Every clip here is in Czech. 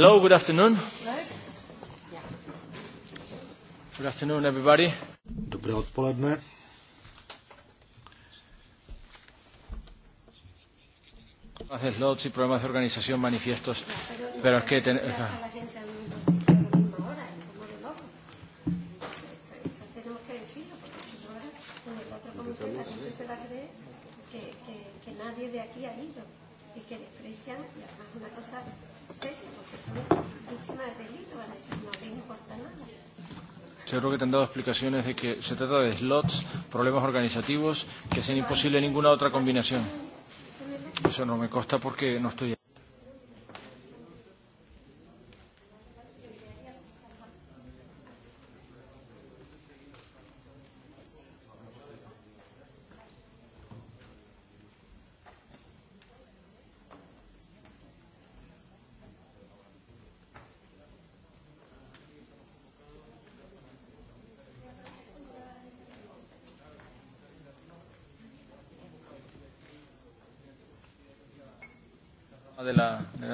Hello, good afternoon. Good afternoon, everybody. Dobré odpoledne. Haces los ¿no? programas de organización, manifiestos, pero es que... Ten... te han dado explicaciones de que se trata de slots, problemas organizativos, que sean imposible ninguna otra combinación. Eso no me consta porque no estoy.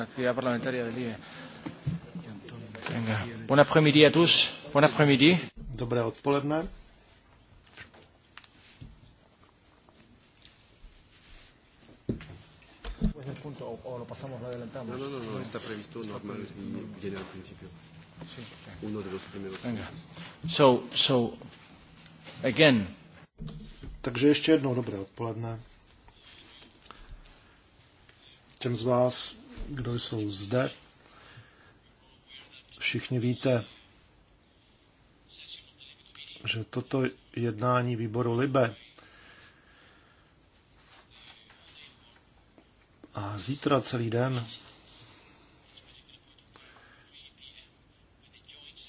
actividad parlamentaria del IE. Venga. Buen après-midi a todos. Buen après-midi. Dobré odpoledne. ¿Es el punto o, lo pasamos, lo adelantamos? No, no, no, no está previsto normal y viene al principio. Uno de los primeros. Venga. So, so, again. Takže ještě jednou dobré odpoledne. Těm z vás, kdo jsou zde. Všichni víte, že toto jednání výboru Libe a zítra celý den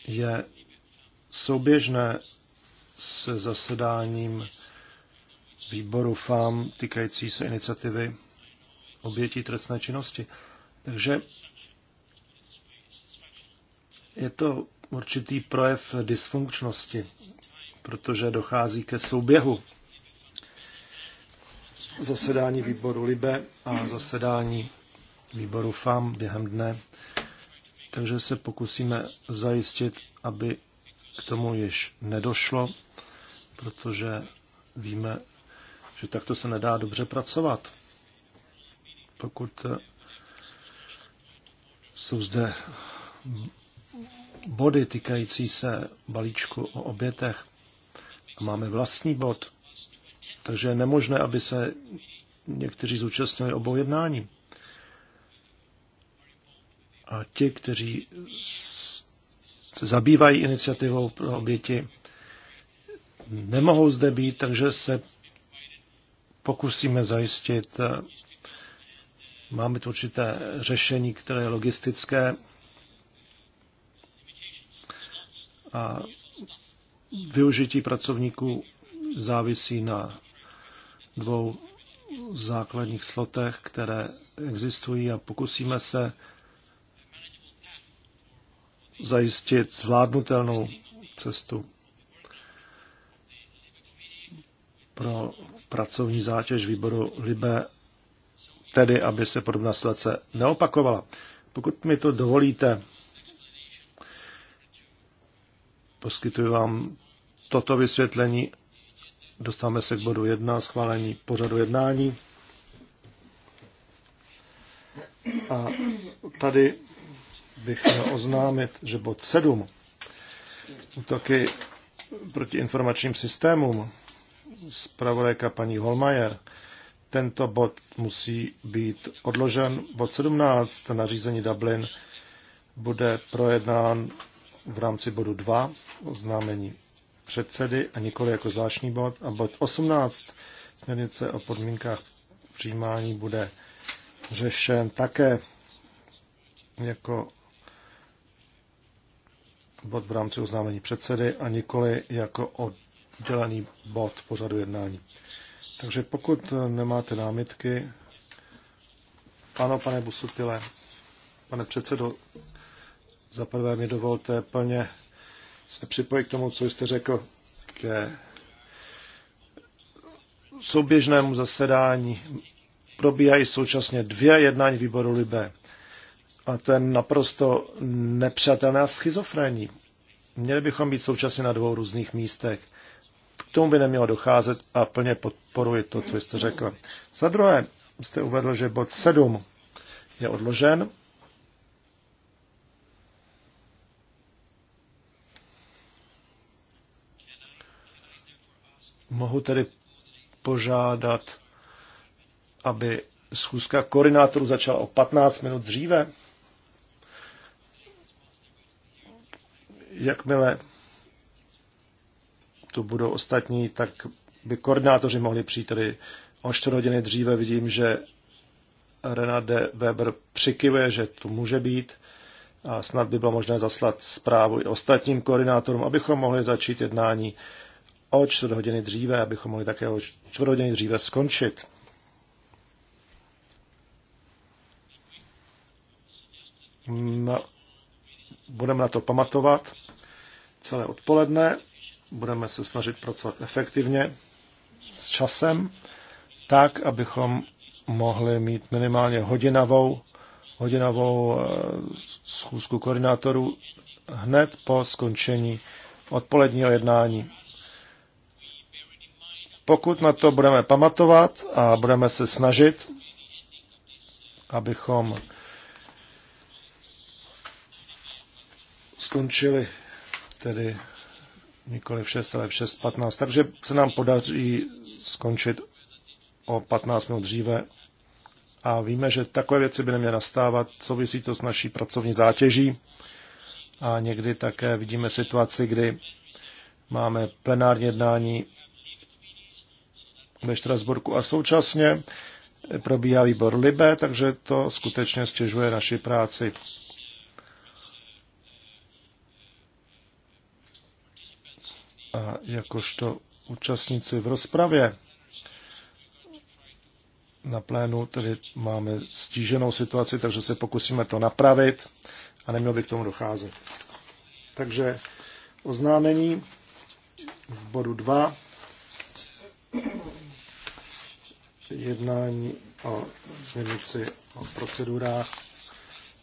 je souběžné se zasedáním výboru FAM týkající se iniciativy obětí trestné činnosti. Takže je to určitý projev dysfunkčnosti, protože dochází ke souběhu zasedání výboru Libe a zasedání výboru FAM během dne. Takže se pokusíme zajistit, aby k tomu již nedošlo, protože víme, že takto se nedá dobře pracovat. Pokud jsou zde body týkající se balíčku o obětech. A máme vlastní bod, takže je nemožné, aby se někteří zúčastnili obou jednání. A ti, kteří se zabývají iniciativou pro oběti, nemohou zde být, takže se pokusíme zajistit Máme tu určité řešení, které je logistické a využití pracovníků závisí na dvou základních slotech, které existují a pokusíme se zajistit zvládnutelnou cestu pro pracovní zátěž výboru LIBE tedy aby se podobná situace neopakovala. Pokud mi to dovolíte, poskytuji vám toto vysvětlení. Dostáváme se k bodu 1, schválení pořadu jednání. A tady bych měl oznámit, že bod 7, útoky proti informačním systémům, zpravodajka paní Holmajer, tento bod musí být odložen. Bod 17 nařízení Dublin bude projednán v rámci bodu 2 oznámení předsedy a nikoli jako zvláštní bod. A bod 18 směrnice o podmínkách přijímání bude řešen také jako bod v rámci oznámení předsedy a nikoli jako oddělený bod pořadu jednání. Takže pokud nemáte námitky, ano, pane Busutile, pane předsedo, za prvé mi dovolte plně se připojit k tomu, co jste řekl ke souběžnému zasedání. Probíhají současně dvě jednání výboru Libé. A to je naprosto nepřátelná schizofrení. Měli bychom být současně na dvou různých místech. K tomu by nemělo docházet a plně podporuji to, co jste řekl. Za druhé, jste uvedl, že bod 7 je odložen. Mohu tedy požádat, aby schůzka koordinátorů začala o 15 minut dříve? Jakmile tu budou ostatní, tak by koordinátoři mohli přijít tedy o čtvrt hodiny dříve. Vidím, že Renade Weber přikivuje, že tu může být a snad by bylo možné zaslat zprávu i ostatním koordinátorům, abychom mohli začít jednání o čtvrt hodiny dříve, abychom mohli také o čtvrt hodiny dříve skončit. No, budeme na to pamatovat celé odpoledne budeme se snažit pracovat efektivně s časem, tak, abychom mohli mít minimálně hodinavou, hodinavou eh, schůzku koordinátorů hned po skončení odpoledního jednání. Pokud na to budeme pamatovat a budeme se snažit, abychom skončili tedy nikoli v 6, ale v 6.15. Takže se nám podaří skončit o 15 minut dříve. A víme, že takové věci by neměly nastávat, souvisí to s naší pracovní zátěží. A někdy také vidíme situaci, kdy máme plenární jednání ve Štrasburku a současně probíhá výbor Libe, takže to skutečně stěžuje naši práci. a jakožto účastníci v rozpravě na plénu, tedy máme stíženou situaci, takže se pokusíme to napravit a nemělo by k tomu docházet. Takže oznámení v bodu 2 jednání o změnici o procedurách.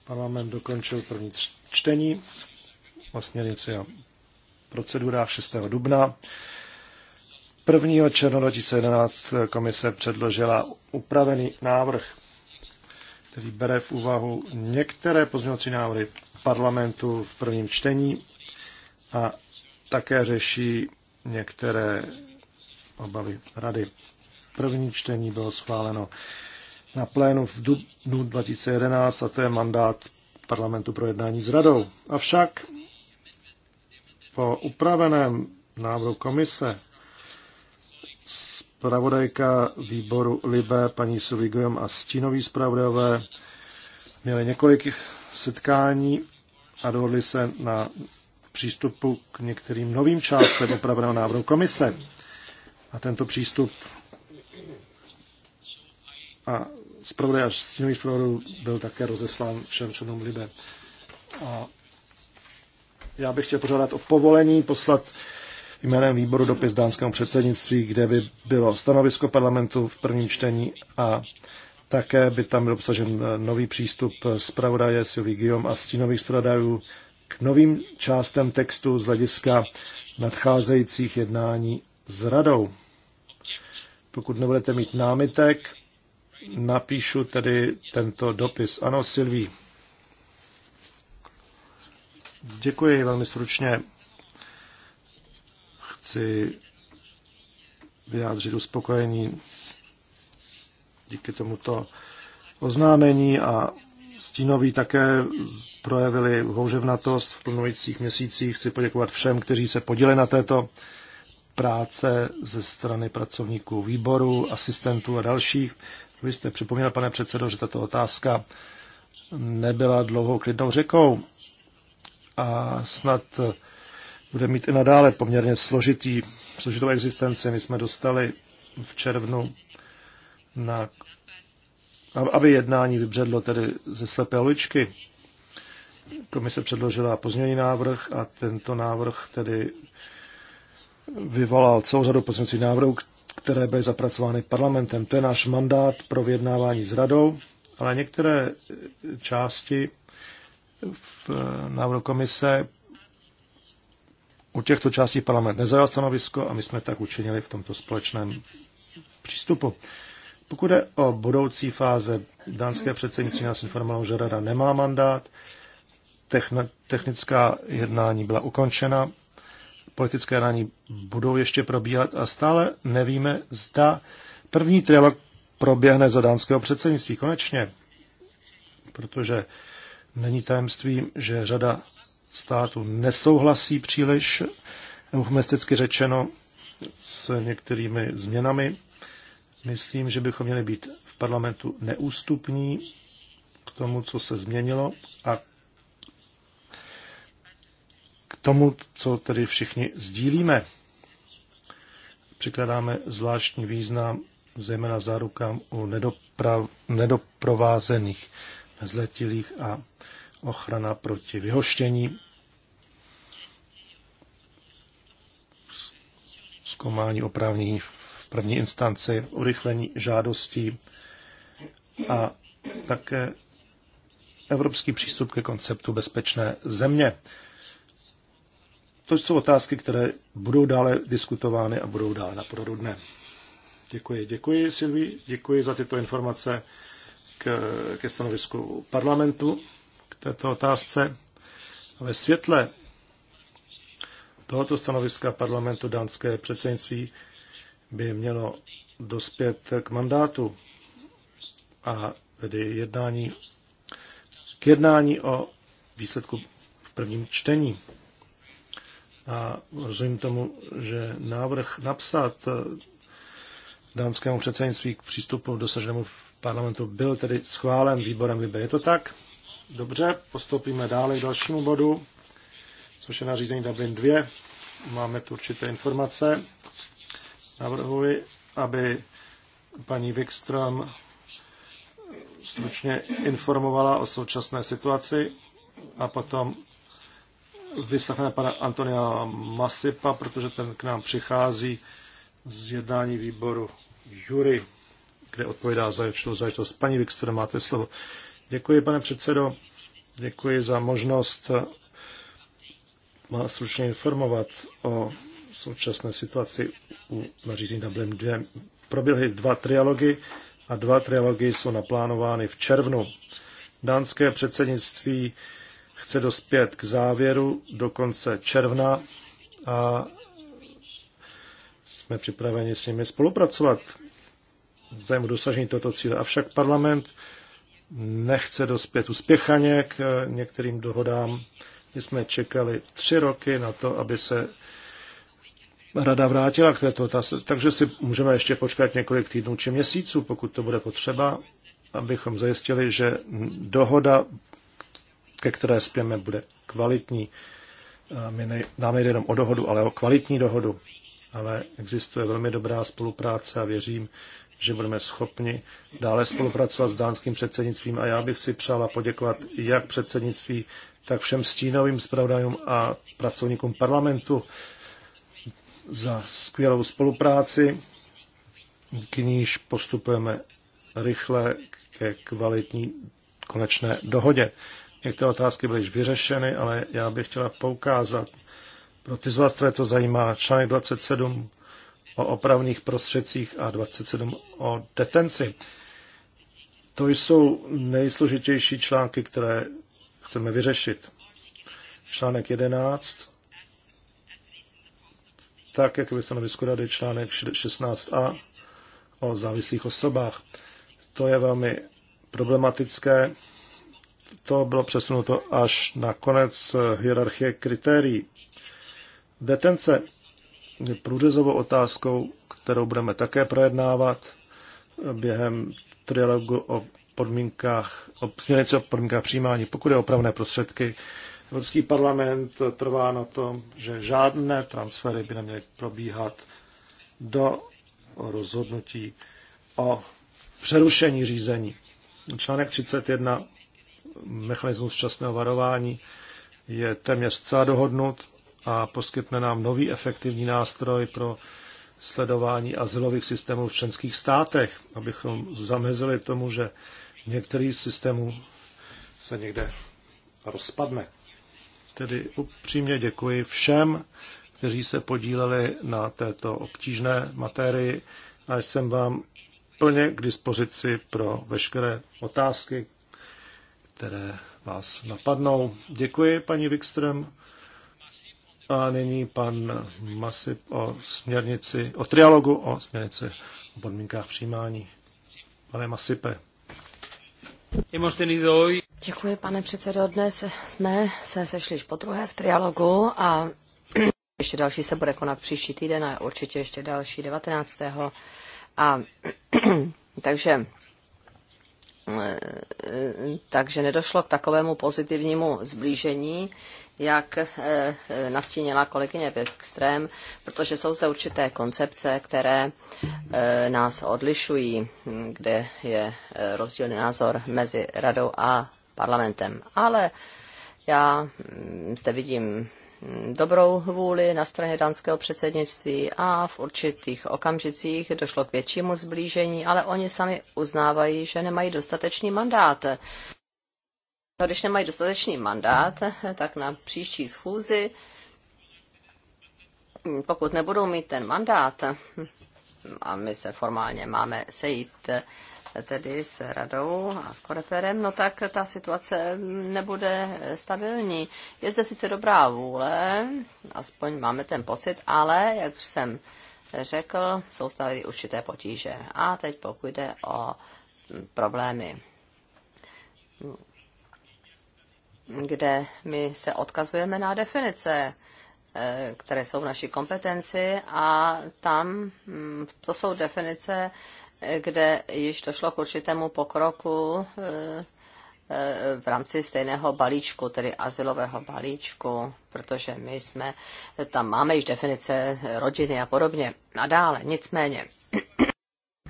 Parlament dokončil první čtení o směrnici o procedurách 6. dubna. 1. června 2011 komise předložila upravený návrh, který bere v úvahu některé pozměňovací návrhy parlamentu v prvním čtení a také řeší některé obavy rady. První čtení bylo schváleno na plénu v dubnu 2011 a to je mandát parlamentu pro jednání s radou. Avšak po upraveném návrhu komise zpravodajka výboru Libe, paní Sylvie Guillaume a stínoví zpravodajové měli několik setkání a dohodli se na přístupu k některým novým částem upraveného návrhu komise. A tento přístup a zpravodaj a stínový zpravodaj byl také rozeslán všem členům Libe. A já bych chtěl požádat o povolení poslat jménem výboru dopis dánskému předsednictví, kde by bylo stanovisko parlamentu v prvním čtení a také by tam byl obsažen eh, nový přístup eh, zpravodaje Silví Guillaume a stínových zpravodajů k novým částem textu z hlediska nadcházejících jednání s radou. Pokud nebudete mít námitek, napíšu tedy tento dopis. Ano, Silví, Děkuji velmi stručně. Chci vyjádřit uspokojení díky tomuto oznámení a stínoví také projevili houževnatost v plnujících měsících. Chci poděkovat všem, kteří se podíleli na této práce ze strany pracovníků výboru, asistentů a dalších. Vy jste připomněl, pane předsedo, že tato otázka nebyla dlouhou klidnou řekou a snad bude mít i nadále poměrně složitý, složitou existenci. My jsme dostali v červnu, na, aby jednání vybředlo tedy ze slepé uličky. Komise předložila pozměněný návrh a tento návrh tedy vyvolal celou řadu pozměňovacích návrhů, které byly zapracovány parlamentem. To je náš mandát pro vyjednávání s radou, ale některé části v návrhu komise u těchto částí parlament nezajal stanovisko a my jsme tak učinili v tomto společném přístupu. Pokud je o budoucí fáze, dánské předsednictví nás informovalo, že rada nemá mandát, technická jednání byla ukončena, politické jednání budou ještě probíhat a stále nevíme, zda první trilog proběhne za dánského předsednictví konečně, protože Není tajemstvím, že řada států nesouhlasí příliš, euchmesticky řečeno, s některými změnami. Myslím, že bychom měli být v parlamentu neústupní k tomu, co se změnilo a k tomu, co tedy všichni sdílíme. Přikladáme zvláštní význam zejména zárukám u nedoprav, nedoprovázených zletilých a ochrana proti vyhoštění, zkoumání oprávnění v první instanci, urychlení žádostí a také evropský přístup ke konceptu bezpečné země. To jsou otázky, které budou dále diskutovány a budou dále na porodu dne. Děkuji, děkuji Silvi, děkuji za tyto informace k, ke stanovisku parlamentu k této otázce. A ve světle tohoto stanoviska parlamentu dánské předsednictví by mělo dospět k mandátu a tedy jednání k jednání o výsledku v prvním čtení. A rozumím tomu, že návrh napsat dánskému předsednictví k přístupu dosaženému v parlamentu byl tedy schválen výborem Libe. Je to tak? Dobře, postoupíme dále k dalšímu bodu, což je nařízení Dublin 2. Máme tu určité informace. Navrhuji, aby paní Wikström stručně informovala o současné situaci a potom vyslechneme pana Antonia Masipa, protože ten k nám přichází z jednání výboru Jury, kde odpovídá za věčnou záležitost. Paní Vikster, máte slovo. Děkuji, pane předsedo. Děkuji za možnost vás stručně informovat o současné situaci u nařízení Dublin 2. Proběhly dva trialogy a dva trialogy jsou naplánovány v červnu. Dánské předsednictví chce dospět k závěru do konce června a jsme připraveni s nimi spolupracovat v zájmu dosažení tohoto cíle. Avšak parlament nechce dospět uspěchaně k eh, některým dohodám. My jsme čekali tři roky na to, aby se rada vrátila k této otázce, takže si můžeme ještě počkat několik týdnů či měsíců, pokud to bude potřeba, abychom zajistili, že dohoda, ke které spěme, bude kvalitní. My nám nejde jenom o dohodu, ale o kvalitní dohodu ale existuje velmi dobrá spolupráce a věřím, že budeme schopni dále spolupracovat s dánským předsednictvím a já bych si přála poděkovat jak předsednictví, tak všem stínovým zpravodajům a pracovníkům parlamentu za skvělou spolupráci, k níž postupujeme rychle ke kvalitní konečné dohodě. Některé otázky byly již vyřešeny, ale já bych chtěla poukázat pro ty z vás, které to zajímá, článek 27 o opravných prostředcích a 27 o detenci. To jsou nejsložitější články, které chceme vyřešit. Článek 11, tak jak byste stanovisko rady článek 16a o závislých osobách. To je velmi problematické. To bylo přesunuto až na konec hierarchie kritérií Detence je průřezovou otázkou, kterou budeme také projednávat během trialogu o podmínkách, o směrnici o podmínkách přijímání, pokud je opravné prostředky. Evropský parlament trvá na tom, že žádné transfery by neměly probíhat do rozhodnutí o přerušení řízení. Článek 31 mechanismus včasného varování je téměř celá dohodnut a poskytne nám nový efektivní nástroj pro sledování azylových systémů v členských státech, abychom zamezili tomu, že některý z systémů se někde rozpadne. Tedy upřímně děkuji všem, kteří se podíleli na této obtížné materii a jsem vám plně k dispozici pro veškeré otázky, které vás napadnou. Děkuji, paní Wikström. A nyní pan Masip o směrnici, o trialogu o směrnici o podmínkách přijímání. Pane Masipe. Děkuji, pane předsedo. Dnes jsme se sešli po druhé v trialogu a ještě další se bude konat příští týden a určitě ještě další 19. A takže eh, takže nedošlo k takovému pozitivnímu zblížení, jak eh, eh, nastínila kolegyně Birkström, protože jsou zde určité koncepce, které eh, nás odlišují, kde je rozdílný názor mezi radou a parlamentem. Ale já mm, zde vidím mm, dobrou vůli na straně danského předsednictví a v určitých okamžicích došlo k většímu zblížení, ale oni sami uznávají, že nemají dostatečný mandát No, když nemají dostatečný mandát, tak na příští schůzi, pokud nebudou mít ten mandát, a my se formálně máme sejít tedy s radou a s koreperem, no tak ta situace nebude stabilní. Je zde sice dobrá vůle, aspoň máme ten pocit, ale, jak jsem řekl, jsou stále určité potíže. A teď pokud jde o problémy kde my se odkazujeme na definice, eh, které jsou v naší kompetenci a tam mm, to jsou definice, eh, kde již došlo k určitému pokroku eh, v rámci stejného balíčku, tedy asilového balíčku, protože my jsme, tam máme již definice rodiny a podobně. A dále, nicméně,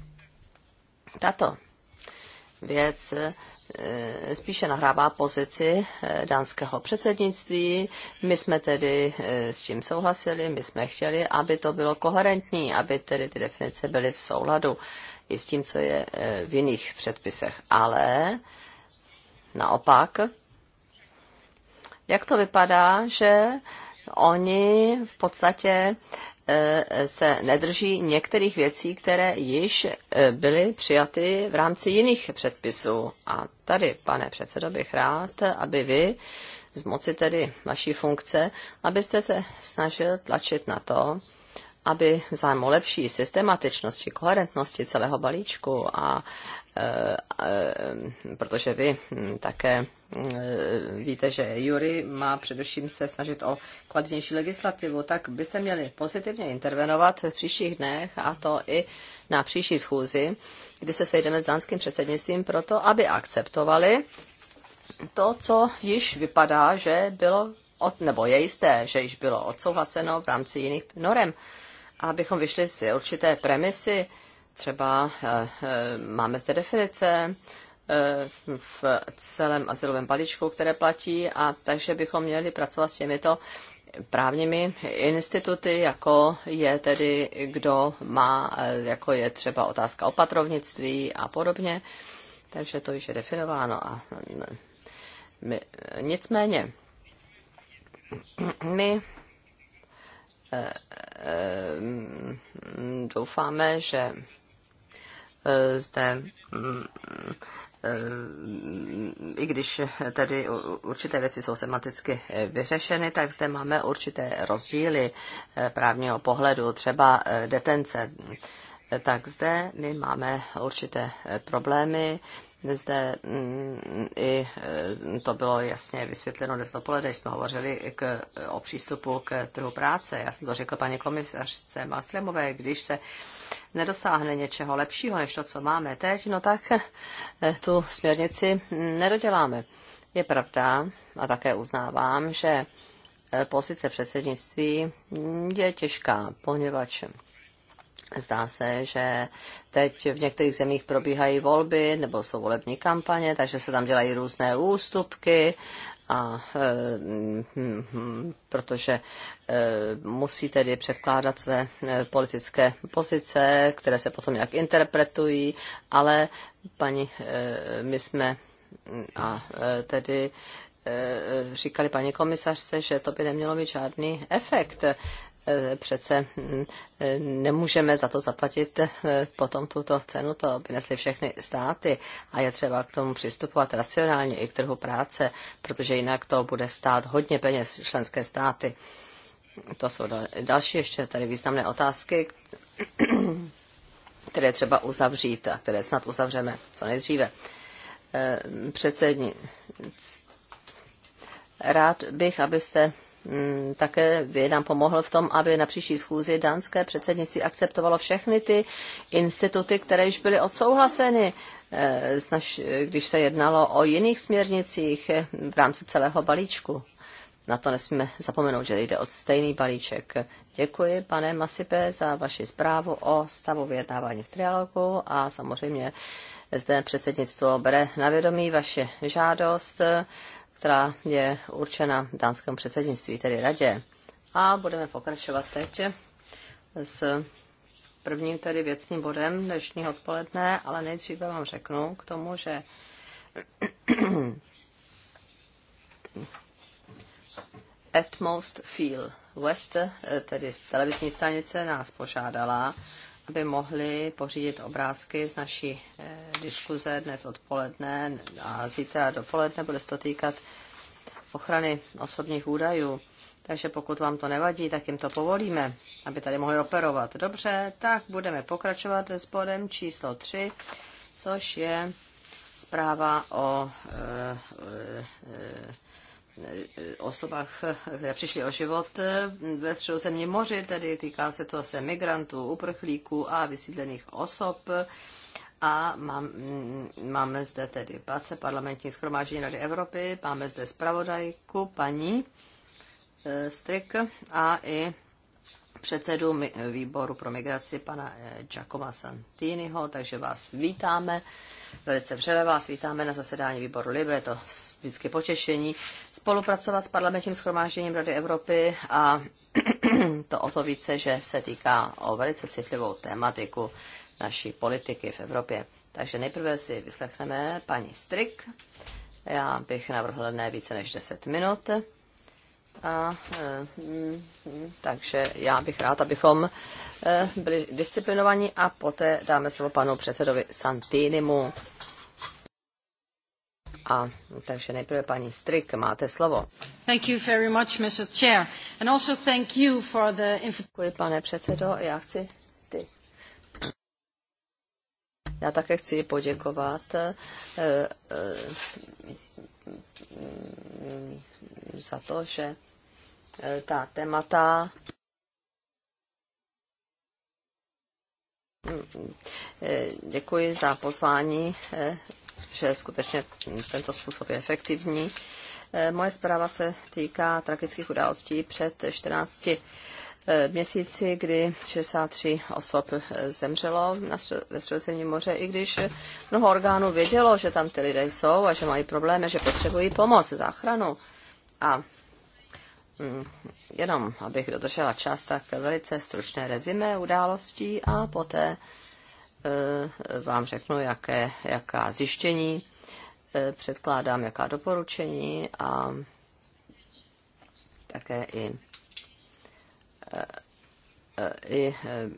tato věc Eh, spíše nahrává pozici eh, dánského předsednictví. My jsme tedy eh, s tím souhlasili, my jsme chtěli, aby to bylo koherentní, aby tedy ty definice byly v souladu i s tím, co je v jiných předpisech. Ale naopak, jak to vypadá, že oni v podstatě Eh, se nedrží některých věcí, které již eh, byly přijaty v rámci jiných předpisů. A tady, pane předsedo, bych rád, aby vy z moci tedy vaší funkce, abyste se snažil tlačit na to, aby zájem o lepší systematičnosti, koherentnosti celého balíčku a e, e, protože vy hm, také hm, víte, že Jury má především se snažit o kvalitnější legislativu, tak byste měli pozitivně intervenovat v příštích dnech a to i na příští schůzi, kdy se sejdeme s dánským předsednictvím proto, aby akceptovali to, co již vypadá, že bylo od, nebo je jisté, že již bylo odsouhlaseno v rámci jiných norem a abychom vyšli z určité premisy, třeba eh, eh, máme zde definice eh, v celém asilovém balíčku, které platí, a takže bychom měli pracovat s těmito právními instituty, jako je tedy, kdo má, jako je třeba otázka opatrovnictví a podobně. Takže to již je definováno. A my, nicméně, my Ehm, doufáme, že eh, zde mm, eh, i když tady určité věci jsou semanticky eh, vyřešeny, tak zde máme určité rozdíly právního pohledu, třeba detence. Tak zde my máme určité problémy, zde mm, i e, to bylo jasně vysvětleno dnes dopoledne, jsme hovořili k, o přístupu k trhu práce. Já jsem to řekl paní komisařce Maslemové, když se nedosáhne něčeho lepšího než to, co máme teď, no tak e, tu směrnici nedoděláme. Je pravda a také uznávám, že e, pozice předsednictví je těžká, poněvadž Zdá se, že teď v některých zemích probíhají volby nebo jsou volební kampaně, takže se tam dělají různé ústupky a eh, protože eh, musí tedy předkládat své eh, politické pozice, které se potom nějak interpretují, ale paní, my jsme mm, a tedy říkali paní komisařce, že to by nemělo mít žádný efekt. Eh, přece hm, eh, nemůžeme za to zaplatit eh, potom tuto cenu, to by nesly všechny státy a je třeba k tomu přistupovat racionálně i k trhu práce, protože jinak to bude stát hodně peněz členské státy. To jsou další ještě tady významné otázky, které třeba uzavřít a které snad uzavřeme co nejdříve. Předsední, rád bych, abyste Mm, také by nám pomohl v tom, aby na příští schůzi dánské předsednictví akceptovalo všechny ty instituty, které již byly odsouhlaseny, eh, když se jednalo o jiných směrnicích eh, v rámci celého balíčku. Na to nesmíme zapomenout, že jde o stejný balíček. Děkuji, pane Masipe, za vaši zprávu o stavu vyjednávání v trialogu a samozřejmě zde předsednictvo bere na vědomí vaše žádost která je určena dánskému předsednictví, tedy radě. A budeme pokračovat teď s prvním tedy věcným bodem dnešního odpoledne, ale nejdříve vám řeknu k tomu, že Atmost Feel West, tedy televizní stanice, nás požádala, aby mohli pořídit obrázky z naší eh, diskuze dnes odpoledne a zítra dopoledne. Bude se to týkat ochrany osobních údajů. Takže pokud vám to nevadí, tak jim to povolíme, aby tady mohli operovat. Dobře, tak budeme pokračovat s bodem číslo 3, což je zpráva o e, e, Eh, osobách, eh, které přišly o život eh, ve středozemním moři, tedy týká se to se migrantů, uprchlíků a vysídlených osob. A mám, mm, máme zde tedy pace parlamentní schromáždění Rady Evropy, máme zde zpravodajku paní Strik a i předsedu výboru pro migraci pana eh, Giacomo Santiniho, takže vás vítáme. Velice vřele vás vítáme na zasedání výboru Libe, to vždycky potěšení. Spolupracovat s parlamentním schromážděním Rady Evropy a to o to více, že se týká o velice citlivou tématiku naší politiky v Evropě. Takže nejprve si vyslechneme paní Strik. Já bych navrhl ne více než 10 minut a, eh, mm, takže já bych rád, abychom eh, byli disciplinovaní a poté dáme slovo panu předsedovi Santinimu. A takže nejprve paní Strik, máte slovo. Thank you very much, Mr. Chair. And also thank you for the Děkuji, pane předsedo. Já chci ty. Já také chci poděkovat eh, za to, že Eh, ta témata eh, Děkuji za pozvání, eh, že skutečně tento způsob je efektivní. Moje zpráva se týká tragických událostí před 14 měsíci, kdy 63 osob zemřelo ve Středozemním moře, i když mnoho orgánů vědělo, že tam ty lidé jsou a že mají problémy, že potřebují pomoc, záchranu. A Mm, jenom abych dodržela čas, tak velice stručné rezime událostí a poté eh, vám řeknu, jaké, jaká zjištění eh, předkládám, jaká doporučení a také i eh, i e,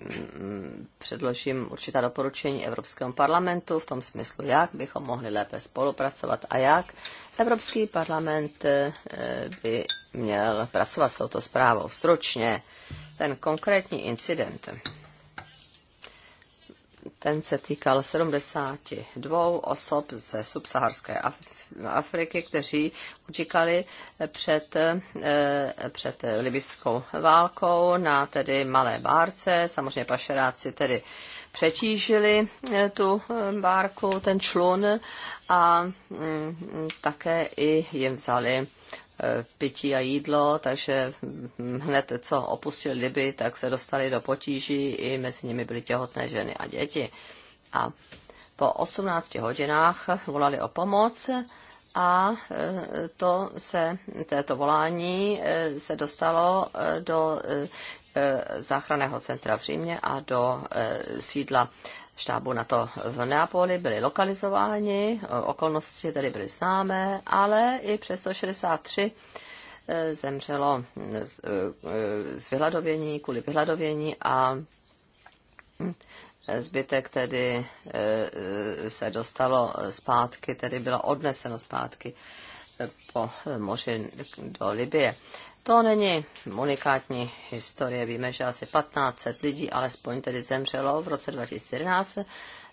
předložím určitá doporučení Evropskému parlamentu v tom smyslu, jak bychom mohli lépe spolupracovat a jak Evropský parlament e, by měl pracovat s touto zprávou. Stručně ten konkrétní incident, ten se týkal 72 osob ze subsaharské Afriky, kteří utíkali před, eh, před libyskou válkou na tedy malé bárce. Samozřejmě pašeráci tedy přetížili eh, tu eh, bárku, ten člun a mm, také i jim vzali pití a jídlo, takže hned co opustili Liby, tak se dostali do potíží, i mezi nimi byly těhotné ženy a děti. A po 18 hodinách volali o pomoc a e, to se, této volání e, se dostalo e, do záchranného centra v Římě a do sídla štábu na to v Neapoli byli lokalizováni, eh, okolnosti tedy byly známé, ale i přes 163 eh, zemřelo eh, z, z vyhladovění, kvůli vyhladovění a hm, zbytek tedy se dostalo zpátky, tedy bylo odneseno zpátky po moři do Libie. To není unikátní historie. Víme, že asi 1500 lidí alespoň tedy zemřelo v roce 2011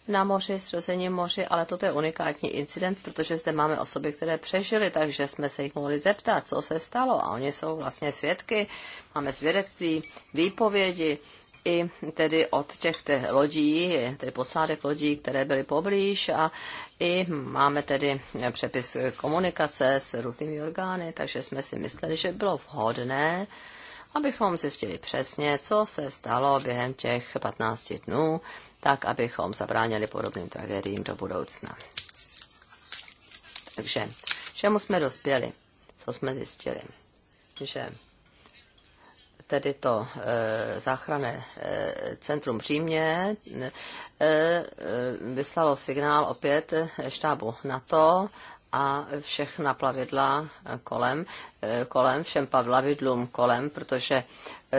na moři, srození moři, ale toto je unikátní incident, protože zde máme osoby, které přežily, takže jsme se jich mohli zeptat, co se stalo. A oni jsou vlastně svědky, máme svědectví, výpovědi i tedy od těch te lodí, tedy posádek lodí, které byly poblíž a i máme tedy přepis komunikace s různými orgány, takže jsme si mysleli, že bylo vhodné, abychom zjistili přesně, co se stalo během těch 15 dnů, tak abychom zabránili podobným tragédiím do budoucna. Takže, čemu jsme dospěli? Co jsme zjistili? Že tedy to eh, záchranné eh, centrum přímě eh, vyslalo signál opět štábu NATO a všechna plavidla kolem, kolem všem plavidlům kolem, protože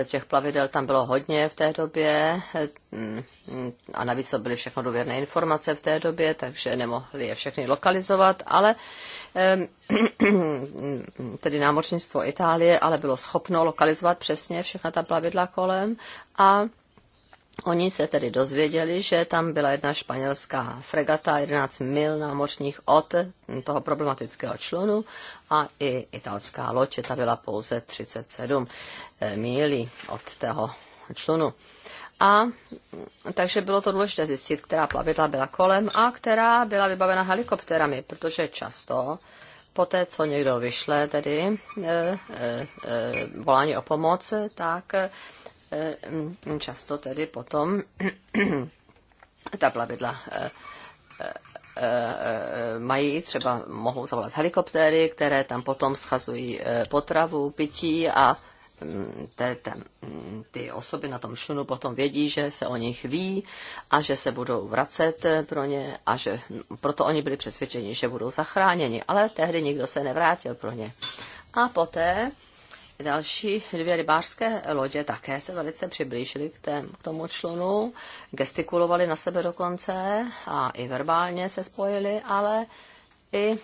těch plavidel tam bylo hodně v té době a navíc to byly všechno důvěrné informace v té době, takže nemohli je všechny lokalizovat, ale tedy námořnictvo Itálie, ale bylo schopno lokalizovat přesně všechna ta plavidla kolem a Oni se tedy dozvěděli, že tam byla jedna španělská fregata 11 mil námořních od toho problematického člunu a i italská loď, ta byla pouze 37 eh, milí od toho člunu. A takže bylo to důležité zjistit, která plavidla byla kolem a která byla vybavena helikopterami, protože často poté, co někdo vyšle tedy e, e, e, volání o pomoc, tak Eh, často tedy potom ta plavidla eh, eh, mají, třeba mohou zavolat helikoptéry, které tam potom schazují potravu, pití a mm, te, te, mm, ty osoby na tom šunu potom vědí, že se o nich ví a že se budou vracet pro ně a že mm, proto oni byli přesvědčeni, že budou zachráněni, ale tehdy nikdo se nevrátil pro ně. A poté Další dvě rybářské lodě také se velice přiblížily k, tém, k tomu člunu, gestikulovali na sebe dokonce a i verbálně se spojili, ale i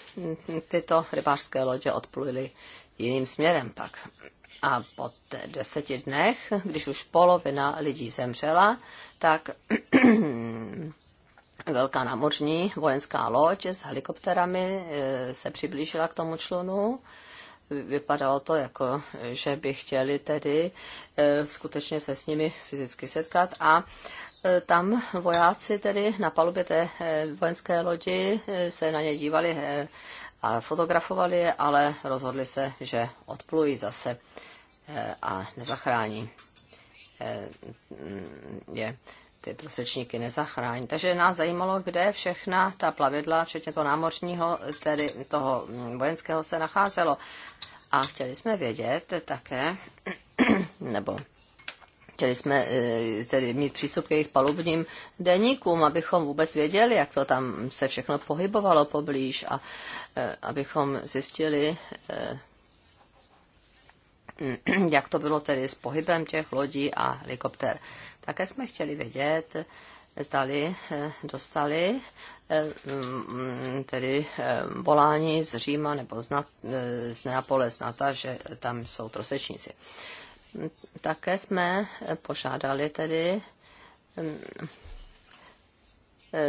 tyto rybářské lodě odplujily jiným směrem pak. A po deseti dnech, když už polovina lidí zemřela, tak velká námořní vojenská loď s helikopterami eh, se přiblížila k tomu člunu vypadalo to jako, že by chtěli tedy eh, skutečně se s nimi fyzicky setkat a eh, tam vojáci tedy na palubě té eh, vojenské lodi se na ně dívali a fotografovali je, ale rozhodli se, že odplují zase a nezachrání je ty trosečníky nezachrání. Takže nás zajímalo, kde všechna ta plavidla, včetně toho námořního, tedy toho mm, vojenského, se nacházelo. A chtěli jsme vědět také, nebo chtěli jsme e, tedy mít přístup k jejich palubním deníkům, abychom vůbec věděli, jak to tam se všechno pohybovalo poblíž a e, abychom zjistili, e, jak to bylo tedy s pohybem těch lodí a helikoptér. Také jsme chtěli vědět, zdali eh, dostali eh, mm, mm, tedy eh, volání z Říma nebo z, Nat, z Neapole, z Nata, že tam jsou trosečníci. Mm, také jsme požádali tedy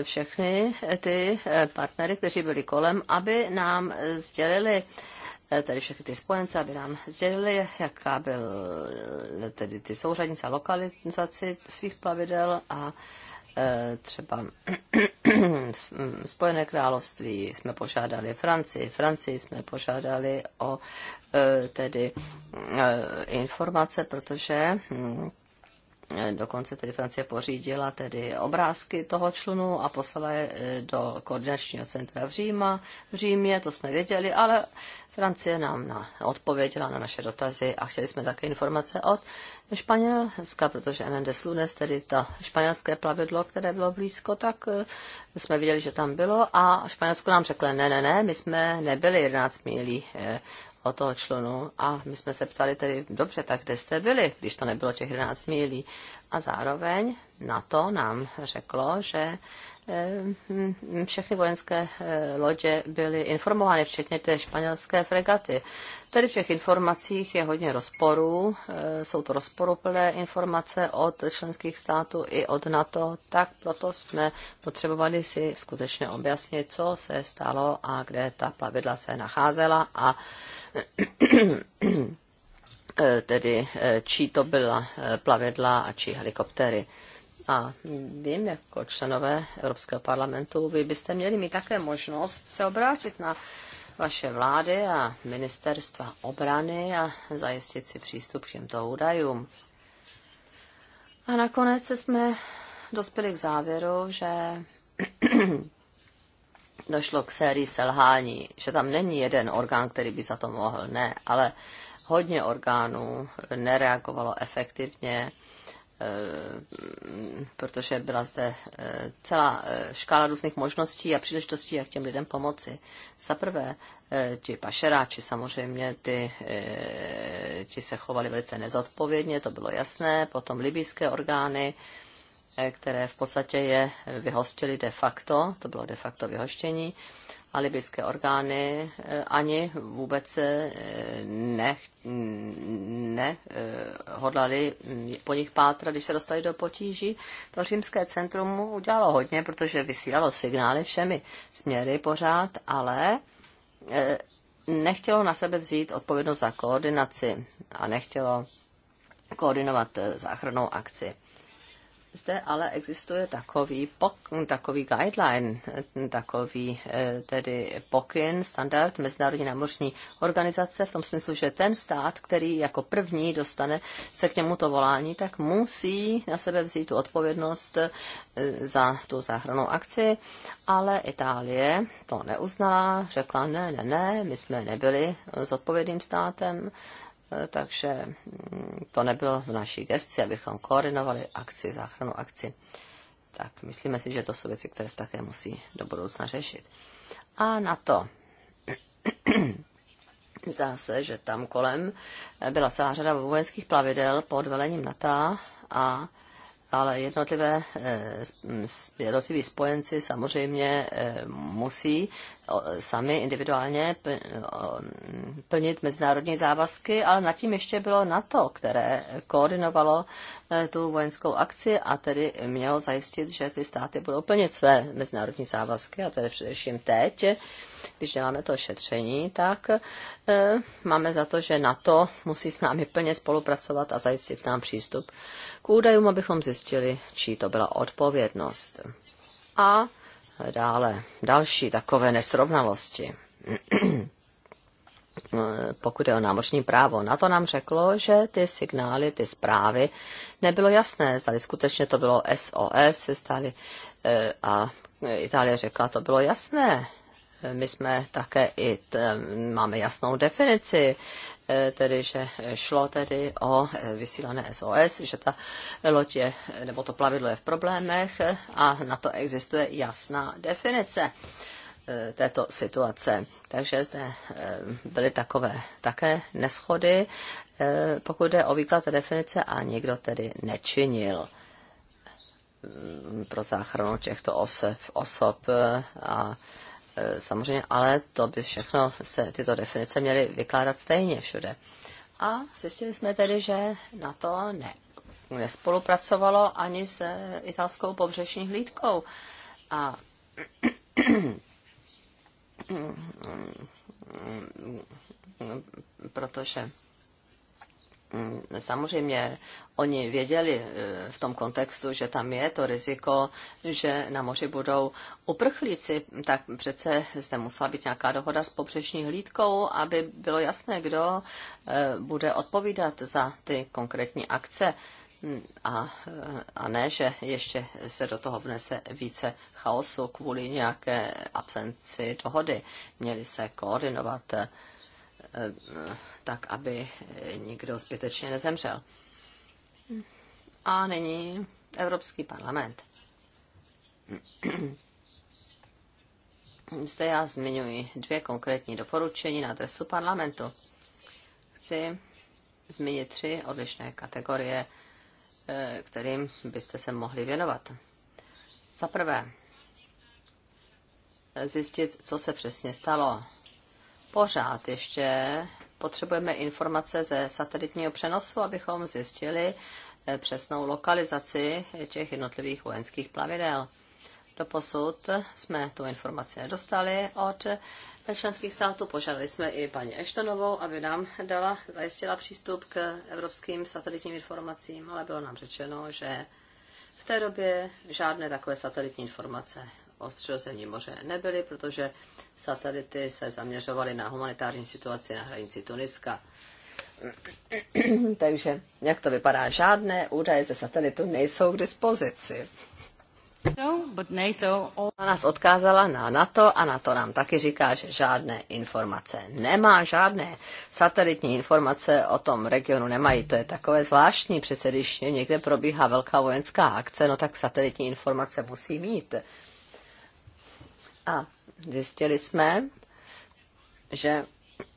všechny ty partnery, kteří byli kolem, aby nám sdělili Eh, tedy všechny ty spojence, aby nám sdělili, jaká byl eh, tedy ty souřadnice a lokalizaci svých plavidel a eh, třeba Spojené království jsme požádali Francii, Francii jsme požádali o tedy informace, protože hm, Eh, dokonce tedy Francie pořídila tedy obrázky toho člunu a poslala je eh, do koordinačního centra v, Říma, v Římě, to jsme věděli, ale Francie nám na, odpověděla na naše dotazy a chtěli jsme také informace od Španělska, protože MND Slunes, tedy to španělské plavidlo, které bylo blízko, tak eh, jsme viděli, že tam bylo a Španělsko nám řeklo, ne, ne, ne, my jsme nebyli 11 milí o toho člunu a my jsme se ptali tedy, dobře, tak kde jste byli, když to nebylo těch 11 mílí. A zároveň na to nám řeklo, že Eh, všechny vojenské eh, lodě byly informovány, včetně té španělské fregaty. Tady v těch informacích je hodně rozporů, eh, jsou to rozporuplné informace od členských států i od NATO, tak proto jsme potřebovali si skutečně objasnit, co se stalo a kde ta plavidla se nacházela a tedy čí to byla plavidla a čí helikoptéry. A vím, jako členové Evropského parlamentu, vy byste měli mít také možnost se obrátit na vaše vlády a ministerstva obrany a zajistit si přístup k těmto údajům. A nakonec jsme dospěli k závěru, že došlo k sérii selhání, že tam není jeden orgán, který by za to mohl, ne, ale hodně orgánů nereagovalo efektivně Eh, protože byla zde eh, celá eh, škála různých možností a příležitostí, jak těm lidem pomoci. Za prvé, ti pašeráči samozřejmě, ty, ti se chovali velice nezodpovědně, to bylo jasné, potom libijské orgány, které v podstatě je vyhostili de facto, to bylo de facto vyhoštění a libyské orgány eh, ani vůbec eh, ne, ne eh, hodlali mm, po nich pátra, když se dostali do potíží. To římské centrum mu udělalo hodně, protože vysílalo signály všemi směry pořád, ale nechtělo na sebe vzít odpovědnost za koordinaci a nechtělo koordinovat záchrannou akci. Zde ale existuje takový, pok- takový guideline, takový eh, tedy pokyn, standard Mezinárodní námořní organizace v tom smyslu, že ten stát, který jako první dostane se k němuto volání, tak musí na sebe vzít tu odpovědnost eh, za tu záchranou akci, ale Itálie to neuznala, řekla ne, ne, ne, my jsme nebyli odpovědným státem, Eh, takže mm, to nebylo v naší gesci, abychom koordinovali akci, záchranu akci. Tak myslíme si, že to jsou věci, které se také musí do budoucna řešit. A na to Zdá se, že tam kolem eh, byla celá řada vojenských plavidel pod velením NATO, a, ale jednotlivé, eh, jednotliví spojenci samozřejmě musí sami individuálně plnit mezinárodní závazky, ale nad tím ještě bylo NATO, které koordinovalo e, tu vojenskou akci a tedy mělo zajistit, že ty státy budou plnit své mezinárodní závazky, a tedy především teď, když děláme to šetření, tak e, máme za to, že NATO musí s námi plně spolupracovat a zajistit nám přístup k údajům, abychom zjistili, čí to byla odpovědnost. A dále další takové nesrovnalosti. Pokud je o námořní právo, na to nám řeklo, že ty signály, ty zprávy nebylo jasné, zdali skutečně to bylo SOS, stali, eh, a Itálie řekla, to bylo jasné, my jsme také i t, eh, máme jasnou definici, eh, tedy že šlo tedy o eh, vysílané SOS, že ta loď je, nebo to plavidlo je v problémech a na to existuje jasná definice této situace. Takže zde byly takové také neschody, pokud jde o výklad definice a nikdo tedy nečinil mm, pro záchranu těchto osob, osob a Eh, samozřejmě, ale to by všechno se tyto definice měly vykládat stejně všude. A zjistili jsme tedy, že na to ne, nespolupracovalo ani s eh, italskou pobřešní hlídkou. A protože Mm, samozřejmě oni věděli eh, v tom kontextu, že tam je to riziko, že na moři budou uprchlíci, tak přece zde musela být nějaká dohoda s pobřežní hlídkou, aby bylo jasné, kdo eh, bude odpovídat za ty konkrétní akce. Mm, a, eh, a ne, že ještě se do toho vnese více chaosu kvůli nějaké absenci dohody. Měli se koordinovat tak aby nikdo zbytečně nezemřel. A nyní Evropský parlament. Zde já zmiňuji dvě konkrétní doporučení na adresu parlamentu. Chci zmínit tři odlišné kategorie, eh, kterým byste se mohli věnovat. Za prvé, zjistit, co se přesně stalo pořád ještě potřebujeme informace ze satelitního přenosu, abychom zjistili eh, přesnou lokalizaci těch jednotlivých vojenských plavidel. Doposud jsme tu informaci nedostali od eh, členských států. Požádali jsme i paní Eštonovou, aby nám dala, zajistila přístup k evropským satelitním informacím, ale bylo nám řečeno, že v té době žádné takové satelitní informace o středozemní moře nebyly, protože satelity se zaměřovaly na humanitární situaci na hranici Tuniska. Takže, jak to vypadá, žádné údaje ze satelitu nejsou k dispozici. No, but NATO... Ona nás odkázala na NATO a NATO nám taky říká, že žádné informace nemá, žádné satelitní informace o tom regionu nemají. To je takové zvláštní, přece když někde probíhá velká vojenská akce, no tak satelitní informace musí mít. A zjistili jsme, že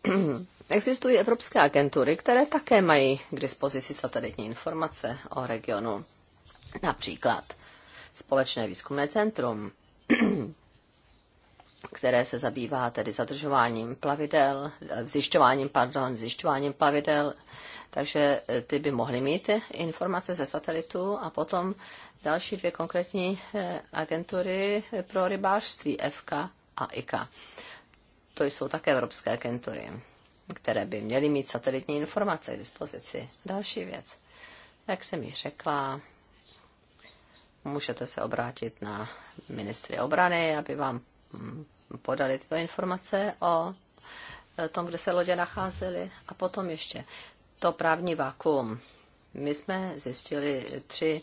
existují evropské agentury, které také mají k dispozici satelitní informace o regionu. Například Společné výzkumné centrum, které se zabývá tedy zadržováním plavidel, zjišťováním, pardon, zjišťováním plavidel, takže ty by mohly mít informace ze satelitu a potom další dvě konkrétní eh, agentury eh, pro rybářství, FK a IK. To jsou také evropské agentury, které by měly mít satelitní informace k dispozici. Další věc. Jak jsem již řekla, můžete se obrátit na ministry obrany, aby vám mm, podali tyto informace o eh, tom, kde se lodě nacházely. A potom ještě to právní vakuum. My jsme zjistili tři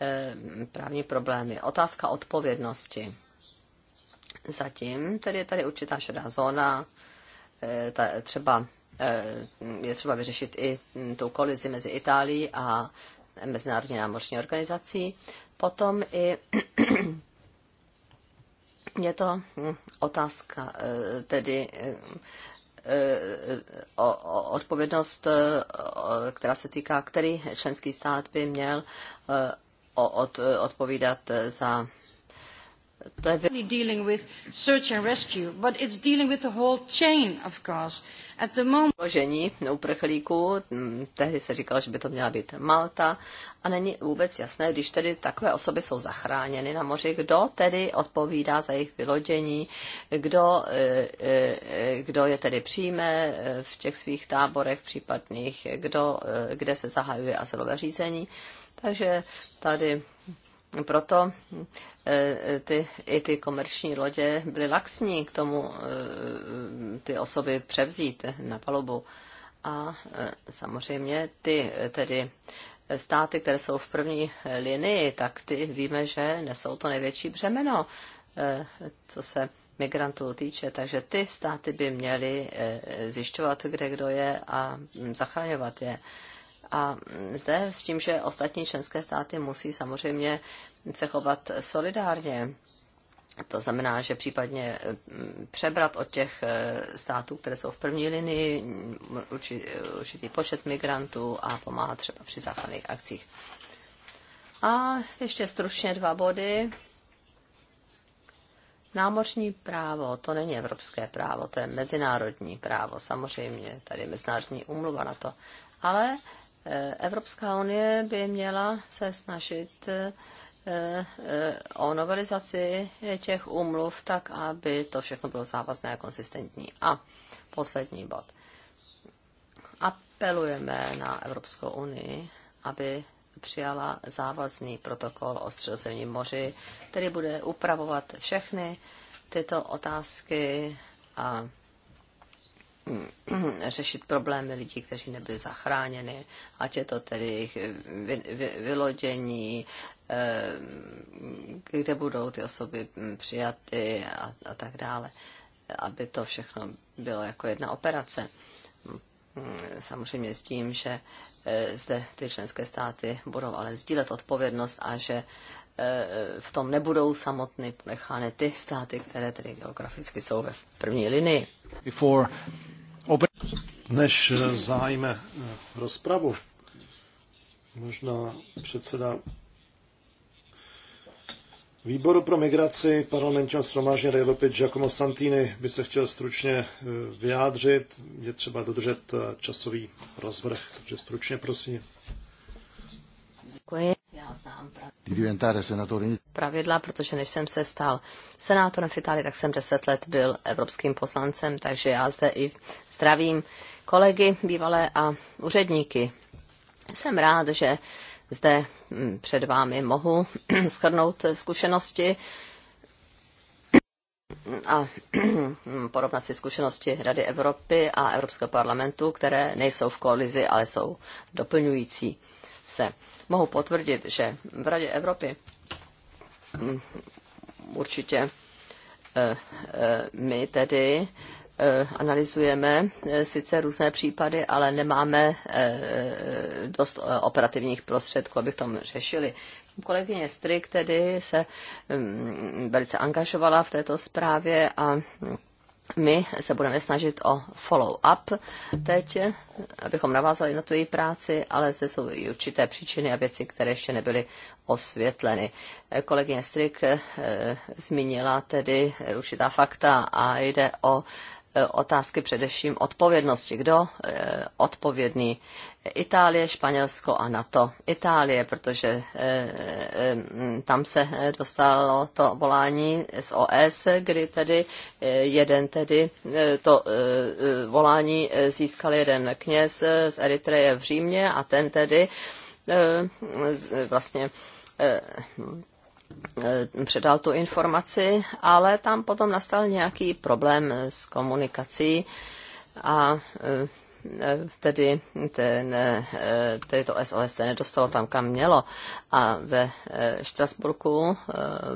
Eh, právní problémy. Otázka odpovědnosti. Zatím tedy je tady určitá šedá zóna, eh, ta, třeba eh, je třeba vyřešit i hm, tu kolizi mezi Itálií a Mezinárodní námořní organizací. Potom i je to hm, otázka tedy o, odpovědnost, která se týká, který členský stát by měl od, odpovídat eh, za to je dealing with search and rescue, but it's dealing with the whole chain, of course. At the moment... Ložení uprchlíků, hm, tehdy se říkalo, že by to měla být Malta, a není vůbec jasné, když tedy takové osoby jsou zachráněny na moři, kdo tedy odpovídá za jejich vylodění, kdo, eh, eh, kdo je tedy přijme v těch svých táborech případných, kdo, kde se zahajuje asilové řízení. Takže tady proto eh, eh, ty, i ty komerční lodě byly laxní k tomu eh, ty osoby převzít na palubu. A samozřejmě ty tedy státy, které jsou v první linii, tak ty víme, že nesou to největší břemeno, co se migrantů týče. Takže ty státy by měly zjišťovat, kde kdo je a hm, zachraňovat je. A zde s tím, že ostatní členské státy musí samozřejmě se chovat solidárně. To znamená, že případně mm, přebrat od těch e, států, které jsou v první linii, mm, určitý počet migrantů a pomáhat třeba při záchranných akcích. A ještě stručně dva body. Námořní právo, to není evropské právo, to je mezinárodní právo, samozřejmě, tady je mezinárodní umluva na to. Ale Evropská unie by měla se snažit eh, eh, o novelizaci těch umluv tak, aby to všechno bylo závazné a konsistentní. A poslední bod. Apelujeme na Evropskou unii, aby přijala závazný protokol o středozemním moři, který bude upravovat všechny tyto otázky a řešit problémy lidí, kteří nebyli zachráněni, ať je to tedy jejich vy, vy, vylodění, eh, kde budou ty osoby přijaty a, a tak dále, aby to všechno bylo jako jedna operace. Samozřejmě s tím, že eh, zde ty členské státy budou ale sdílet odpovědnost a že eh, v tom nebudou samotny ponechány ty státy, které tedy geograficky jsou ve první linii. Before než eh, zájme eh, rozpravu, možná předseda Výboru pro migraci parlamentního shromáždění Evropy Giacomo Santini by se chtěl stručně eh, vyjádřit. Je třeba dodržet časový rozvrh, takže stručně prosím. Děkuji já znám pravidla, protože než jsem se stal senátorem v Itálii, tak jsem deset let byl evropským poslancem, takže já zde i zdravím kolegy bývalé a úředníky. Jsem rád, že zde mm, před vámi mohu schrnout zkušenosti a porovnat si zkušenosti Rady Evropy a Evropského parlamentu, které nejsou v kolizi, ale jsou doplňující se. Mohu potvrdit, že v Radě Evropy mm, určitě eh, eh, my tedy eh, analyzujeme sice různé případy, ale nemáme dost operativních prostředků, abychom řešili. Kolegyně Strik tedy se mm, velice angažovala v této zprávě a mm, my se budeme snažit o follow-up teď, abychom navázali na tu její práci, ale zde jsou i určité příčiny a věci, které ještě nebyly osvětleny. Kolegyně Strik eh, zmínila tedy určitá fakta a jde o E, otázky především odpovědnosti. Kdo e, odpovědný? Itálie, Španělsko a NATO. Itálie, protože e, tam se dostalo to volání z OS, kdy tedy jeden tedy to volání získal jeden kněz z Eritreje v Římě a ten tedy vlastně Eh, předal tu informaci, ale tam potom nastal nějaký problém s komunikací a eh, tedy ten, eh, tedy to SOS se nedostalo tam, kam mělo. A ve Štrasburku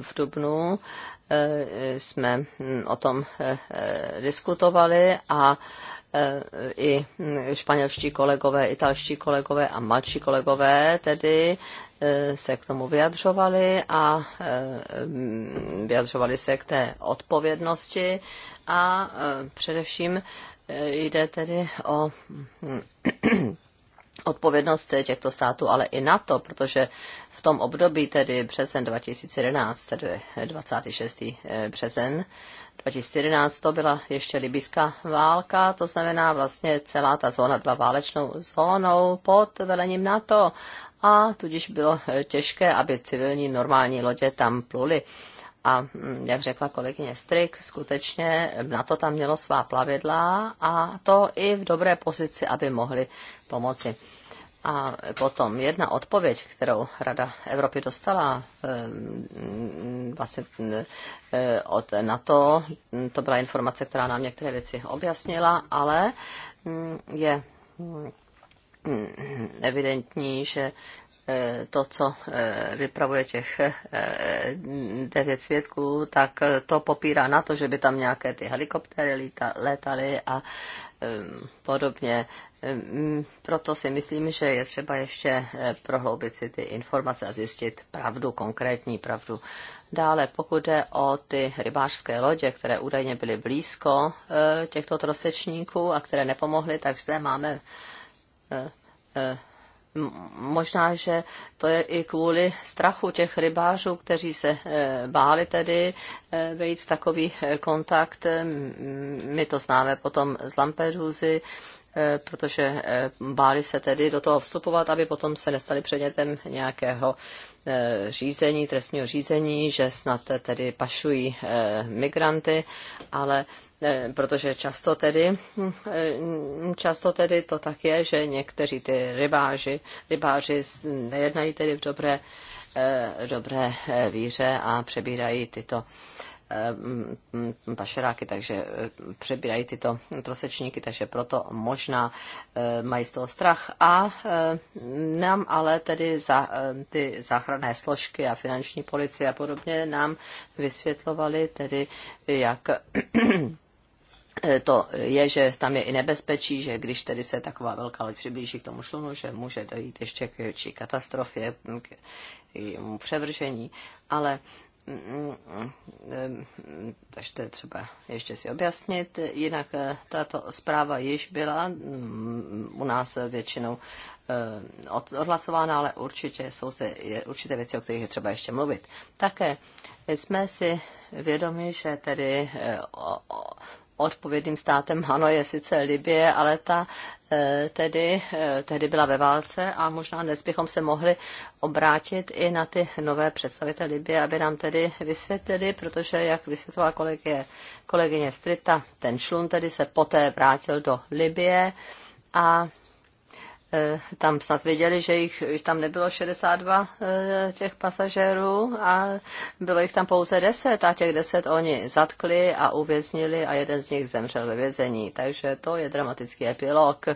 v Dubnu jsme hm, o tom diskutovali a i španělští kolegové, italští kolegové a malčí kolegové tedy eh, se k tomu vyjadřovali a eh, vyjadřovali se k té odpovědnosti a eh, především jde tedy o odpovědnost těchto států, ale i na to, protože v tom období, tedy březen 2011, tedy 26. březen, 2011 to byla ještě libyská válka, to znamená vlastně celá ta zóna byla válečnou zónou pod velením NATO a tudíž bylo těžké, aby civilní normální lodě tam pluly. A mm, jak řekla kolegyně Strik, skutečně na to tam mělo svá plavidla a to i v dobré pozici, aby mohli pomoci. A potom jedna odpověď, kterou Rada Evropy dostala ehm, vlastně eh, od NATO, to byla informace, která nám některé věci objasnila, ale mm, je mm, evidentní, že eh, to, co eh, vypravuje těch devět světků, tak to popírá na to, že by tam nějaké ty helikoptéry létaly a ehm, podobně. Ehm, proto si myslím, že je třeba ještě eh, prohloubit si ty informace a zjistit pravdu, konkrétní pravdu. Dále, pokud jde o ty rybářské lodě, které údajně byly blízko eh, těchto trosečníků a které nepomohly, takže zde máme eh, možná, že to je i kvůli strachu těch rybářů, kteří se báli tedy vejít v takový kontakt. Ehm, my to známe potom z Lampedusy, Eh, protože eh, báli se tedy do toho vstupovat, aby potom se nestali předmětem nějakého eh, řízení, trestního řízení, že snad tedy pašují migranty, ale protože často tedy, hm, často tedy to tak je, že někteří ty rybáři, rybáři nejednají tedy v dobré, dobré víře a přebírají tyto Eh, pašeráky, takže eh, přebírají tyto trosečníky, takže proto možná eh, mají z toho strach. A nám ale tedy za, ty záchranné složky a finanční policie a podobně nám vysvětlovali tedy, jak to je, že tam je i nebezpečí, že když tedy se taková velká loď přiblíží k tomu šlunu, že může dojít ještě k větší katastrofě, k jejímu převržení. Ale takže to je třeba ještě si objasnit. Jinak eh, tato zpráva již byla mm, u nás většinou eh, odhlasována, ale určitě jsou zde určité věci, o kterých je třeba ještě mluvit. Také jsme si vědomi, že tedy eh, odpovědným státem, ano, je sice Libie, ale ta eh, tedy, eh, tedy byla ve válce a možná dnes bychom se mohli obrátit i na ty nové představitele Libie, aby nám tedy vysvětlili, protože, jak vysvětloval kolegie, kolegyně Strita, ten šlun tedy se poté vrátil do Libie a Eh, tam snad věděli, že jich tam nebylo 62 eh, těch pasažérů a bylo jich tam pouze 10 a těch 10 oni zatkli a uvěznili a jeden z nich zemřel ve vězení. Takže to je dramatický epilog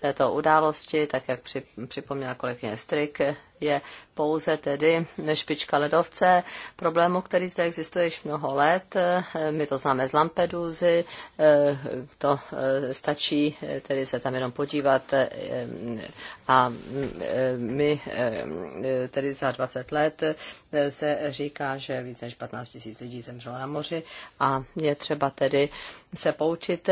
této události, tak jak připomněla kolegyně Strik, je pouze tedy špička ledovce, problému, který zde existuje již mnoho let. Eh, my to známe z Lampeduzy, eh, to eh, stačí tedy se tam jenom podívat a mm, my tedy za 20 let se říká, že více než 15 tisíc lidí zemřelo na moři a je třeba tedy se poučit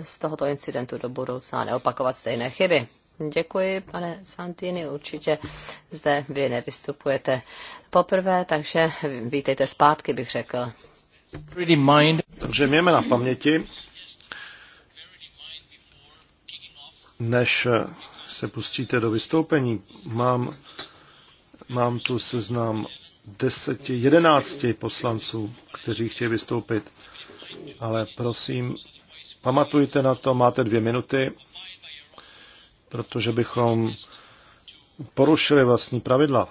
z tohoto incidentu do budoucna a neopakovat stejné chyby. Děkuji, pane Santini, určitě zde vy nevystupujete poprvé, takže vítejte zpátky, bych řekl. Takže mějme na paměti, než se pustíte do vystoupení, mám, mám tu seznam deseti, jedenácti poslanců, kteří chtějí vystoupit. Ale prosím, pamatujte na to, máte dvě minuty protože bychom porušili vlastní pravidla.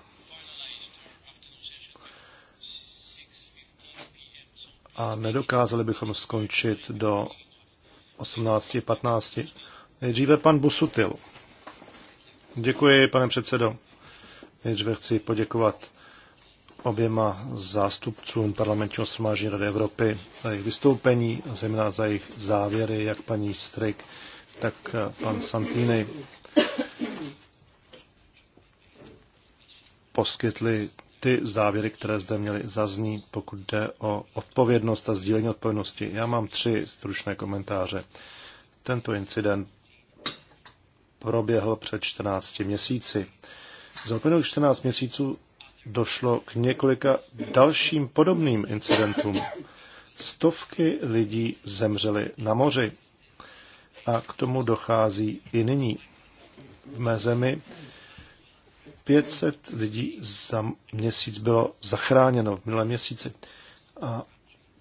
A nedokázali bychom skončit do 18.15. Nejdříve pan Busutil. Děkuji, pane předsedo. Nejdříve chci poděkovat oběma zástupcům parlamentního shromáždění Rady Evropy za jejich vystoupení a zejména za jejich závěry, jak paní Strik, tak eh, pan Santini poskytli ty závěry, které zde měly zazní, pokud jde o odpovědnost a sdílení odpovědnosti. Já mám tři stručné komentáře. Tento incident proběhl před 14 měsíci. Za uplynulých 14 měsíců došlo k několika dalším podobným incidentům. Stovky lidí zemřely na moři a k tomu dochází i nyní. V mé zemi 500 lidí za měsíc bylo zachráněno v minulém měsíci. A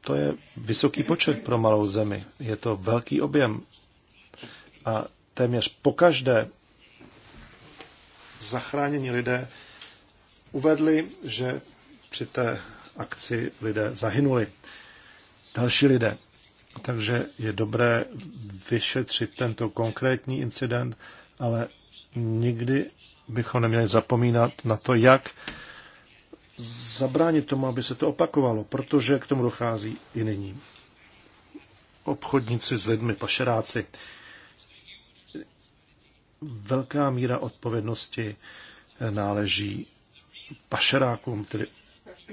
to je vysoký počet pro malou zemi. Je to velký objem. A téměř po každé zachránění lidé uvedli, že při té akci lidé zahynuli. Další lidé. Takže je dobré vyšetřit tento konkrétní incident, ale nikdy bychom neměli zapomínat na to, jak zabránit tomu, aby se to opakovalo, protože k tomu dochází i nyní. Obchodníci s lidmi, pašeráci. Velká míra odpovědnosti náleží pašerákům, tedy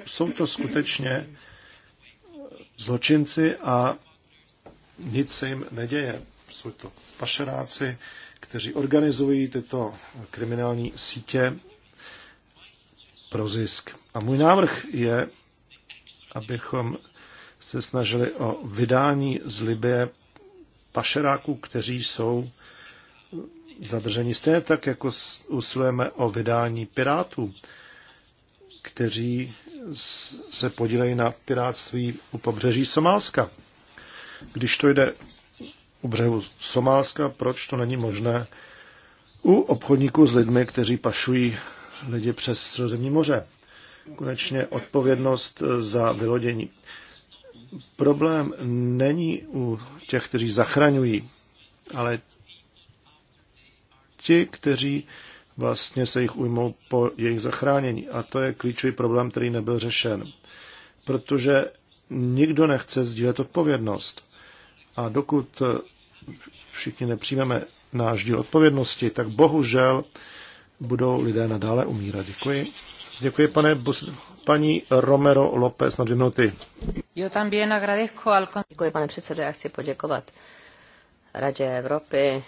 jsou to skutečně zločinci a nic se jim neděje. Jsou to pašeráci, kteří organizují tyto kriminální sítě pro zisk. A můj návrh je, abychom se snažili o vydání z Libie pašeráků, kteří jsou zadrženi. Stejně tak, jako usilujeme o vydání pirátů, kteří se podílejí na piráctví u pobřeží Somálska. Když to jde u břehu Somálska, proč to není možné u obchodníků s lidmi, kteří pašují lidi přes Sredozemní moře? Konečně odpovědnost za vylodění. Problém není u těch, kteří zachraňují, ale ti, kteří vlastně se jich ujmou po jejich zachránění. A to je klíčový problém, který nebyl řešen. Protože nikdo nechce sdílet odpovědnost. A dokud všichni nepřijmeme náš díl odpovědnosti, tak bohužel budou lidé nadále umírat. Děkuji. Děkuji, pane paní Romero López na dvě minuty. Děkuji, pane předsedo, já chci poděkovat Radě Evropy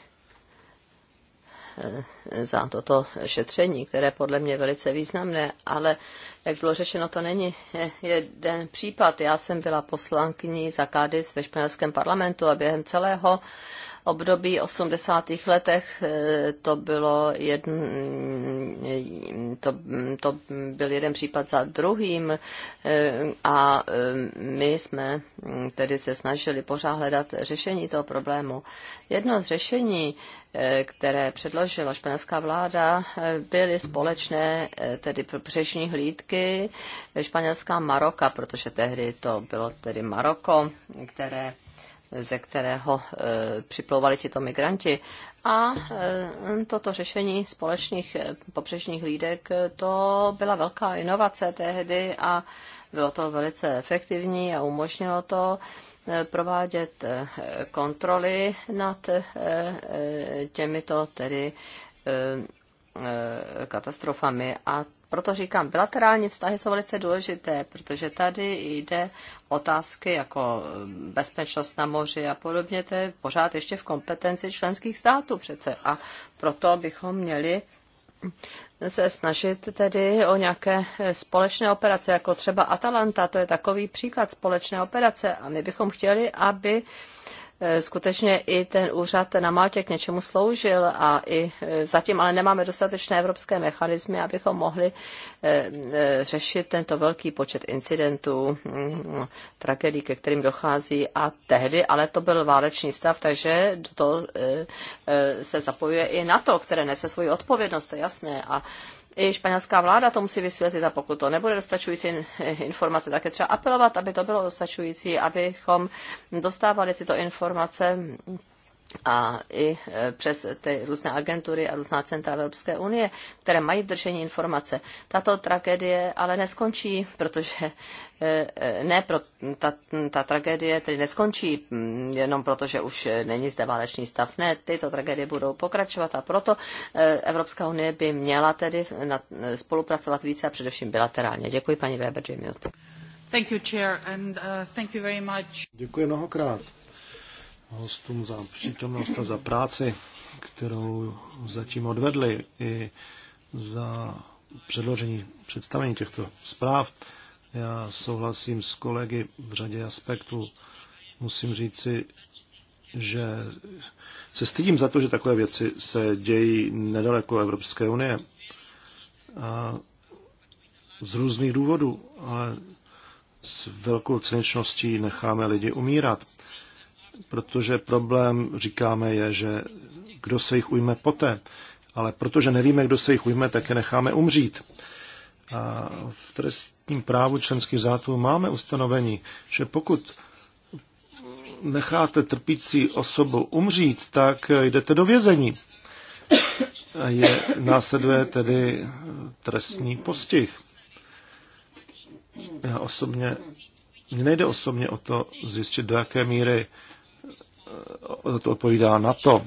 Eh, za toto šetření, které podle mě je velice významné, ale jak bylo řečeno, to není eh, jeden případ. Já jsem byla poslankyní za Cádiz ve španělském parlamentu a během celého období 80. letech eh, to bylo jedn, mm, to, mm, to byl jeden případ za druhým eh, a eh, my jsme mm, tedy se snažili pořád hledat řešení toho problému. Jedno z řešení, které předložila španělská vláda, byly společné tedy břežní hlídky španělská Maroka, protože tehdy to bylo tedy Maroko, které ze kterého e, připlouvali tito migranti. A e, toto řešení společných e, pobřežních lídek, to byla velká inovace tehdy a bylo to velice efektivní a umožnilo to provádět kontroly nad těmito tedy katastrofami a proto říkám, bilaterální vztahy jsou velice důležité, protože tady jde otázky jako um, bezpečnost na moři a podobně, to je pořád ještě v kompetenci členských států přece. A proto bychom měli se snažit tedy o nějaké společné operace, jako třeba Atalanta, to je takový příklad společné operace. A my bychom chtěli, aby Eh, skutečně i ten úřad na Maltě k něčemu sloužil a i eh, zatím ale nemáme dostatečné evropské mechanizmy, abychom mohli eh, řešit tento velký počet incidentů, mm, tragédií, ke kterým dochází a tehdy, ale to byl válečný stav, takže do se zapojuje i to, které nese svoji odpovědnost, to je jasné a i španělská vláda to musí vysvětlit a pokud to nebude dostačující eh, informace, tak je třeba apelovat, aby to bylo dostačující, abychom dostávali tyto informace a i e, přes ty různé agentury a různá centra Evropské unie, které mají v držení informace. Tato tragédie ale neskončí, protože e, e, ne pro, ta, ta tragédie tedy neskončí jenom proto, že už není zde válečný stav. Ne, tyto tragédie budou pokračovat a proto Evropská unie by měla tedy spolupracovat více a především bilaterálně. Děkuji paní Weber dvě minuty. Thank you, chair, and, uh, thank you very much. Děkuji mnohokrát hostům za přítomnost a za práci, kterou zatím odvedli i za předložení, představení těchto zpráv. Já souhlasím s kolegy v řadě aspektů. Musím říci, že se stydím za to, že takové věci se dějí nedaleko Evropské unie. A z různých důvodů, ale s velkou cenečností necháme lidi umírat protože problém, říkáme, je, že kdo se jich ujme poté. Ale protože nevíme, kdo se jich ujme, tak je necháme umřít. A v trestním právu členských zátů máme ustanovení, že pokud necháte trpící osobu umřít, tak jdete do vězení. A je, následuje tedy trestní postih. Já osobně, mně nejde osobně o to zjistit, do jaké míry to eh, odpovídá na to.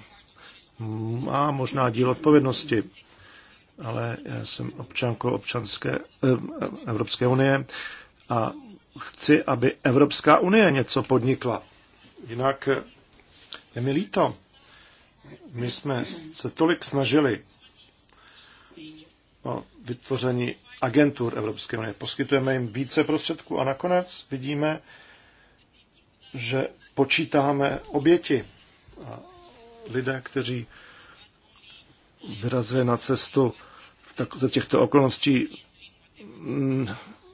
Má možná díl odpovědnosti, ale já jsem občankou občanské eh, Evropské unie a chci, aby Evropská unie něco podnikla. Jinak eh, je mi líto. My jsme se tolik snažili o vytvoření agentur Evropské unie. Poskytujeme jim více prostředků a nakonec vidíme, že počítáme oběti. A lidé, kteří vyrazili na cestu v, tak, za těchto okolností,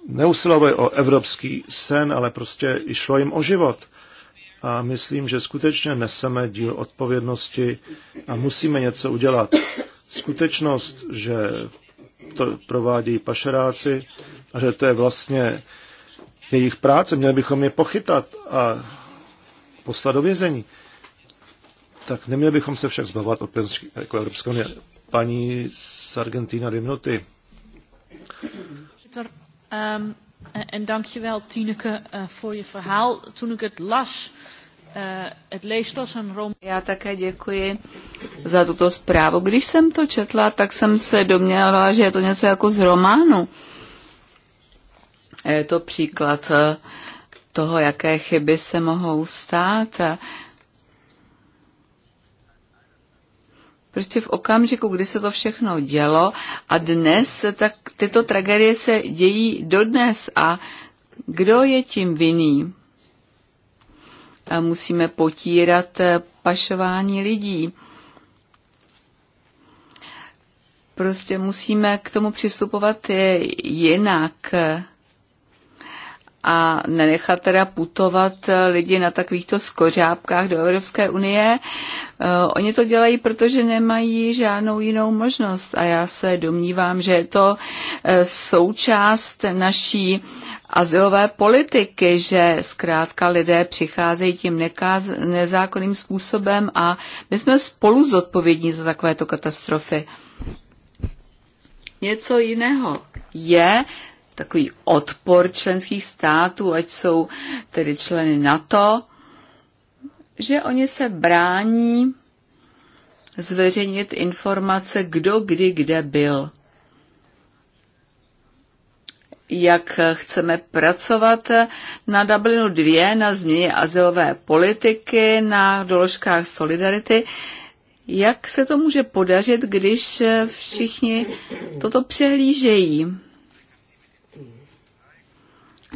neusilovali o evropský sen, ale prostě i šlo jim o život. A myslím, že skutečně neseme díl odpovědnosti a musíme něco udělat. Skutečnost, že to provádí pašeráci a že to je vlastně jejich práce, měli bychom je pochytat a poslat do vězení. Tak neměli bychom se však zbavovat od jako Evropské unie. Paní z Argentina, dvě minuty. Um, en dankjewel Tineke uh, voor je verhaal. Toen ik het las, eh, het leest als een rom. já také děkuji za tuto zprávu. Když jsem to četla, tak jsem se domněla, že je to něco jako z románu. Je to příklad uh, toho, jaké chyby se mohou stát. Prostě v okamžiku, kdy se to všechno dělo a dnes, tak tyto tragédie se dějí dodnes a kdo je tím vinný? Musíme potírat eh, pašování lidí. Prostě musíme k tomu přistupovat eh, jinak a nenechat teda putovat eh, lidi na takovýchto skořápkách do Evropské unie. Eh, oni to dělají, protože nemají žádnou jinou možnost a já se domnívám, že je to eh, součást naší azylové politiky, že zkrátka lidé přicházejí tím nekaz, nezákonným způsobem a my jsme spolu zodpovědní za takovéto katastrofy. Něco jiného je takový odpor členských států, ať jsou tedy členy NATO, že oni se brání zveřejnit informace, kdo kdy kde byl. Jak chceme pracovat na Dublinu 2, na změně azylové politiky, na doložkách solidarity. Jak se to může podařit, když všichni toto přehlížejí?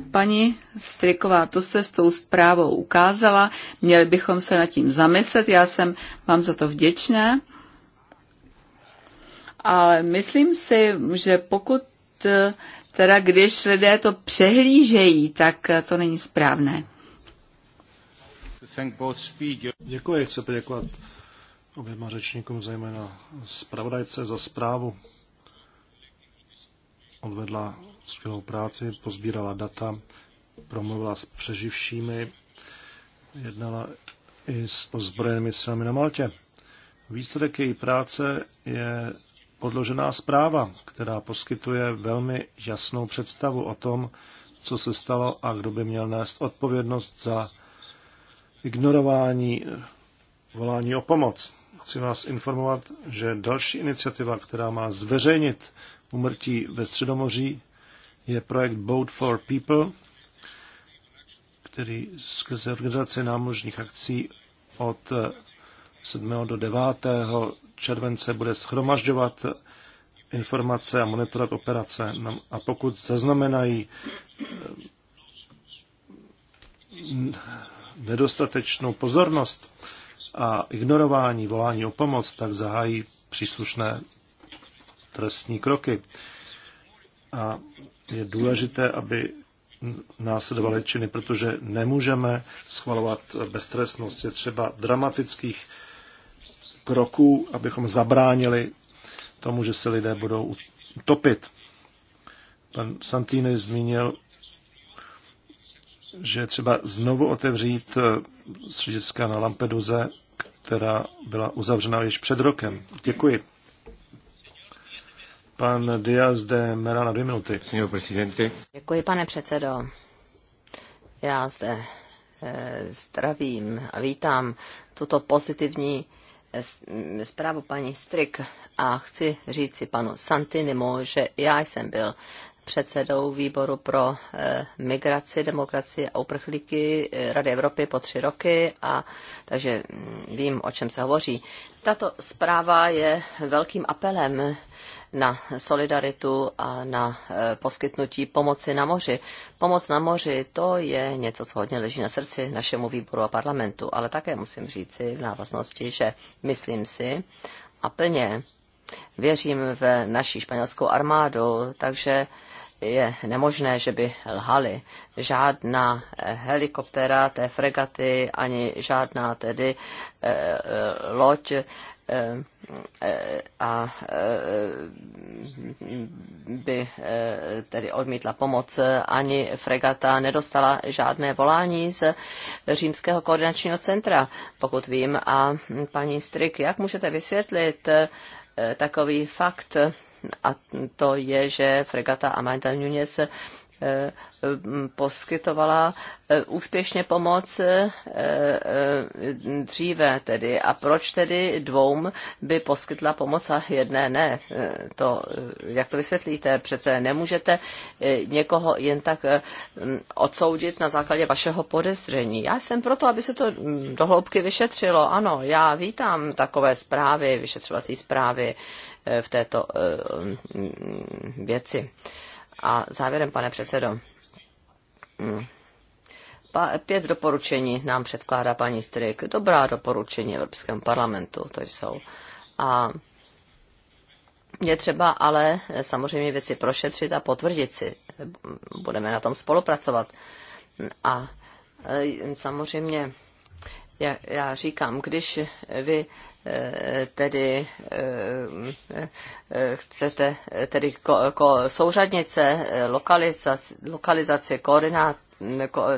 Paní Striková, to jste s tou zprávou ukázala, měli bychom se nad tím zamyslet, já jsem vám za to vděčná. Ale myslím si, že pokud eh, teda když lidé to přehlížejí, tak eh, to není správné. Děkuji, chci poděkovat oběma řečníkům, zejména zpravodajce za zprávu. Odvedla skvělou práci, pozbírala data, promluvila s přeživšími, jednala i s ozbrojenými silami na Maltě. Výsledek její práce je podložená zpráva, která poskytuje velmi jasnou představu o tom, co se stalo a kdo by měl nést odpovědnost za ignorování volání o pomoc. Chci vás informovat, že další iniciativa, která má zveřejnit umrtí ve Středomoří, je projekt Boat for People, který skrze organizace námožních akcí od 7. do 9. července bude schromažďovat informace a monitorovat operace. No, a pokud zaznamenají eh, nedostatečnou pozornost a ignorování volání o pomoc, tak zahájí příslušné trestní kroky. A je důležité, aby následovaly činy, protože nemůžeme schvalovat beztrestnost. Je třeba dramatických kroků, abychom zabránili tomu, že se lidé budou utopit. Pan Santini zmínil, že je třeba znovu otevřít eh, střediska na Lampeduze, která byla uzavřena již před rokem. Děkuji. Pan Diaz de Mera na dvě minuty. Děkuji, pane předsedo. Já zde eh, zdravím a vítám tuto pozitivní eh, mm, zprávu paní Strik a chci říci panu Santinimu, že já jsem byl předsedou výboru pro eh, migraci, demokracii a uprchlíky Rady Evropy po tři roky, a takže mm, vím, o čem se hovoří. Tato zpráva je velkým apelem na solidaritu a na e, poskytnutí pomoci na moři. Pomoc na moři to je něco, co hodně leží na srdci našemu výboru a parlamentu, ale také musím říci v návaznosti, že myslím si a plně věřím v naší španělskou armádu, takže je nemožné, že by lhali. Žádná e, helikoptéra té fregaty, ani žádná tedy e, e loď a by e, tedy odmítla pomoc. Ani fregata nedostala žádné volání z Římského koordinačního centra, pokud vím. A paní Strik, jak můžete vysvětlit e, takový fakt, a to je, že fregata Amanda Nunes Eh, poskytovala eh, úspěšně pomoc eh, dříve tedy. A proč tedy dvou by poskytla pomoc a jedné ne? To, jak to vysvětlíte? Přece nemůžete někoho jen tak mm, odsoudit na základě vašeho podezření. Já jsem proto, aby se to mm, dohloubky vyšetřilo. Ano, já vítám takové zprávy, vyšetřovací zprávy v této mm, věci. A závěrem, pane předsedo, hmm. pět doporučení nám předkládá paní Strik. Dobrá doporučení Evropském parlamentu to jsou. A je třeba ale samozřejmě věci prošetřit a potvrdit si. Budeme na tom spolupracovat. A e, samozřejmě, já, já říkám, když vy tedy eh, chcete tedy ko, ko, souřadnice, lokalizace lokalizace koordinát,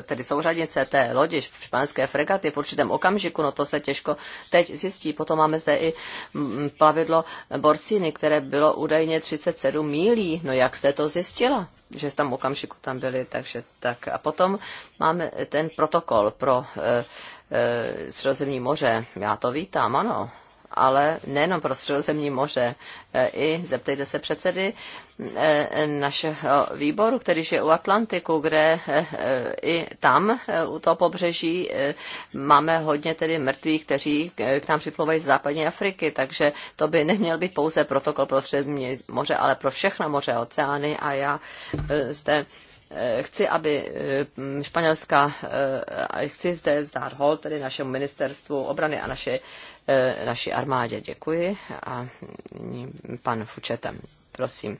tedy souřadnice té lodi španské fregaty v určitém okamžiku, no to se těžko teď zjistí. Potom máme zde i mm, mm, plavidlo Borsiny, které bylo údajně 37 mílí. No jak jste to zjistila? že v tom okamžiku tam byli, takže tak. A potom máme ten protokol pro eh, E, Středozemní moře. Já to vítám, ano. Ale nejenom pro Středozemní moře. E, I zeptejte se předsedy e, našeho výboru, který je u Atlantiku, kde i tam u toho pobřeží máme hodně tedy mrtvých, kteří k nám připlouvají z západní Afriky, takže to by neměl být pouze protokol pro střední moře, ale pro všechna moře, oceány a já zde Eh, chci, aby eh, španělská, eh, chci zde vzdát hol tedy našemu ministerstvu obrany a naše, naší armádě. Děkuji a pan Fučetem, prosím.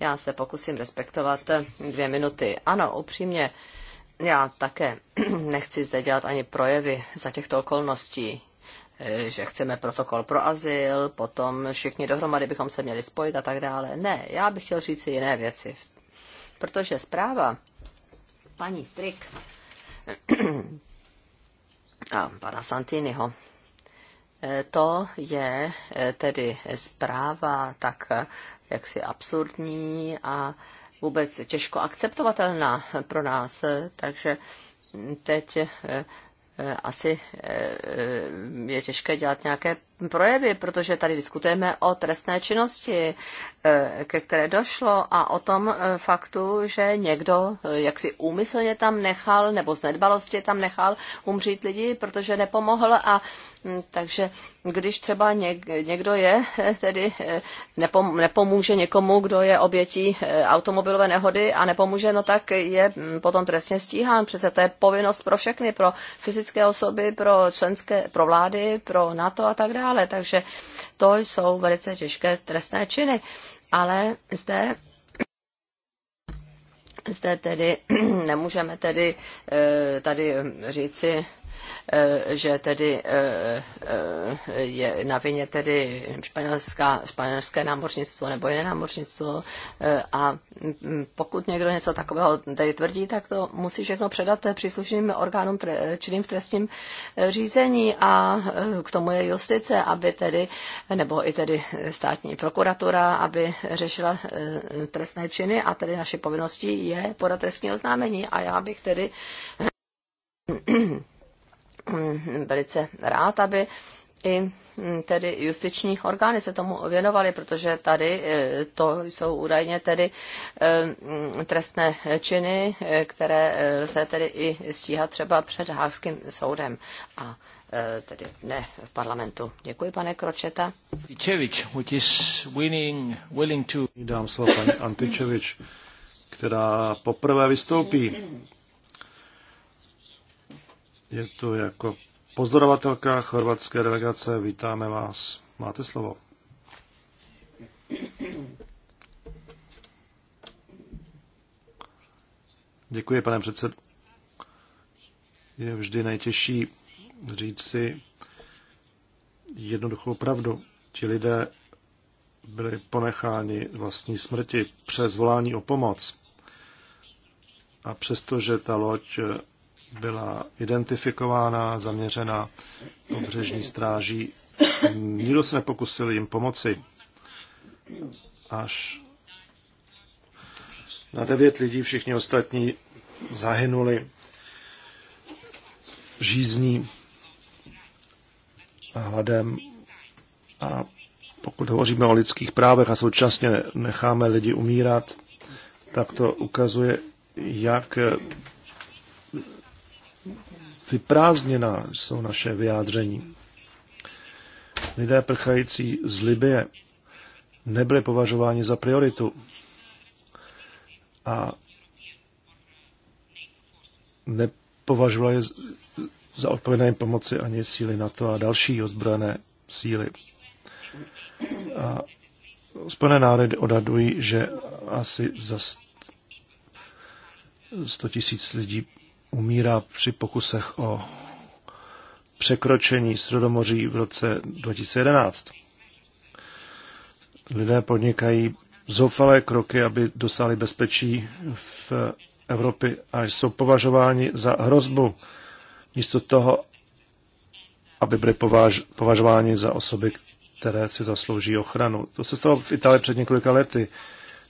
Já se pokusím respektovat dvě minuty. Ano, upřímně, já také nechci zde dělat ani projevy za těchto okolností že chceme protokol pro azyl, potom všichni dohromady bychom se měli spojit a tak dále. Ne, já bych chtěl říct si jiné věci protože zpráva paní Strik a pana Santiniho eh, to je eh, tedy zpráva tak eh, jaksi absurdní a vůbec těžko akceptovatelná pro nás. Takže teď asi je těžké dělat nějaké projevy, protože tady diskutujeme o trestné činnosti, eh, ke které došlo a o tom eh, faktu, že někdo eh, jaksi úmyslně tam nechal nebo z nedbalosti tam nechal umřít lidi, protože nepomohl a mm, takže když třeba někdo je, tedy nepomůže někomu, kdo je obětí automobilové nehody a nepomůže, no tak je mm, potom trestně stíhán. Přece to je povinnost pro všechny, pro fyzické osoby, pro členské, pro vlády, pro NATO a tak dále dále. Takže to jsou velice těžké trestné činy. Ale zde zde tedy nemůžeme tedy eh, tady říci Eh, že tedy eh, eh, je na vině tedy španělská, španělské námořnictvo nebo jiné námořnictvo a mm, pokud někdo něco takového tady tvrdí, tak to musí všechno předat příslušným orgánům činným v trestním řízení a k tomu je justice, aby tedy, nebo i tedy státní prokuratura, aby řešila trestné činy a tedy naše povinností je podat trestní oznámení a já bych tedy Mm, velice rád, aby i mm, tedy justiční orgány se tomu věnovaly, protože tady e, to jsou údajně tedy e, mm, trestné činy, e, které lze tedy i stíhat třeba před Hákským soudem a tedy ne v parlamentu. Děkuji, pane Kročeta. which is willing to... Dám slovo paní Antičevič, která poprvé vystoupí je to jako pozorovatelka chorvatské delegace. Vítáme vás. Máte slovo. Děkuji, pane předsedo. Je vždy nejtěžší říct si jednoduchou pravdu. Ti lidé byli ponecháni vlastní smrti přes volání o pomoc. A přestože ta loď byla identifikována, zaměřena pobřežní stráží. Nikdo se nepokusil jim pomoci. Až na devět lidí všichni ostatní zahynuli žízní a hladem. A pokud hovoříme o lidských právech a současně necháme lidi umírat, tak to ukazuje, jak vyprázdněná jsou naše vyjádření. Lidé prchající z Libie nebyli považováni za prioritu a nepovažovali za odpovědné pomoci ani síly to a další ozbrojené síly. A Spojené národy odhadují, že asi za 100 tisíc lidí umírá při pokusech o překročení Středomoří v roce 2011. Lidé podnikají zoufalé kroky, aby dosáhli bezpečí v Evropě a jsou považováni za hrozbu, místo toho, aby byli považ, považováni za osoby, které si zaslouží ochranu. To se stalo v Itálii před několika lety.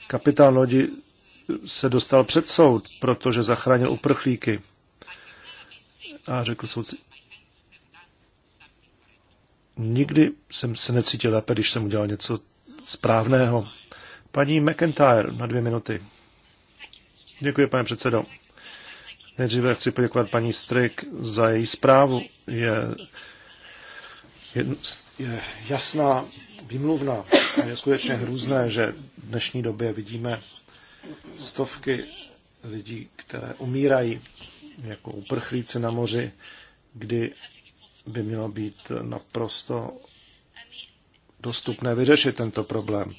Kapitán lodi se dostal před soud, protože zachránil uprchlíky. A řekl soudci, nikdy jsem se necítil lépe, když jsem udělal něco správného. Paní McIntyre na dvě minuty. Děkuji, pane předsedo. Nejdříve chci poděkovat paní Strik za její zprávu. Je, je, je jasná, výmluvná. A je skutečně hrůzné, že v dnešní době vidíme stovky lidí, které umírají jako uprchlíci na moři, kdy by mělo být naprosto dostupné vyřešit tento problém.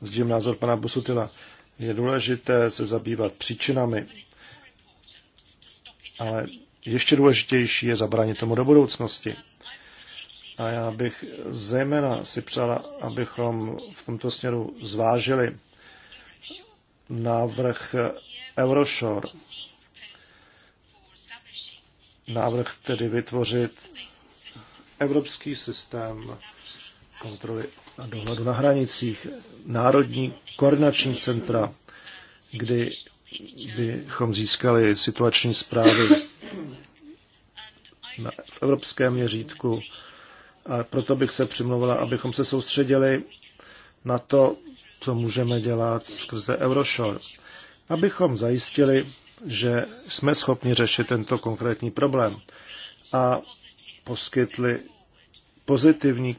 Sdílím názor pana Busutila. Je důležité se zabývat příčinami, ale ještě důležitější je zabránit tomu do budoucnosti. A já bych zejména si přála, abychom v tomto směru zvážili návrh Euroshore. Návrh tedy vytvořit evropský systém kontroly a dohledu na hranicích, národní koordinační centra, kdy bychom získali situační zprávy v evropském měřítku. A proto bych se přimluvila, abychom se soustředili na to, co můžeme dělat skrze Euroshore, abychom zajistili, že jsme schopni řešit tento konkrétní problém a poskytli pozitivní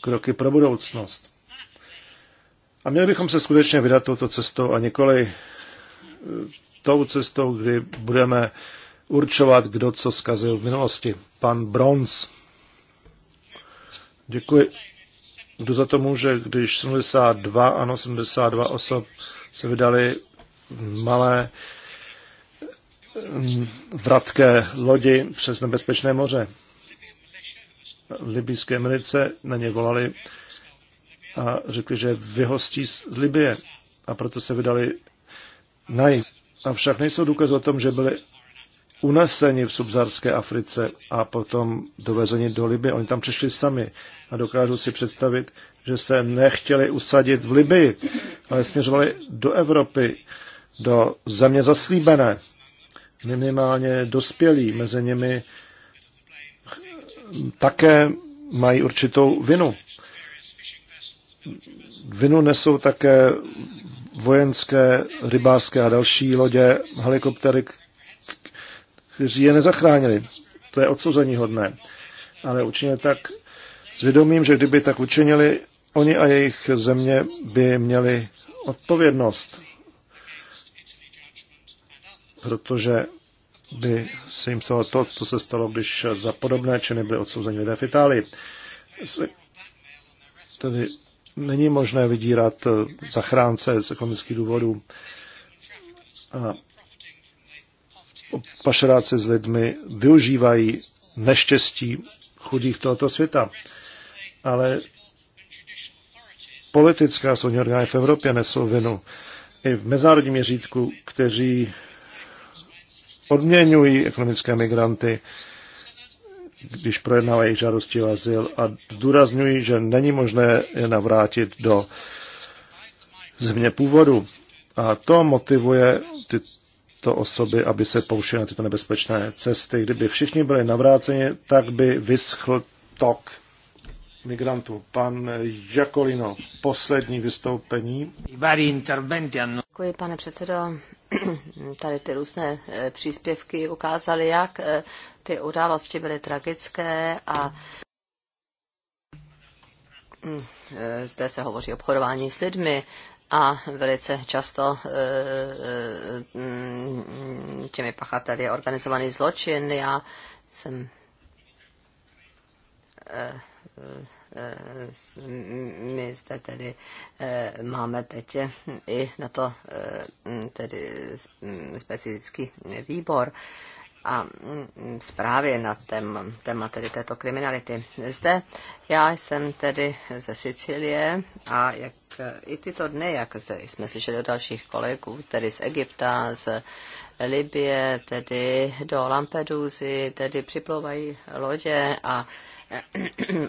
kroky pro budoucnost. A měli bychom se skutečně vydat touto cestou a nikoli e, tou cestou, kdy budeme určovat, kdo co zkazil v minulosti. Pan Bronz. Děkuji. Jdu za to může, když 72, ano, 72 osob se vydali v malé mm, vratké lodi přes nebezpečné moře. Libijské milice na ně volali a řekli, že vyhostí z Libie a proto se vydali na jich. Avšak nejsou důkaz o tom, že byli uneseni v subzarské Africe a potom dovezeni do Liby. Oni tam přišli sami a dokážu si představit, že se nechtěli usadit v Libii, ale směřovali do Evropy, do země zaslíbené, minimálně dospělí, mezi nimi také mají určitou vinu. Vinu nesou také vojenské, rybářské a další lodě, helikoptery, kteří je nezachránili. To je odsouzení hodné. Ale učinili tak s vědomím, že kdyby tak učinili, oni a jejich země by měli odpovědnost, protože by se jim stalo to, co se stalo, když za podobné činy byly odsouzeni lidé v Itálii. Tedy není možné vydírat zachránce z ekonomických důvodů. A Pašeráce s lidmi využívají neštěstí chudých tohoto světa. Ale politická soudní orgány v Evropě nesou vinu. I v mezinárodním měřítku, kteří odměňují ekonomické migranty, když projednávají žádosti o azyl a zdůrazňují, že není možné je navrátit do země původu. A to motivuje ty tyto osoby, aby se pouštěly na tyto nebezpečné cesty. Kdyby všichni byli navráceni, tak by vyschl tok migrantů. Pan Jakolino, poslední vystoupení. Děkuji, pane předsedo. Tady ty různé eh, příspěvky ukázaly, jak eh, ty události byly tragické a mm, eh, zde se hovoří o obchodování s lidmi a velice často eh, eh, těmi pachateli je organizovaný zločin. Já jsem eh, my zde tedy máme teď i na to tedy specifický výbor a mm, zprávy na tém, téma tedy této kriminality. Zde já jsem tedy ze Sicílie a jak i tyto dny, jak zde jsme slyšeli od dalších kolegů, tedy z Egypta, z Libie, tedy do Lampedusy, tedy připlouvají lodě a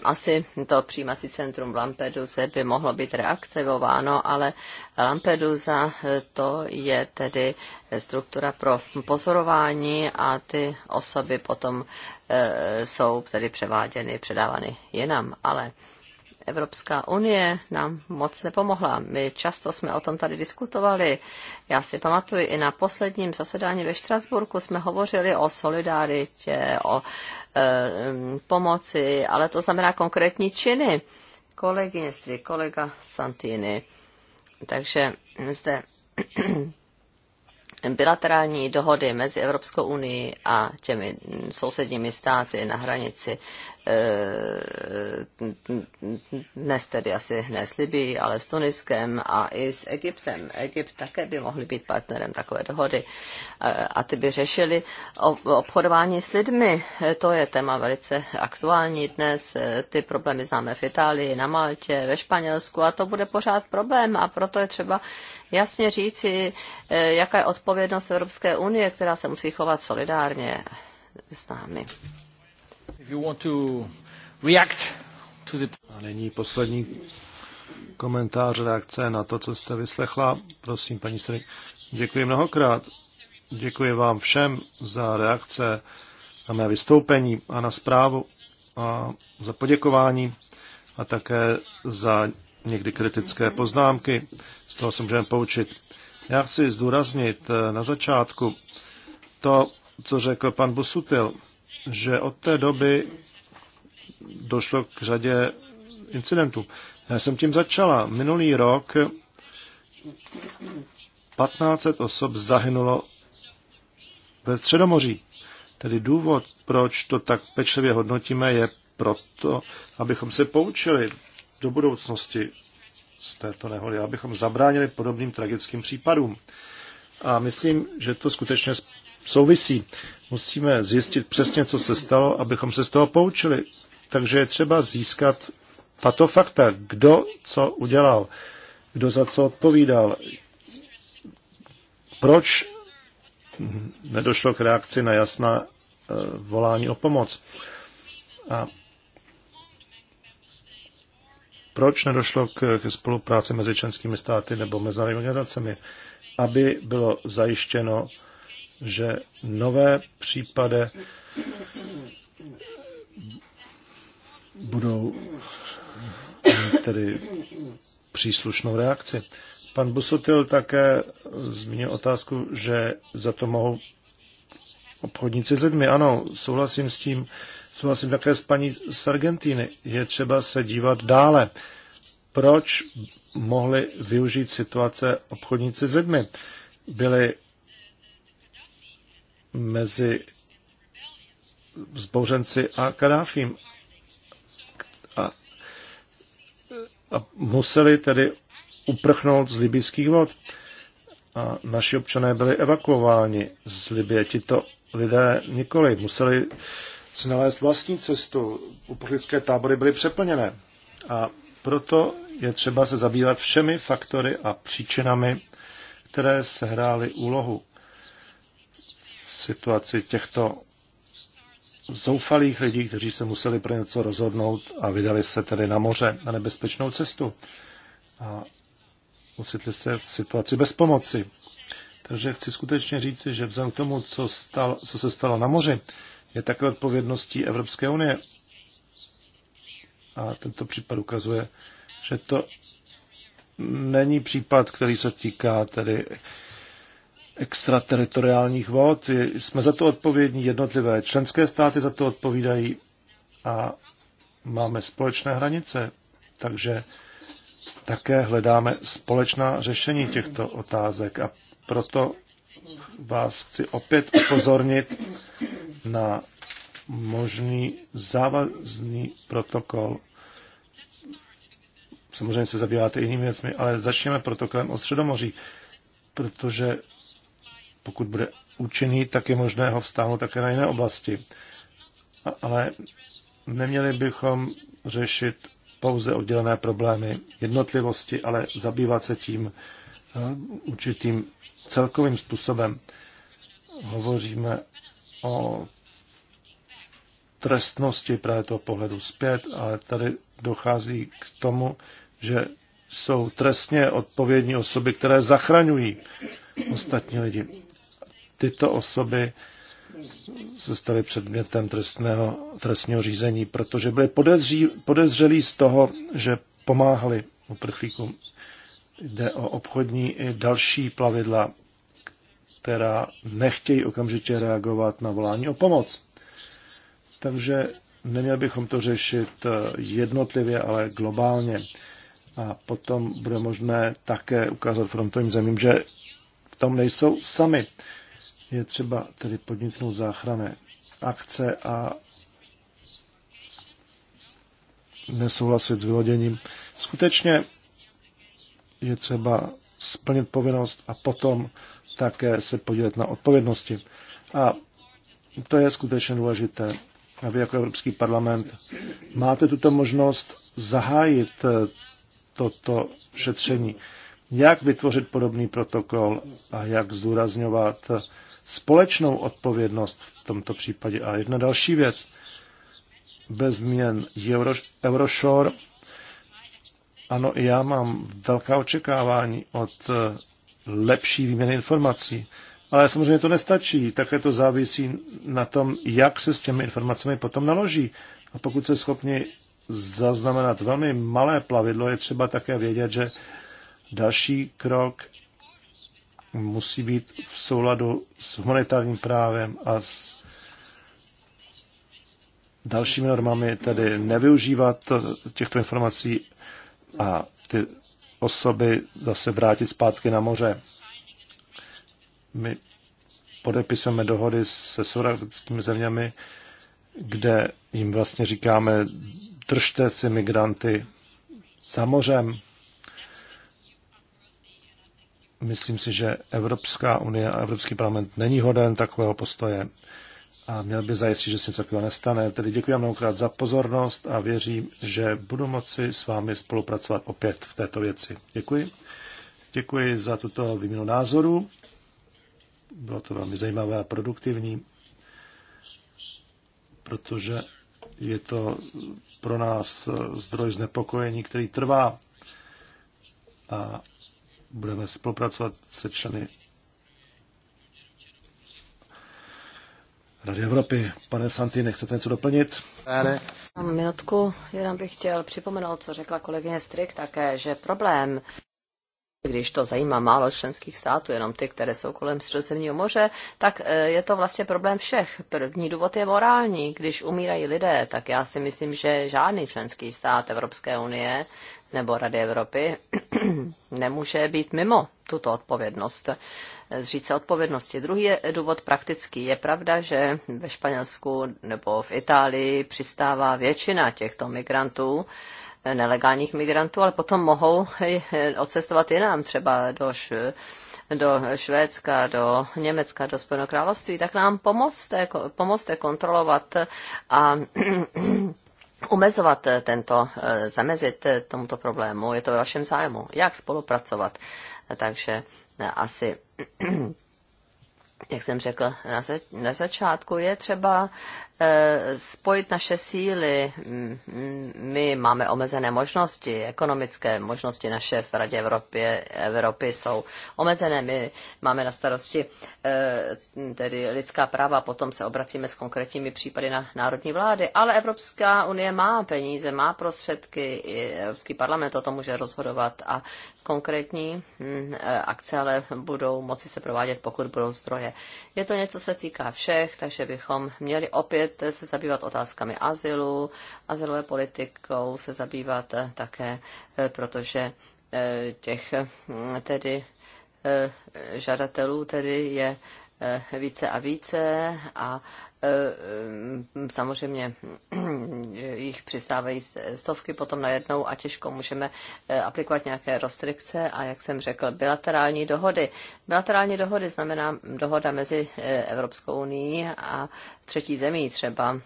asi to přijímací centrum v Lampeduse by mohlo být reaktivováno, ale Lampedusa eh, to je tedy struktura pro pozorování a ty osoby potom eh, jsou tedy převáděny, předávány jinam, ale Evropská unie nám moc nepomohla. My často jsme o tom tady diskutovali. Já si pamatuju, i na posledním zasedání ve Štrasburku jsme hovořili o solidaritě, o Eh, pomoci, ale to znamená konkrétní činy. Kolegyně Stry, kolega Santini. Takže zde bilaterální dohody mezi Evropskou unii a těmi sousedními státy na hranici Eh, dnes tedy asi ne s Libií, ale s Tuniskem a i s Egyptem. Egypt také by mohl být partnerem takové dohody. Eh, a ty by řešili obchodování s lidmi. Eh, to je téma velice aktuální dnes. Ty problémy známe v Itálii, na Maltě, ve Španělsku a to bude pořád problém a proto je třeba jasně říci, jaká je odpovědnost Evropské unie, která se musí chovat solidárně s námi. A nyní poslední komentář, reakce na to, co jste vyslechla. Prosím, paní Sry. Děkuji mnohokrát. Děkuji vám všem za reakce na mé vystoupení a na zprávu a za poděkování a také za někdy kritické poznámky. Z toho se můžeme poučit. Já chci zdůraznit eh, na začátku to, co řekl pan Busutil že od té doby došlo k řadě incidentů. Já jsem tím začala. Minulý rok 1500 osob zahynulo ve Středomoří. Tedy důvod, proč to tak pečlivě hodnotíme, je proto, abychom se poučili do budoucnosti z této nehody, abychom zabránili podobným tragickým případům. A myslím, že to skutečně souvisí. Musíme zjistit přesně, co se stalo, abychom se z toho poučili. Takže je třeba získat tato fakta, kdo co udělal, kdo za co odpovídal, proč nedošlo k reakci na jasná eh, volání o pomoc. A proč nedošlo k, k spolupráci mezi členskými státy nebo mezinárodními organizacemi, aby bylo zajištěno že nové případy budou tedy příslušnou reakci. Pan Busotil také zmínil otázku, že za to mohou obchodníci s lidmi. Ano, souhlasím s tím, souhlasím také s paní z Argentíny. Je třeba se dívat dále. Proč mohli využít situace obchodníci s lidmi? Byli mezi zbouřenci a Kadáfím. A, a museli tedy uprchnout z libijských vod. A naši občané byli evakuováni z Libie. Tito lidé nikoli. Museli si nalézt vlastní cestu. Uprchlické tábory byly přeplněné. A proto je třeba se zabývat všemi faktory a příčinami, které sehrály úlohu situaci těchto zoufalých lidí, kteří se museli pro něco rozhodnout a vydali se tedy na moře, na nebezpečnou cestu. A ocitli se v situaci bez pomoci. Takže chci skutečně říci, že vzhledem k tomu, co, stalo, co se stalo na moři, je také odpovědností Evropské unie. A tento případ ukazuje, že to není případ, který se týká tedy extrateritoriálních vod. Jsme za to odpovědní, jednotlivé členské státy za to odpovídají a máme společné hranice, takže také hledáme společná řešení těchto otázek a proto vás chci opět upozornit na možný závazný protokol. Samozřejmě se zabýváte jinými věcmi, ale začněme protokolem o Středomoří, protože pokud bude účinný, tak je možné ho vstáhnout také na jiné oblasti. Ale neměli bychom řešit pouze oddělené problémy jednotlivosti, ale zabývat se tím eh, určitým celkovým způsobem. Hovoříme o trestnosti právě toho pohledu zpět, ale tady dochází k tomu, že jsou trestně odpovědní osoby, které zachraňují ostatní lidi tyto osoby se staly předmětem trestného, trestního řízení, protože byly podezří, podezřelí z toho, že pomáhali uprchlíkům. Jde o obchodní i další plavidla, která nechtějí okamžitě reagovat na volání o pomoc. Takže neměl bychom to řešit eh, jednotlivě, ale globálně. A potom bude možné také ukázat frontovým zemím, že v tom nejsou sami. Je třeba tedy podniknout záchranné akce a nesouhlasit s vyloděním. Skutečně je třeba splnit povinnost a potom také se podílet na odpovědnosti. A to je skutečně důležité. A vy jako Evropský parlament máte tuto možnost zahájit eh, toto šetření. Jak vytvořit podobný protokol a jak zdůrazňovat eh, společnou odpovědnost v tomto případě. A jedna další věc. Bez změn Euro, Euroshore. Ano, i já mám velká očekávání od eh, lepší výměny informací. Ale samozřejmě to nestačí. Také to závisí na tom, jak se s těmi informacemi potom naloží. A pokud se schopni zaznamenat velmi malé plavidlo, je třeba také vědět, že další krok musí být v souladu s humanitárním právem a s dalšími normami, tedy nevyužívat těchto informací a ty osoby zase vrátit zpátky na moře. My podepisujeme dohody se sourodatskými zeměmi, kde jim vlastně říkáme, držte si migranty za mořem, Myslím si, že Evropská unie a Evropský parlament není hoden takového postoje a měl by zajistit, že se něco takového nestane. Tedy děkuji vám mnohokrát za pozornost a věřím, že budu moci s vámi spolupracovat opět v této věci. Děkuji. Děkuji za tuto výměnu názoru. Bylo to velmi zajímavé a produktivní, protože je to pro nás zdroj znepokojení, který trvá a budeme spolupracovat se členy Rady Evropy. Pane Santýnek, nechcete něco doplnit? Ne. Minutku, jenom bych chtěl připomenout, co řekla kolegyně Strik také, že problém když to zajímá málo členských států, jenom ty, které jsou kolem Středozemního moře, tak e, je to vlastně problém všech. První důvod je morální. Když umírají lidé, tak já si myslím, že žádný členský stát Evropské unie nebo Rady Evropy nemůže být mimo tuto odpovědnost. E, zříct se odpovědnosti. Druhý je důvod praktický. Je pravda, že ve Španělsku nebo v Itálii přistává většina těchto migrantů, nelegálních migrantů, ale potom mohou e, odcestovat jinam, třeba do, š, do Švédska, do Německa, do Spojeného království, tak nám pomozte, pomozte kontrolovat a umezovat e, tento, e, zamezit tomuto problému. Je to ve vašem zájmu, jak spolupracovat. Takže asi jak jsem řekl na, zač- na začátku, je třeba Eh, spojit naše síly. Mm, my máme omezené možnosti, ekonomické možnosti naše v Radě Evropy, Evropy jsou omezené. My máme na starosti eh, tedy lidská práva, potom se obracíme s konkrétními případy na národní vlády. Ale Evropská unie má peníze, má prostředky, i Evropský parlament o tom může rozhodovat a konkrétní hm, eh, akce ale budou moci se provádět, pokud budou zdroje. Je to něco, se týká všech, takže bychom měli opět budete se zabývat otázkami azylu, azylové politikou se zabývat eh, také, eh, protože eh, těch hm, tedy žadatelů tedy je více a více a Eh, eh, samozřejmě eh, jich přistávají stovky potom najednou a těžko můžeme aplikovat nějaké restrikce a jak jsem řekl, bilaterální dohody. Bilaterální dohody znamená dohoda mezi Evropskou unii a třetí zemí třeba.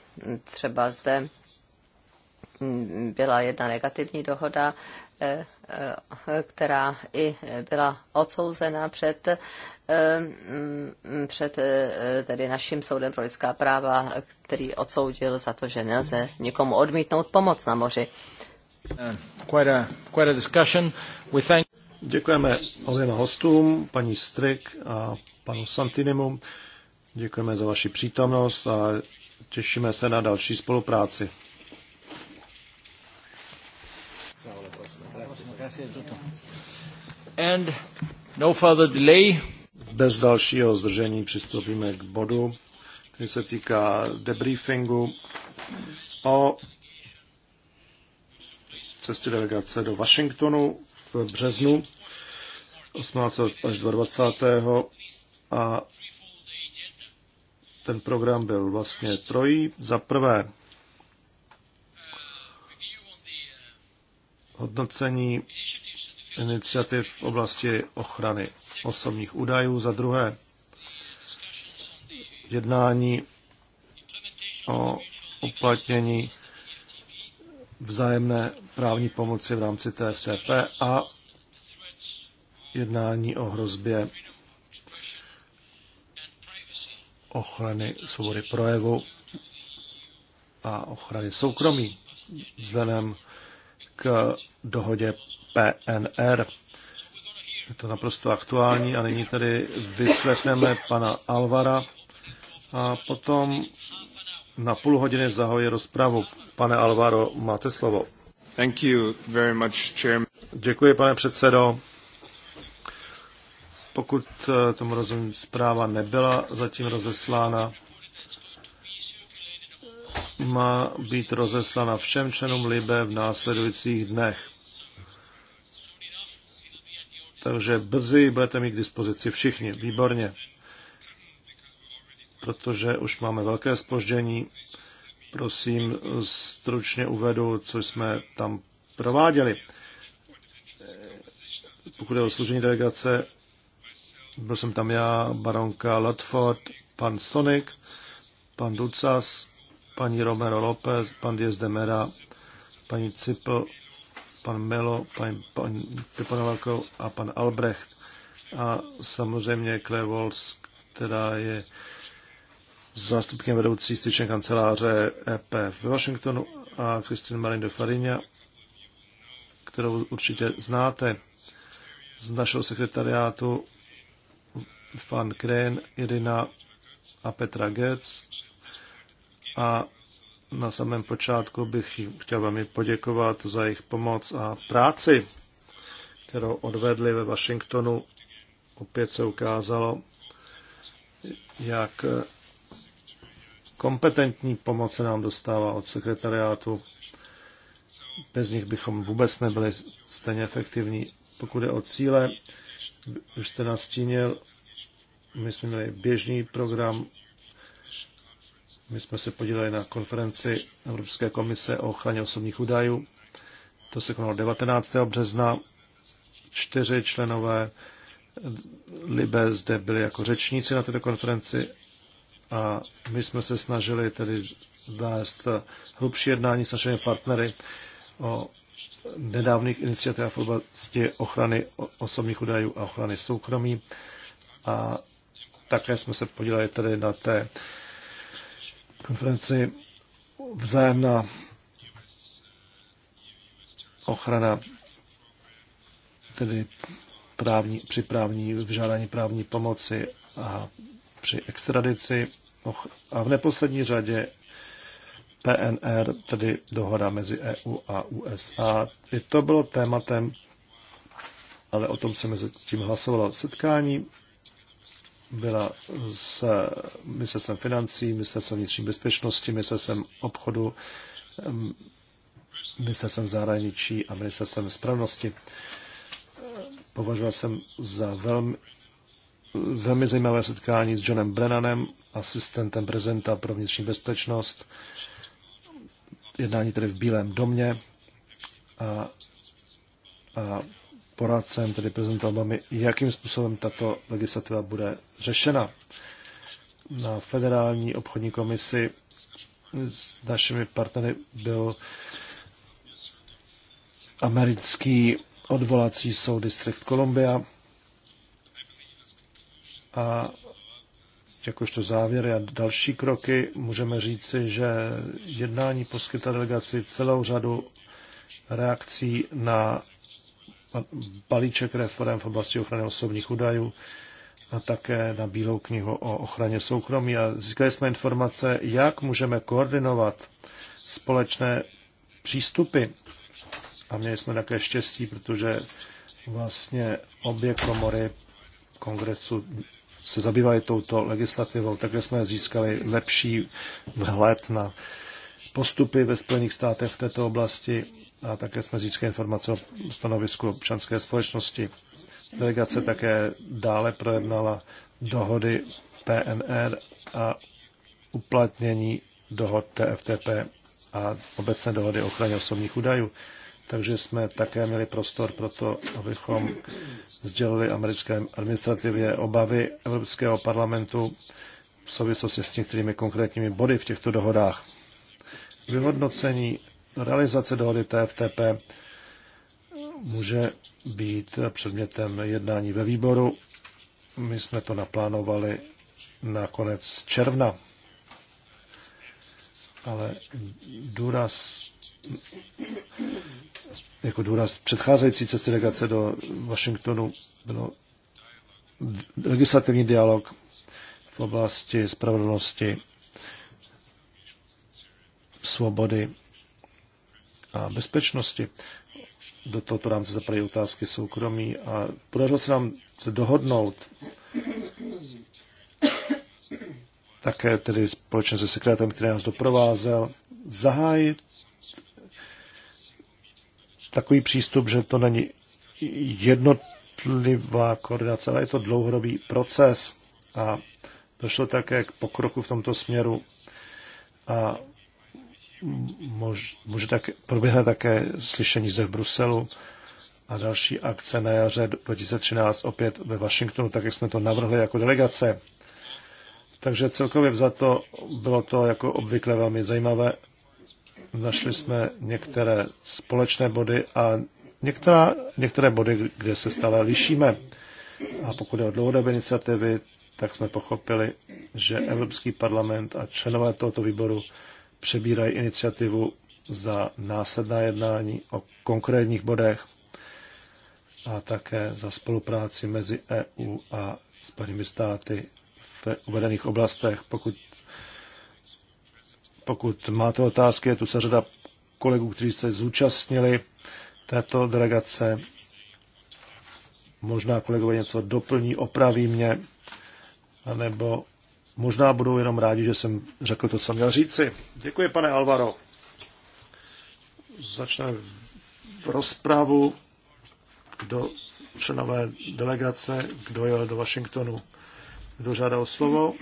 Třeba zde mm, byla jedna negativní dohoda Eh, která i byla odsouzena před, eh, před eh, tedy naším soudem pro lidská práva, který odsoudil za to, že nelze nikomu odmítnout pomoc na moři. Děkujeme oběma hostům, paní Strik a panu Santinimu. Děkujeme za vaši přítomnost a těšíme se na další spolupráci. And no further delay. Bez dalšího zdržení přistoupíme k bodu, který se týká debriefingu o cestě delegace do Washingtonu v březnu 18. až 22. a ten program byl vlastně trojí. Za prvé hodnocení iniciativ v oblasti ochrany osobních údajů, za druhé jednání o uplatnění vzájemné právní pomoci v rámci TFTP a jednání o hrozbě ochrany svobody projevu a ochrany soukromí vzhledem k dohodě PNR. Je to naprosto aktuální a nyní tedy vyslechneme pana Alvara a potom na půl hodiny zahoji rozpravu. Pane Alvaro, máte slovo. Thank you very much, Děkuji, pane předsedo. Pokud eh, tomu rozumím, zpráva nebyla zatím rozeslána, má být rozeslána všem členům Libe v následujících dnech takže brzy budete mít k dispozici všichni. Výborně. Protože už máme velké spoždění, prosím, stručně uvedu, co jsme tam prováděli. Pokud je o služení delegace, byl jsem tam já, baronka Latford, pan Sonic, pan Ducas, paní Romero López, pan Diez de Mera, paní Cipl pan Melo, pan, pan Tepanovákov a pan Albrecht a samozřejmě Claire Walls, která je zástupkem vedoucí styčné kanceláře EP v Washingtonu a Kristin Marin de Farinha, kterou určitě znáte z našeho sekretariátu Fan Kren, Irina a Petra Getz a na samém počátku bych chtěl velmi poděkovat za jejich pomoc a práci, kterou odvedli ve Washingtonu. Opět se ukázalo, jak kompetentní pomoc se nám dostává od sekretariátu. Bez nich bychom vůbec nebyli stejně efektivní. Pokud je o cíle, už jste nastínil, my jsme měli běžný program my jsme se podíleli na konferenci Evropské komise o ochraně osobních údajů. To se konalo 19. března. Čtyři členové Libe zde byli jako řečníci na této konferenci a my jsme se snažili tedy vést hlubší jednání s našimi partnery o nedávných iniciativách v oblasti ochrany osobních údajů a ochrany soukromí. A také jsme se podíleli tedy na té konferenci vzájemná ochrana, tedy právní, při právní, vyžádání právní pomoci a při extradici a v neposlední řadě PNR, tedy dohoda mezi EU a USA. I to bylo tématem, ale o tom se mezi tím hlasovalo. Setkání byla s ministerstvem financí, ministerstvem vnitřní bezpečnosti, ministerstvem obchodu, ministerstvem zahraničí a ministerstvem spravnosti. Považoval jsem za velmi, velmi zajímavé setkání s Johnem Brennanem, asistentem prezidenta pro vnitřní bezpečnost. Jednání tedy v Bílém domě a, a poradcem, tedy prezidentem Obamy, jakým způsobem tato legislativa bude řešena. Na federální obchodní komisi s našimi partnery byl americký odvolací soud District Columbia a jakožto závěry a další kroky můžeme říci, že jednání poskytla delegaci celou řadu reakcí na balíček reform v oblasti ochrany osobních údajů a také na Bílou knihu o ochraně soukromí. A získali jsme informace, jak můžeme koordinovat společné přístupy. A měli jsme také štěstí, protože vlastně obě komory kongresu se zabývají touto legislativou, takže jsme získali lepší vhled na postupy ve Spojených státech v této oblasti a také jsme získali informace o stanovisku občanské společnosti. Delegace také dále projednala dohody PNR a uplatnění dohod TFTP a obecné dohody o ochraně osobních údajů. Takže jsme také měli prostor pro to, abychom sdělili americké administrativě obavy Evropského parlamentu v souvislosti s některými konkrétními body v těchto dohodách. Vyhodnocení realizace dohody TFTP může být předmětem jednání ve výboru. My jsme to naplánovali na konec června, ale důraz jako důraz předcházející cesty delegace do Washingtonu bylo legislativní dialog v oblasti spravedlnosti, svobody a bezpečnosti. Do tohoto rámce zapadají otázky soukromí a podařilo se nám se dohodnout také tedy společně se sekretem, který nás doprovázel, zahájit takový přístup, že to není jednotlivá koordinace, ale je to dlouhodobý proces a došlo také k pokroku v tomto směru. A může tak, proběhne také slyšení zde v Bruselu a další akce na jaře 2013 opět ve Washingtonu, tak jak jsme to navrhli jako delegace. Takže celkově za to bylo to jako obvykle velmi zajímavé. Našli jsme některé společné body a některá, některé body, kde se stále lišíme. A pokud je o dlouhodobé iniciativy, tak jsme pochopili, že Evropský parlament a členové tohoto výboru přebírají iniciativu za následná jednání o konkrétních bodech a také za spolupráci mezi EU a Spojenými státy v uvedených oblastech. Pokud, pokud máte otázky, je tu se řada kolegů, kteří se zúčastnili této delegace. Možná kolegové něco doplní, opraví mě, anebo možná budou jenom rádi, že jsem řekl to, co měl říci. Děkuji, pane Alvaro. Začneme rozpravu, kdo členové delegace, kdo jel do Washingtonu, kdo žádá o slovo.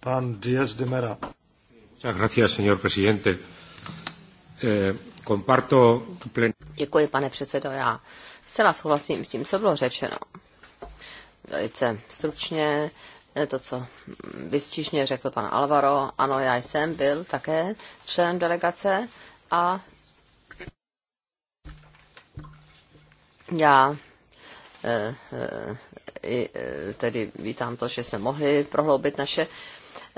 Pan Díaz de Mera. Eh, Děkuji, pane předsedo. Já zcela souhlasím s tím, co bylo řečeno. Velice stručně Eh, to, co vystižně řekl pan Alvaro. Ano, já jsem byl také členem delegace a já eh, eh, tedy vítám to, že jsme mohli prohloubit naše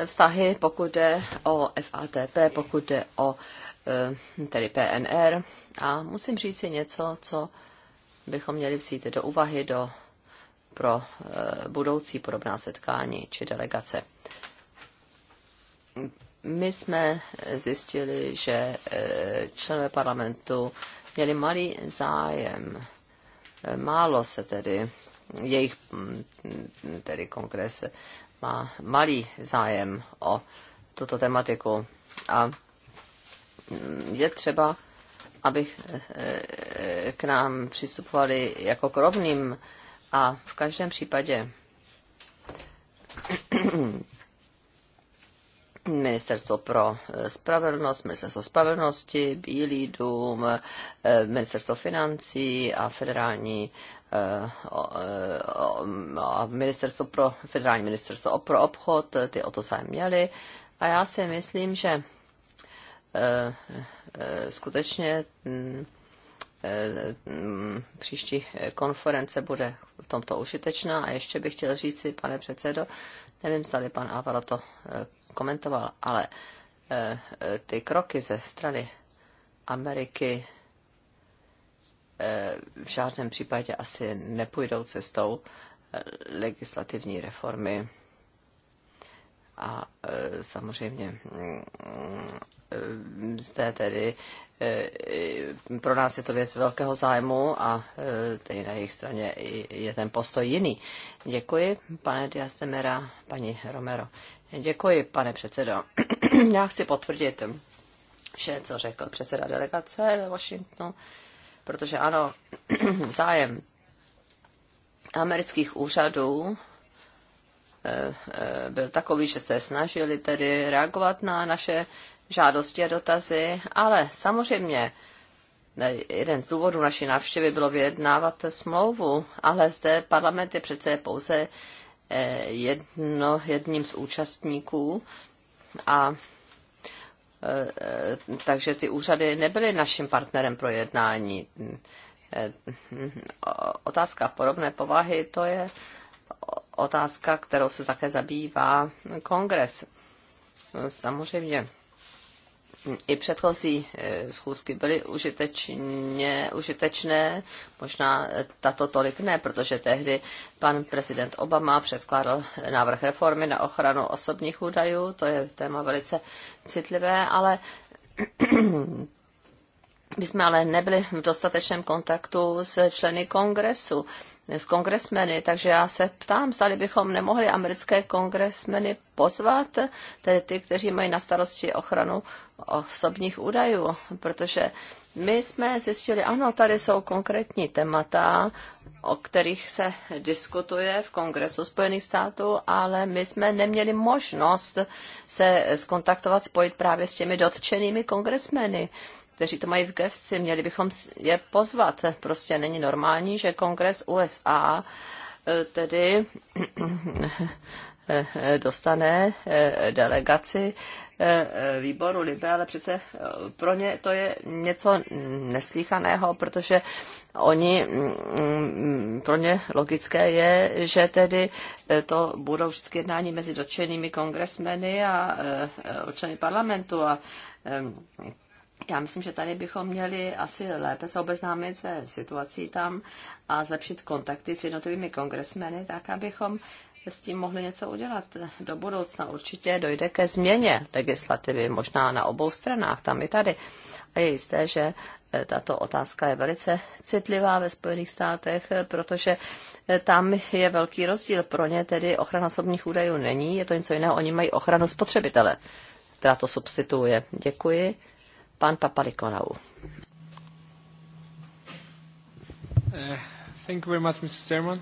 vztahy, pokud jde o FATP, pokud jde o tedy PNR. A musím říct si něco, co bychom měli vzít do úvahy do pro eh, budoucí podobná setkání či delegace. My jsme zjistili, že eh, členové parlamentu měli malý zájem. Málo se tedy jejich hm, tedy kongres má malý zájem o tuto tematiku. A hm, je třeba, aby eh, k nám přistupovali jako k rovným a v každém případě Ministerstvo pro eh, spravedlnost, Ministerstvo spravedlnosti, Bílý dům, eh, Ministerstvo financí a federální eh, ministerstvo pro, federální ministerstvo pro obchod, ty o to zájem měli. A já si myslím, že skutečně hm, Eh, mm, příští konference bude v tomto užitečná. A ještě bych chtěl říci, pane předsedo, nevím, zda pan Alvaro to eh, komentoval, ale eh, ty kroky ze strany Ameriky v žádném případě asi nepůjdou cestou legislativní reformy. A samozřejmě mm, Eh, zde tedy eh, pro nás je to věc velkého zájmu a eh, tedy na jejich straně je ten postoj jiný. Děkuji, pane Diastemera, paní Romero. Děkuji, pane předsedo. Já chci potvrdit vše, co řekl předseda delegace ve Washingtonu, protože ano, zájem amerických úřadů byl takový, že se snažili tedy reagovat na naše žádosti a dotazy, ale samozřejmě jeden z důvodů naší návštěvy bylo vyjednávat smlouvu, ale zde parlament je přece pouze eh, jedno, jedním z účastníků a eh, takže ty úřady nebyly naším partnerem pro jednání. Eh, otázka podobné povahy, to je otázka, kterou se také zabývá kongres. Samozřejmě i předchozí eh, schůzky byly užitečně, užitečné, možná eh, tato tolik ne, protože tehdy pan prezident Obama předkládal návrh reformy na ochranu osobních údajů, to je téma velice citlivé, ale my jsme ale nebyli v dostatečném kontaktu s členy kongresu, s kongresmeny, takže já se ptám, zdali bychom nemohli americké kongresmeny pozvat, tedy ty, kteří mají na starosti ochranu osobních údajů, protože my jsme zjistili, ano, tady jsou konkrétní témata, o kterých se diskutuje v Kongresu Spojených států, ale my jsme neměli možnost se skontaktovat, spojit právě s těmi dotčenými kongresmeny kteří to mají v gesci, měli bychom je pozvat. Prostě není normální, že kongres USA eh, tedy dostane eh, delegaci eh, eh, výboru Libe, ale přece pro ně to je něco neslíchaného, protože oni, mm, pro ně logické je, že tedy to budou vždycky jednání mezi dotčenými kongresmeny a občany parlamentu a já myslím, že tady bychom měli asi lépe se obeznámit se situací tam a zlepšit kontakty s jednotlivými kongresmeny, tak abychom s tím mohli něco udělat do budoucna. Určitě dojde ke změně legislativy, možná na obou stranách, tam i tady. A je jisté, že eh, tato otázka je velice citlivá ve Spojených státech, eh, protože eh, tam je velký rozdíl. Pro ně tedy ochrana osobních údajů není, je to něco jiného, oni mají ochranu spotřebitele, která to substituuje. Děkuji. Pan Papalikonau. Uh, thank you very much, Mr. Chairman.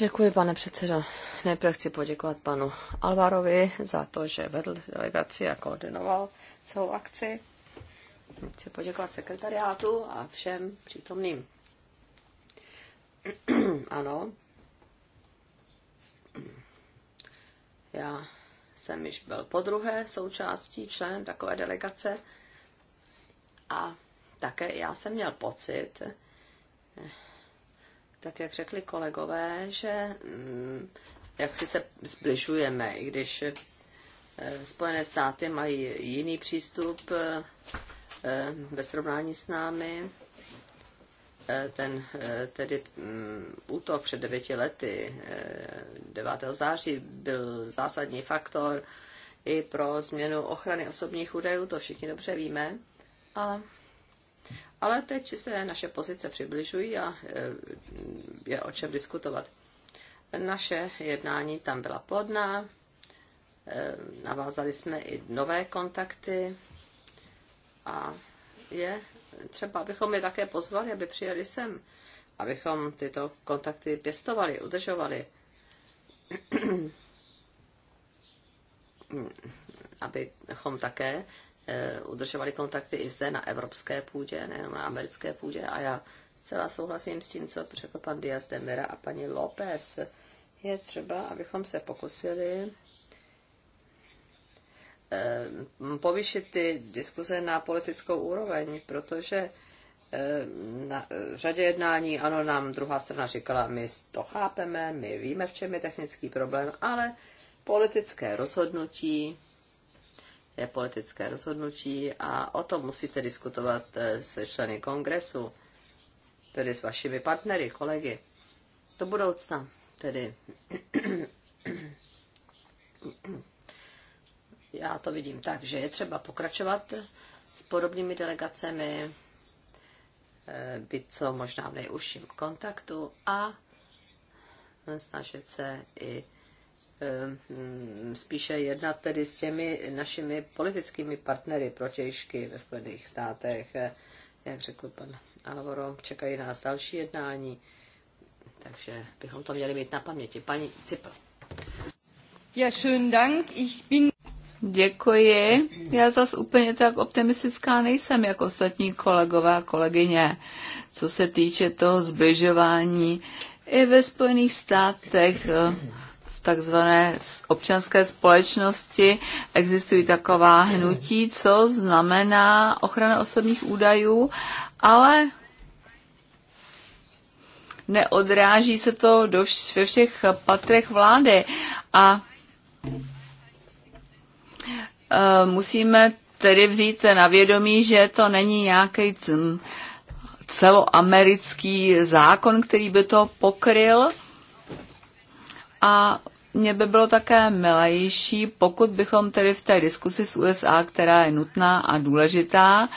Děkuji, pane předsedo. Nejprve chci poděkovat panu Alvarovi za to, že vedl delegaci a koordinoval celou akci. Chci poděkovat sekretariátu a všem přítomným. ano. Já jsem již byl po druhé součástí členem takové delegace a také já jsem měl pocit, tak jak řekli kolegové, že mm, jak si se zbližujeme, i když eh, Spojené státy mají jiný přístup eh, eh, ve srovnání s námi. Ten tedy mm, útok před devěti lety, 9. září, byl zásadní faktor i pro změnu ochrany osobních údajů, to všichni dobře víme. A ale teď se naše pozice přibližují a e, je o čem diskutovat. Naše jednání tam byla plodná, e, navázali jsme i nové kontakty a je třeba, abychom je také pozvali, aby přijeli sem, abychom tyto kontakty pěstovali, udržovali, abychom také Eh, udržovali kontakty i zde na evropské půdě, nejenom na americké půdě. A já zcela souhlasím s tím, co řekl pan Diaz de Mera a paní López. Je třeba, abychom se pokusili eh, povyšit ty diskuze na politickou úroveň, protože eh, na řadě jednání, ano, nám druhá strana říkala, my to chápeme, my víme, v čem je technický problém, ale politické rozhodnutí je politické rozhodnutí a o tom musíte diskutovat eh, se členy kongresu, tedy s vašimi partnery, kolegy. Do budoucna, tedy. Já to vidím tak, že je třeba pokračovat s podobnými delegacemi, eh, být co možná v nejužším kontaktu a snažit se i Ehm, spíše jednat tedy s těmi našimi politickými partnery protějšky ve Spojených státech. Jak řekl pan Alvaro, čekají nás další jednání, takže bychom to měli mít na paměti. Paní Cipl. Ja, schönen Dank. Ich bin... Děkuji. Já zas úplně tak optimistická nejsem jako ostatní kolegové a kolegyně, co se týče toho zbližování i ve Spojených státech. Eh, takzvané občanské společnosti existují taková hnutí, co znamená ochrana osobních údajů, ale neodráží se to do vš- ve všech patrech vlády. A e, musíme tedy vzít na vědomí, že to není nějaký celoamerický zákon, který by to pokryl. A mě by bylo také milejší, pokud bychom tedy v té diskusi s USA, která je nutná a důležitá,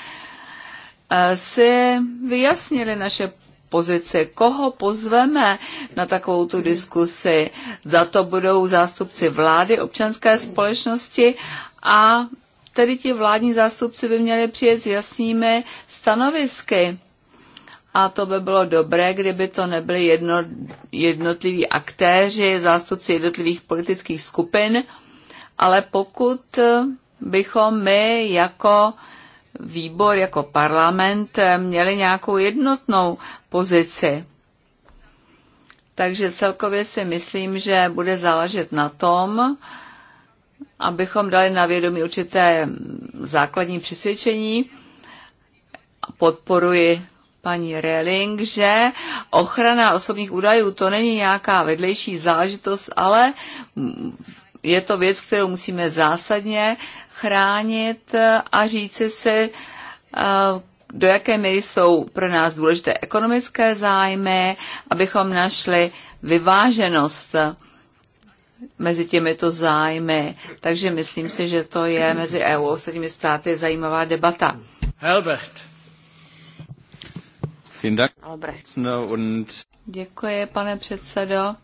eh, si vyjasnili naše pozice, koho pozveme na takovou tu diskusi. Za to budou zástupci vlády, občanské společnosti a tedy ti vládní zástupci by měli přijet s jasnými stanovisky a to by bylo dobré, kdyby to nebyly jedno, jednotliví aktéři, zástupci jednotlivých politických skupin, ale pokud bychom my jako výbor, jako parlament měli nějakou jednotnou pozici. Takže celkově si myslím, že bude záležet na tom, abychom dali na vědomí určité základní přesvědčení. Podporuji paní Reling, že ochrana osobních údajů to není nějaká vedlejší záležitost, ale je to věc, kterou musíme zásadně chránit a říci si, eh, do jaké míry jsou pro nás důležité ekonomické zájmy, abychom našli vyváženost mezi těmito zájmy. Takže myslím si, že to je mezi EU a ostatními státy zajímavá debata. Helbert. Děkuji, pane předsedo.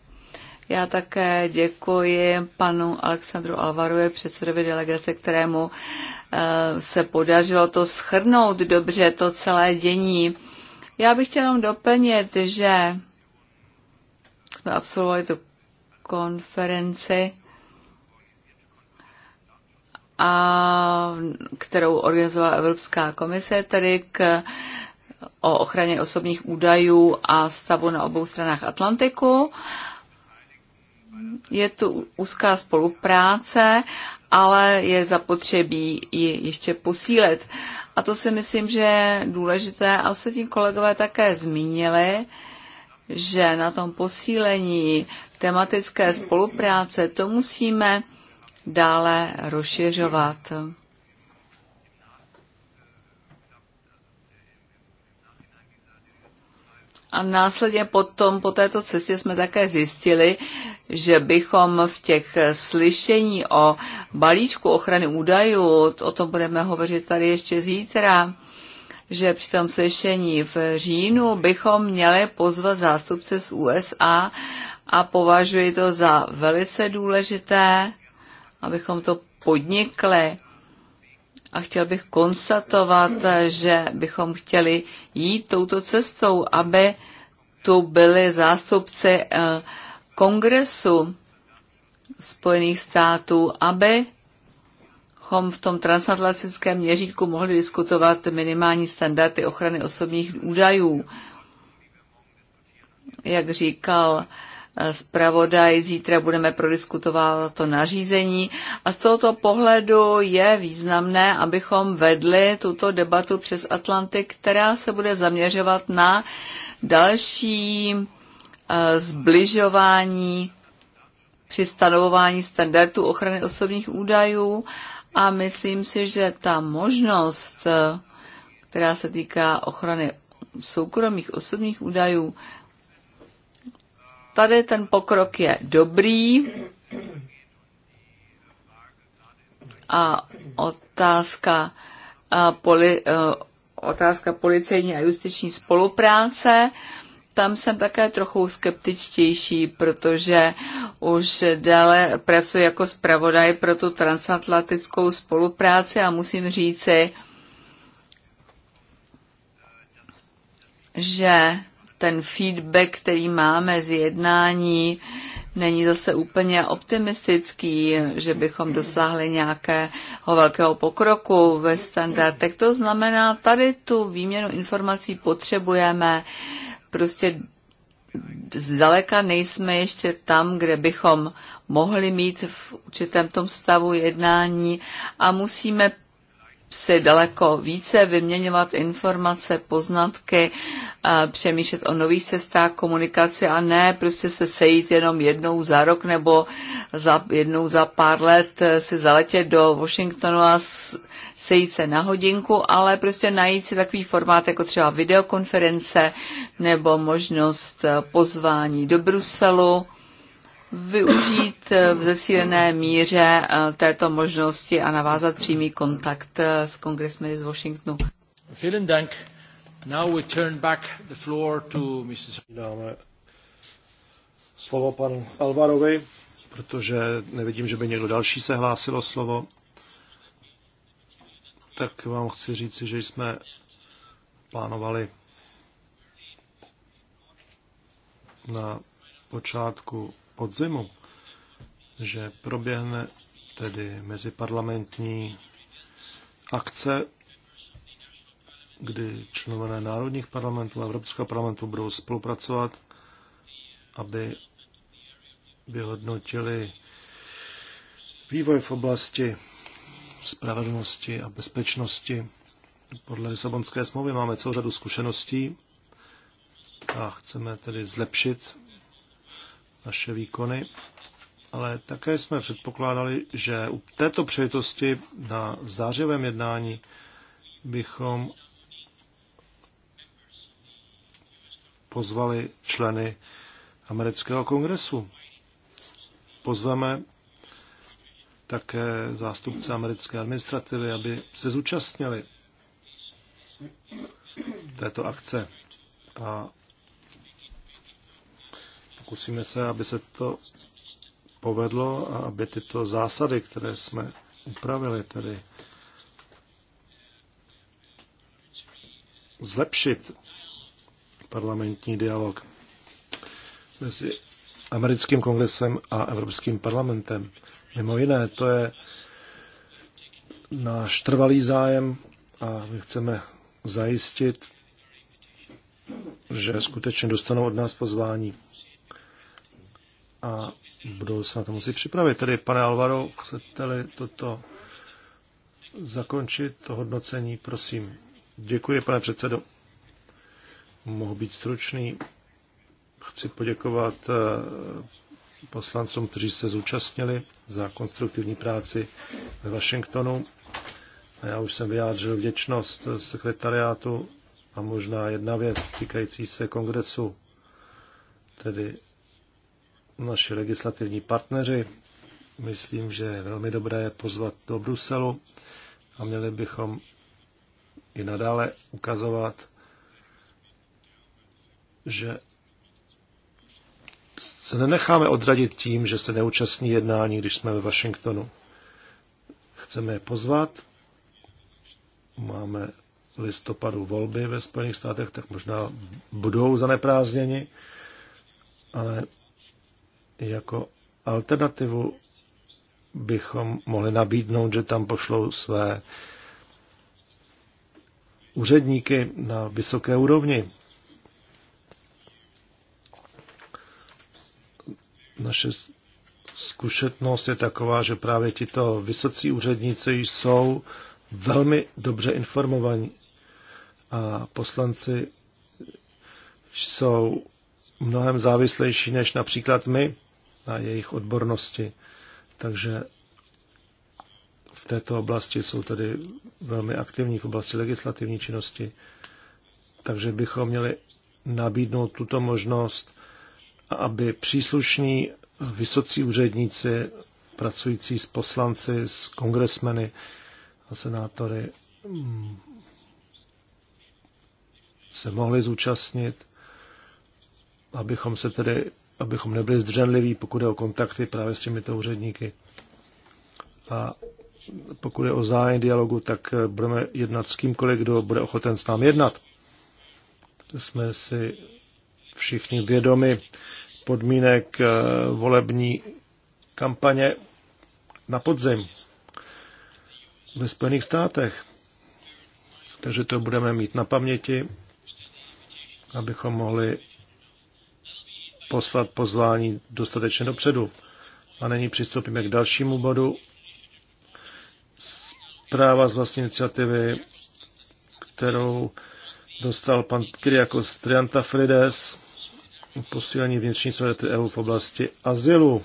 Já také děkuji panu Alexandru Alvaruje, předsedovi delegace, kterému eh, se podařilo to schrnout dobře, to celé dění. Já bych chtěla jenom doplnit, že jsme absolvovali tu konferenci, a, kterou organizovala Evropská komise, tedy k o ochraně osobních údajů a stavu na obou stranách Atlantiku. Je tu úzká spolupráce, ale je zapotřebí ji ještě posílit. A to si myslím, že je důležité. A ostatní kolegové také zmínili, že na tom posílení tematické spolupráce to musíme dále rozšiřovat. A následně potom po této cestě jsme také zjistili, že bychom v těch slyšení o balíčku ochrany údajů, o tom budeme hovořit tady ještě zítra, že při tom slyšení v říjnu bychom měli pozvat zástupce z USA a považuji to za velice důležité, abychom to podnikli a chtěl bych konstatovat, že bychom chtěli jít touto cestou, aby tu byli zástupci eh, kongresu Spojených států, abychom v tom transatlantickém měřítku mohli diskutovat minimální standardy ochrany osobních údajů. Jak říkal zpravodaj. Zítra budeme prodiskutovat to nařízení a z tohoto pohledu je významné, abychom vedli tuto debatu přes Atlantik, která se bude zaměřovat na další eh, zbližování při stanovování standardů ochrany osobních údajů a myslím si, že ta možnost, eh, která se týká ochrany soukromých osobních údajů, Tady ten pokrok je dobrý a otázka, a poli, e, otázka policejní a justiční spolupráce tam jsem také trochu skeptičtější, protože už dále pracuji jako zpravodaj pro tu transatlantickou spolupráci a musím říci, že ten feedback, který máme z jednání, není zase úplně optimistický, že bychom dosáhli nějakého velkého pokroku ve standardech. To znamená, tady tu výměnu informací potřebujeme. Prostě zdaleka nejsme ještě tam, kde bychom mohli mít v určitém tom stavu jednání a musíme si daleko více vyměňovat informace, poznatky, přemýšlet o nových cestách komunikace a ne prostě se sejít jenom jednou za rok nebo za, jednou za pár let eh, si zaletět do Washingtonu a sejít se na hodinku, ale prostě najít si takový formát jako třeba videokonference nebo možnost eh, pozvání do Bruselu využít eh, v zesílené míře eh, této možnosti a navázat přímý kontakt eh, s kongresmeny z Washingtonu. Now we turn back the floor to Mrs. Dáme slovo panu Alvarovi, protože nevidím, že by někdo další se hlásilo slovo. Tak vám chci říci, že jsme plánovali na počátku podzimu, že proběhne tedy meziparlamentní akce, kdy členové národních parlamentů a Evropského parlamentu budou spolupracovat, aby vyhodnotili vývoj v oblasti spravedlnosti a bezpečnosti. Podle Lisabonské smlouvy máme celou řadu zkušeností a chceme tedy zlepšit naše výkony, ale také jsme předpokládali, že u této přejitosti na zářivém jednání bychom pozvali členy amerického kongresu. Pozveme také zástupce americké administrativy, aby se zúčastnili této akce. A pokusíme se, aby se to povedlo a aby tyto zásady, které jsme upravili, tedy zlepšit parlamentní dialog mezi americkým kongresem a Evropským parlamentem. Mimo jiné, to je náš trvalý zájem a my chceme zajistit, že skutečně dostanou od nás pozvání a budou se na to muset připravit. Tedy, pane Alvaro, chcete-li toto zakončit, to hodnocení, prosím. Děkuji, pane předsedo. Mohu být stručný. Chci poděkovat eh, poslancům, kteří se zúčastnili za konstruktivní práci ve Washingtonu. A já už jsem vyjádřil vděčnost sekretariátu a možná jedna věc týkající se kongresu, tedy naši legislativní partneři. Myslím, že je velmi dobré je pozvat do Bruselu a měli bychom i nadále ukazovat, že se nenecháme odradit tím, že se neúčastní jednání, když jsme ve Washingtonu. Chceme je pozvat. Máme v listopadu volby ve Spojených státech, tak možná budou zaneprázdněni, ale jako alternativu bychom mohli nabídnout, že tam pošlou své úředníky na vysoké úrovni. Naše zkušenost je taková, že právě tito vysocí úředníci jsou velmi dobře informovaní a poslanci jsou mnohem závislejší než například my na jejich odbornosti. Takže v této oblasti jsou tedy velmi aktivní v oblasti legislativní činnosti. Takže bychom měli nabídnout tuto možnost, aby příslušní vysocí úředníci pracující s poslanci, s kongresmeny a senátory mm, se mohli zúčastnit, abychom se tedy abychom nebyli zdřenliví, pokud je o kontakty právě s těmito úředníky. A pokud je o zájem dialogu, tak eh, budeme jednat s kýmkoliv, kdo bude ochoten s námi jednat. Jsme si všichni vědomi podmínek eh, volební kampaně na podzim ve Spojených státech. Takže to budeme mít na paměti, abychom mohli poslat pozvání dostatečně dopředu. A nyní přistoupíme k dalšímu bodu. Zpráva z vlastní iniciativy, kterou dostal pan Kyriakos Triantafrides, posílení vnitřní solidarity EU v oblasti azylu.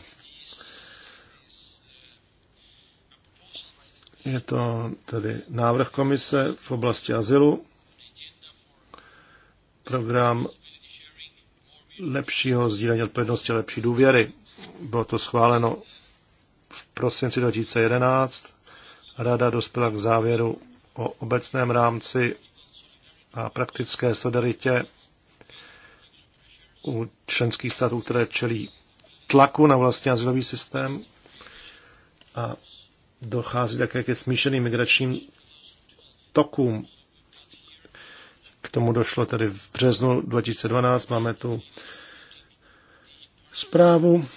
Je to tedy návrh komise v oblasti azylu, program lepšího sdílení odpovědnosti a lepší důvěry. Bylo to schváleno v prosinci 2011. Rada dospěla k závěru o obecném rámci a praktické solidaritě u členských států, které čelí tlaku na vlastní azylový systém a dochází také ke smíšeným migračním tokům k tomu došlo tedy v březnu 2012. Máme tu zprávu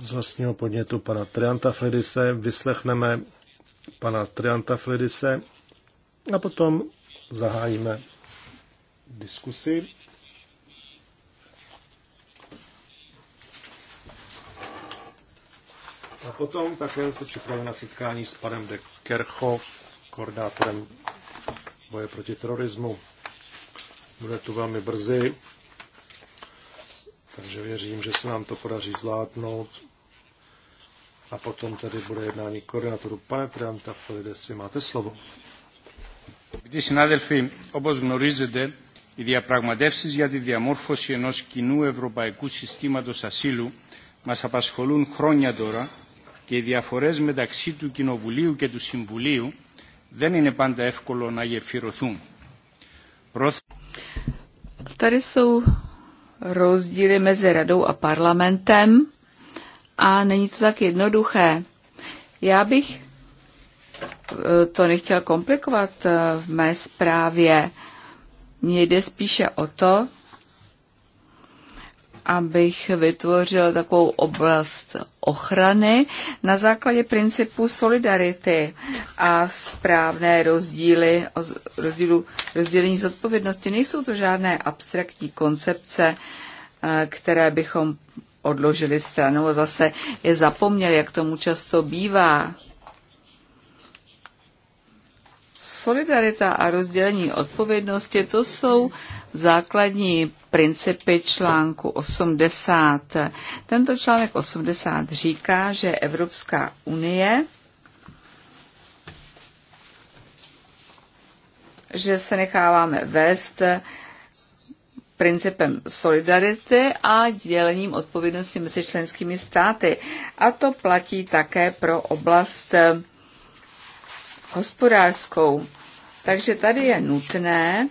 z vlastního podnětu pana Trianta Flidise. Vyslechneme pana Trianta Flidise a potom zahájíme diskusi. A potom také se připravíme na setkání s panem de Kerchov, koordinátorem boje proti terorismu. Bude tu velmi brzy, takže věřím, že se nám to podaří zvládnout. A potom tedy bude jednání koordinátoru. Pane Trianta Felidesi, máte slovo. Když συνάδελφοι, όπως γνωρίζετε, οι διαπραγματεύσεις για τη διαμόρφωση ενός κοινού ευρωπαϊκού συστήματος ασύλου μας απασχολούν χρόνια τώρα και οι διαφορές μεταξύ του Κοινοβουλίου και του Συμβουλίου δεν είναι πάντα εύκολο να γεφυρωθούν. Tady jsou rozdíly mezi radou a parlamentem a není to tak jednoduché. Já bych e, to nechtěl komplikovat e, v mé zprávě. Mně jde spíše o to, abych vytvořil takovou oblast ochrany na základě principu solidarity a správné rozdíly, rozdílu, rozdělení zodpovědnosti. Nejsou to žádné abstraktní koncepce, eh, které bychom odložili stranou a zase je zapomněli, jak tomu často bývá Solidarita a rozdělení odpovědnosti to jsou základní principy článku 80. Tento článek 80 říká, že Evropská unie že se necháváme vést principem solidarity a dělením odpovědnosti mezi členskými státy. A to platí také pro oblast hospodářskou. Takže tady je nutné,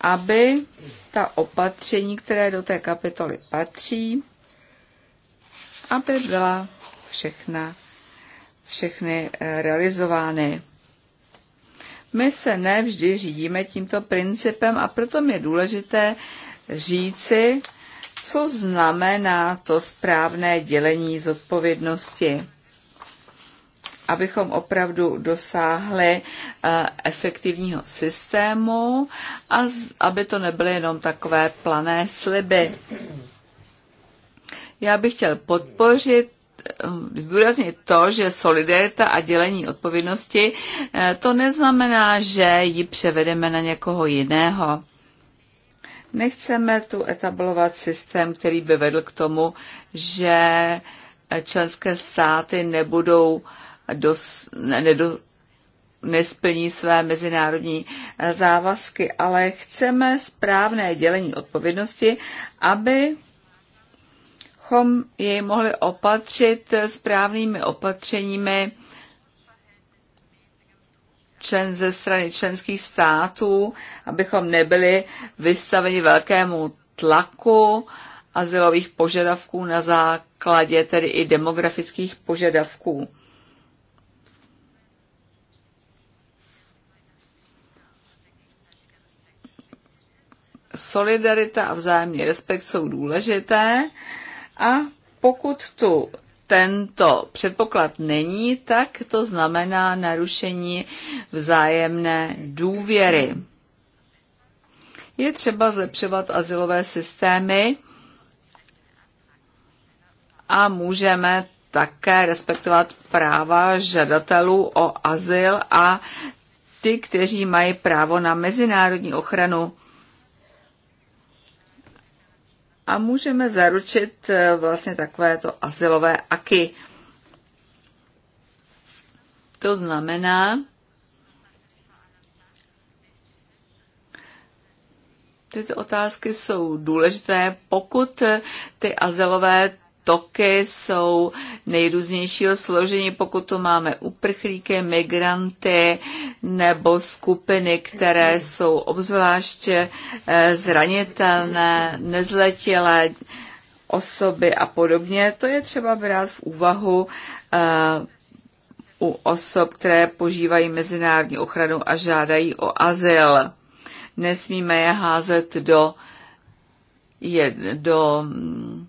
aby ta opatření, které do té kapitoly patří, aby byla všechna, všechny eh, realizovány. My se nevždy řídíme tímto principem a proto je důležité říci, co znamená to správné dělení zodpovědnosti abychom opravdu dosáhli eh, efektivního systému a aby to nebyly jenom takové plané sliby. Já bych chtěl podpořit eh, zdůraznit to, že solidarita a dělení odpovědnosti eh, to neznamená, že ji převedeme na někoho jiného. Nechceme tu etablovat systém, který by vedl k tomu, že členské státy nebudou uh, dos, ne, nedo, nesplní své mezinárodní eh, závazky, ale chceme správné dělení odpovědnosti, aby chom jej mohli opatřit správnými opatřeními člen ze strany členských států, abychom nebyli vystaveni velkému tlaku azylových požadavků na základě tedy i demografických požadavků. solidarita a vzájemný respekt jsou důležité a pokud tu tento předpoklad není, tak to znamená narušení vzájemné důvěry. Je třeba zlepšovat asilové systémy a můžeme také respektovat práva žadatelů o azyl a ty, kteří mají právo na mezinárodní ochranu a můžeme zaručit eh, vlastně takovéto asilové aky. To znamená, tyto otázky jsou důležité, pokud ty azylové toky jsou nejrůznějšího složení, pokud tu máme uprchlíky, migranty nebo skupiny, které jsou obzvláště eh, zranitelné, nezletilé osoby a podobně. To je třeba brát v úvahu eh, u osob, které požívají mezinárodní ochranu a žádají o azyl. Nesmíme je házet do, je, do mm,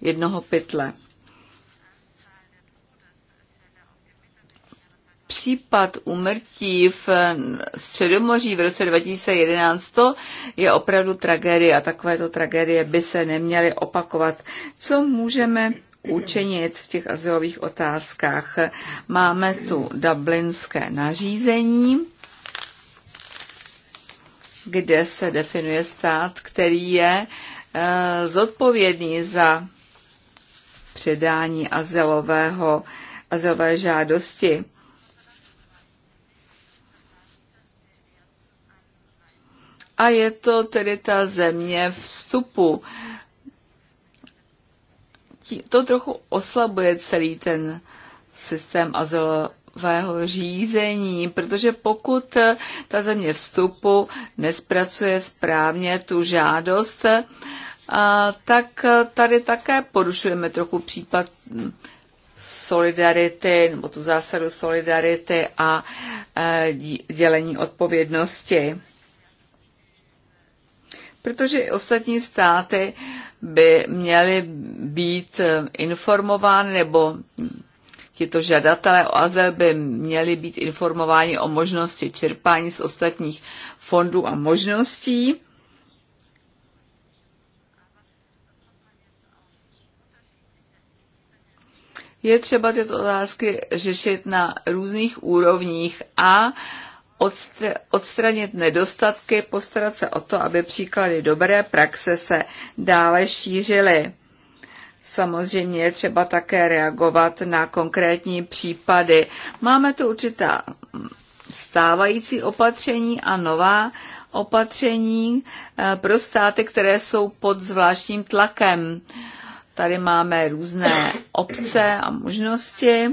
jednoho pytle. Případ umrtí v Středomoří v roce 2011 to je opravdu tragédie a takovéto tragédie by se neměly opakovat. Co můžeme učinit v těch azylových otázkách? Máme tu dublinské nařízení, kde se definuje stát, který je eh, zodpovědný za předání azylového, azylové žádosti. A je to tedy ta země vstupu. To trochu oslabuje celý ten systém azylového řízení, protože pokud ta země vstupu nespracuje správně tu žádost, a tak eh, tady také porušujeme trochu případ hm, solidarity, nebo tu zásadu solidarity a eh, dělení odpovědnosti. Protože i ostatní státy by měly být eh, informovány nebo hm, tito žadatelé o azyl by měli být informováni o možnosti čerpání z ostatních fondů a možností. je třeba tyto otázky řešit na různých úrovních a odstranit nedostatky, postarat se o to, aby příklady dobré praxe se dále šířily. Samozřejmě je třeba také reagovat na konkrétní případy. Máme tu určitá stávající opatření a nová opatření eh, pro státy, které jsou pod zvláštním tlakem. Tady máme různé obce a možnosti.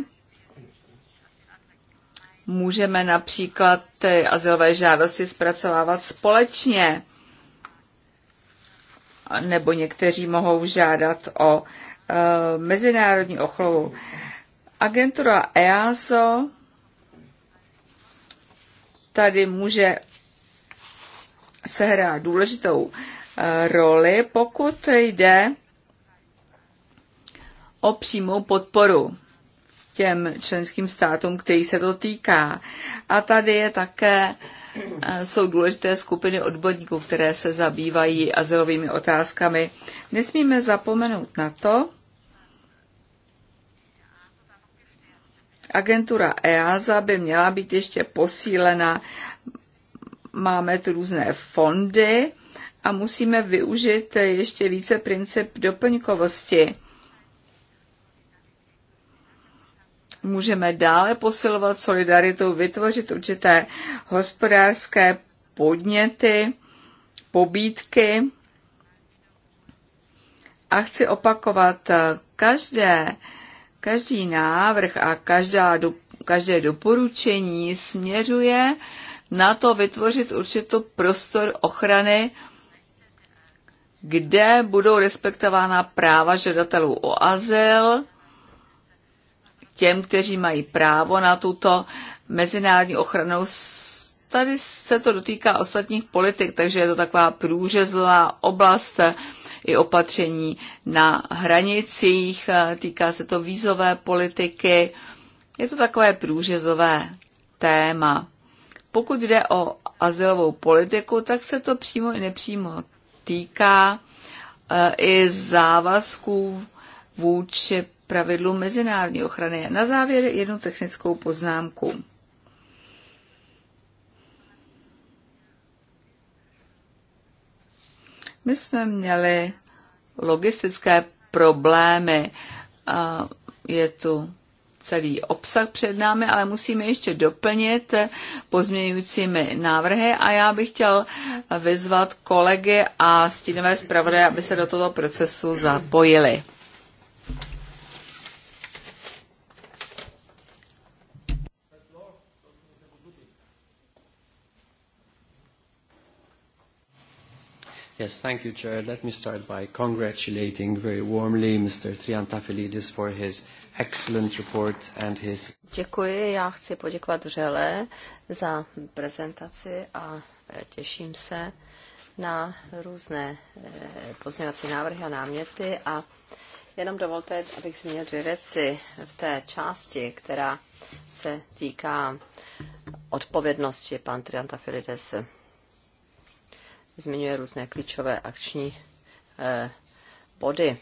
Můžeme například ty azylové žádosti zpracovávat společně, nebo někteří mohou žádat o e, mezinárodní ochlovu. Agentura EASO tady může sehrát důležitou e, roli, pokud jde o přímou podporu těm členským státům, který se to týká. A tady je také e, jsou důležité skupiny odborníků, které se zabývají azylovými otázkami. Nesmíme zapomenout na to, Agentura EASA by měla být ještě posílena. Máme tu různé fondy a musíme využít ještě více princip doplňkovosti můžeme dále posilovat solidaritu, vytvořit určité hospodářské podněty, pobídky. A chci opakovat, každé, každý návrh a každá, každé doporučení směřuje na to vytvořit určitou prostor ochrany, kde budou respektována práva žadatelů o azyl, těm, kteří mají právo na tuto mezinárodní ochranu. Tady se to dotýká ostatních politik, takže je to taková průřezová oblast i opatření na hranicích, týká se to vízové politiky. Je to takové průřezové téma. Pokud jde o azylovou politiku, tak se to přímo i nepřímo týká eh, i závazků vůči pravidlu mezinárodní ochrany. Na závěr jednu technickou poznámku. My jsme měli logistické problémy. Je tu celý obsah před námi, ale musíme ještě doplnit pozměňujícími návrhy a já bych chtěl vyzvat kolegy a stínové zpravodaje, aby se do toho procesu zapojili. Yes, thank you, Chair. Let me start by congratulating very warmly Mr. Triantafilidis for his excellent report and his... Děkuji, já chci poděkovat Řele za prezentaci a eh, těším se na různé eh, pozměňovací návrhy a náměty a jenom dovolte, abych zmínil dvě věci v té části, která se týká odpovědnosti. Pan Triantafilides zmiňuje různé klíčové akční eh, body.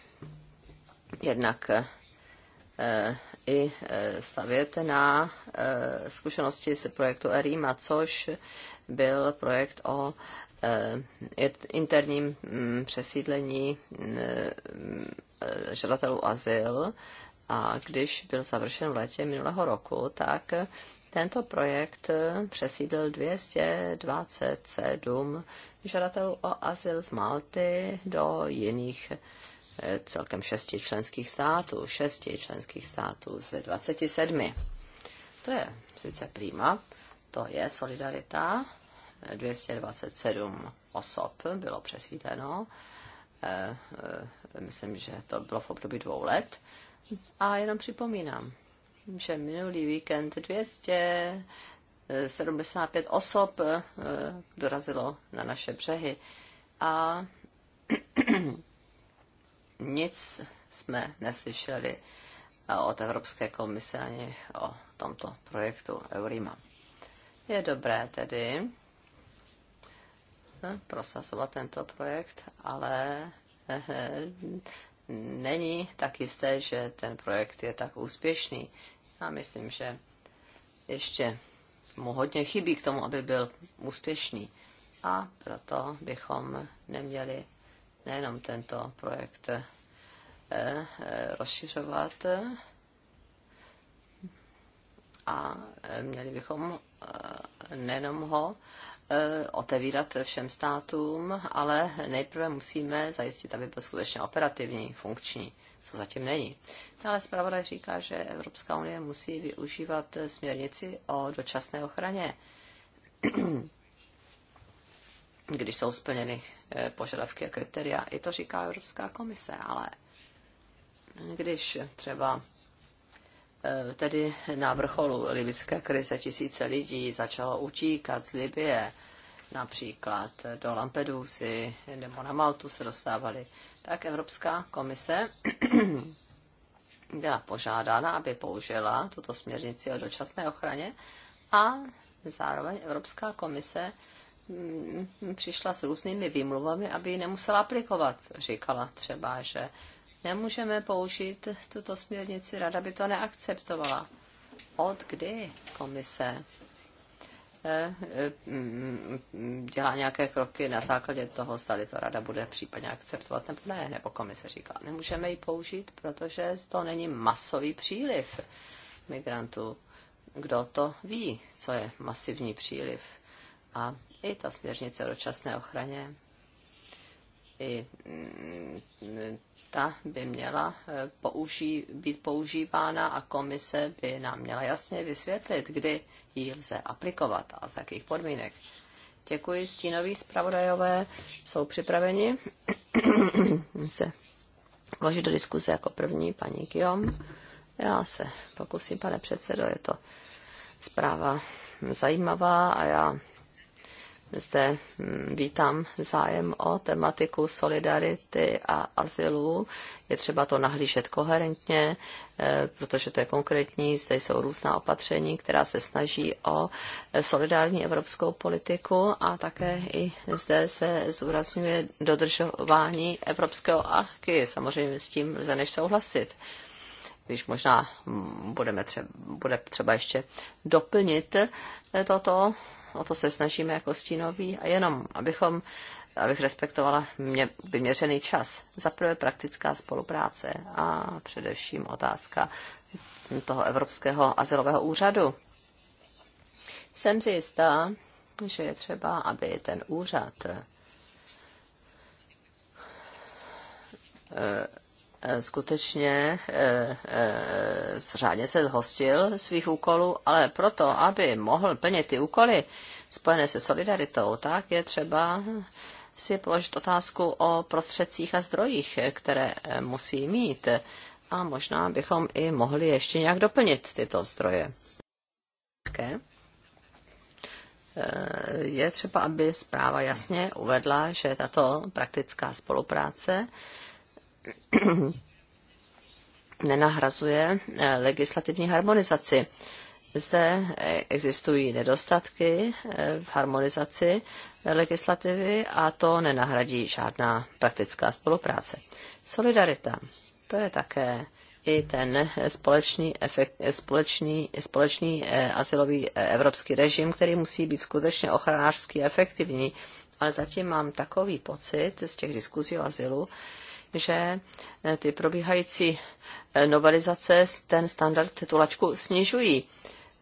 Jednak eh, eh, i stavět na zkušenosti z projektu ERIMA, což byl projekt o interním mm, přesídlení mm, žadatelů azyl. A když byl završen v létě minulého roku, tak tento projekt eh, přesídl 227 žadatelů o azyl z Malty do jiných eh, celkem šesti členských států, šesti členských států ze 27. To je sice prima, to je solidarita. 227 eh, osob bylo přesídleno. Myslím, že to bylo v období dvou let. A jenom připomínám, že minulý víkend 275 osob eh, dorazilo na naše břehy a nic jsme neslyšeli od Evropské komise ani o tomto projektu Eurima. Je dobré tedy eh, prosazovat tento projekt, ale eh, není tak jisté, že ten projekt je tak úspěšný. Já myslím, že ještě mu hodně chybí k tomu, aby byl úspěšný. A proto bychom neměli nejenom tento projekt eh, eh, rozšiřovat, a měli bychom eh, nejenom ho E, otevírat všem státům, ale nejprve musíme zajistit, aby byl skutečně operativní, funkční, co zatím není. Ale zpravodaj říká, že Evropská unie musí využívat směrnici o dočasné ochraně, když jsou splněny e, požadavky a kritéria. I to říká Evropská komise, ale když třeba Eh, tedy na vrcholu libyské krize tisíce lidí začalo utíkat z Libie, například do Lampedusy nebo na Maltu se dostávali, tak Evropská komise byla požádána, aby použila tuto směrnici o dočasné ochraně a zároveň Evropská komise mm, přišla s různými výmluvami, aby ji nemusela aplikovat. Říkala třeba, že nemůžeme použít tuto směrnici, rada by to neakceptovala. Od kdy komise eh, eh, dělá nějaké kroky na základě toho, zda to rada bude případně akceptovat nebo ne, nebo komise říká, nemůžeme ji použít, protože to není masový příliv migrantů. Kdo to ví, co je masivní příliv? A i ta směrnice o dočasné ochraně, i mm, ta by měla eh, použí, být používána a komise by nám měla jasně vysvětlit, kdy ji lze aplikovat a za jakých podmínek. Děkuji, stínoví zpravodajové jsou připraveni se vložit do diskuze jako první paní Kiom. Já se pokusím, pane předsedo, je to zpráva zajímavá a já zde hm, vítám zájem o tematiku solidarity a azylu. Je třeba to nahlížet koherentně, eh, protože to je konkrétní. Zde jsou různá opatření, která se snaží o eh, solidární evropskou politiku a také i zde se zúrazňuje dodržování evropského achky. Samozřejmě s tím lze než souhlasit když možná hm, budeme třeba, bude třeba ještě doplnit eh, toto o to se snažíme jako stínoví a jenom, abychom, abych respektovala mě, vyměřený čas. Za prvé praktická spolupráce a především otázka toho Evropského azylového úřadu. Jsem si jistá, že je třeba, aby ten úřad eh, Eh, skutečně eh, eh, řádně se zhostil svých úkolů, ale proto, aby mohl plnit ty úkoly spojené se solidaritou, tak je třeba si položit otázku o prostředcích a zdrojích, které musí mít. A možná bychom i mohli ještě nějak doplnit tyto zdroje. Okay. Je třeba, aby zpráva jasně uvedla, že tato praktická spolupráce nenahrazuje eh, legislativní harmonizaci. Zde eh, existují nedostatky eh, v harmonizaci legislativy a to nenahradí žádná praktická spolupráce. Solidarita, to je také i ten společný, efekt, společný, společný asilový evropský režim, který musí být skutečně ochranářský a efektivní. Ale zatím mám takový pocit z těch diskuzí o asilu, že eh, ty probíhající eh, novelizace ten standard titulačku snižují.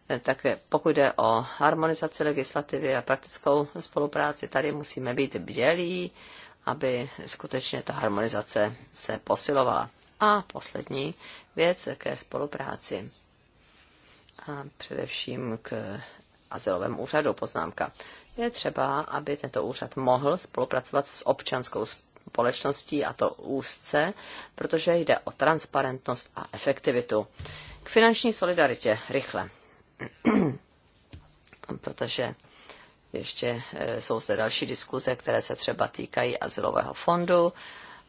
Eh, tak pokud jde o harmonizaci legislativy a praktickou spolupráci, tady musíme být bdělí, aby skutečně ta harmonizace se posilovala. A poslední věc ke spolupráci. A především k azylovému úřadu poznámka. Je třeba, aby tento úřad mohl spolupracovat s občanskou společností a to úzce, protože jde o transparentnost a efektivitu. K finanční solidaritě rychle, protože ještě eh, jsou zde další diskuze, které se třeba týkají asilového fondu,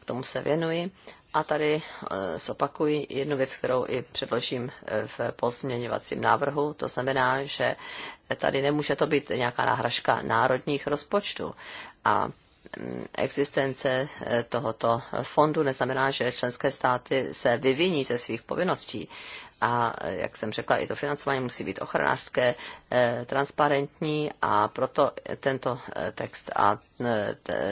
k tomu se věnuji. A tady eh, zopakuji jednu věc, kterou i předložím eh, v pozměňovacím návrhu. To znamená, že tady nemůže to být nějaká náhražka národních rozpočtů. A existence eh, tohoto fondu neznamená, že členské státy se vyviní ze svých povinností. A eh, jak jsem řekla, i to financování musí být ochranářské, eh, transparentní a proto tento text a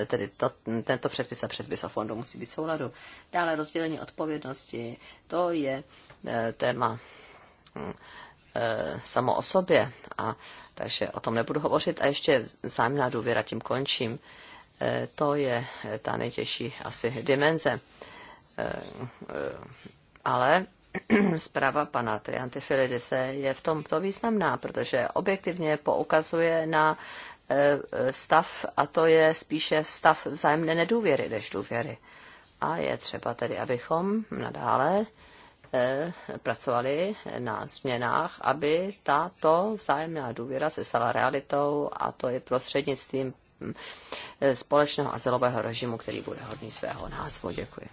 tedy to, tento předpis a předpis o fondu musí být souladu. Dále rozdělení odpovědnosti, to je téma hm, samo o sobě a takže o tom nebudu hovořit a ještě vzájemná důvěra, tím končím. Eh, to je eh, ta nejtěžší asi dimenze. Eh, ale zpráva pana Triantifilidise je v tomto významná, protože objektivně poukazuje na stav, a to je spíše stav vzájemné nedůvěry než důvěry. A je třeba tedy, abychom nadále pracovali na změnách, aby tato vzájemná důvěra se stala realitou a to je prostřednictvím společného azylového režimu, který bude hodný svého názvu. Děkuji.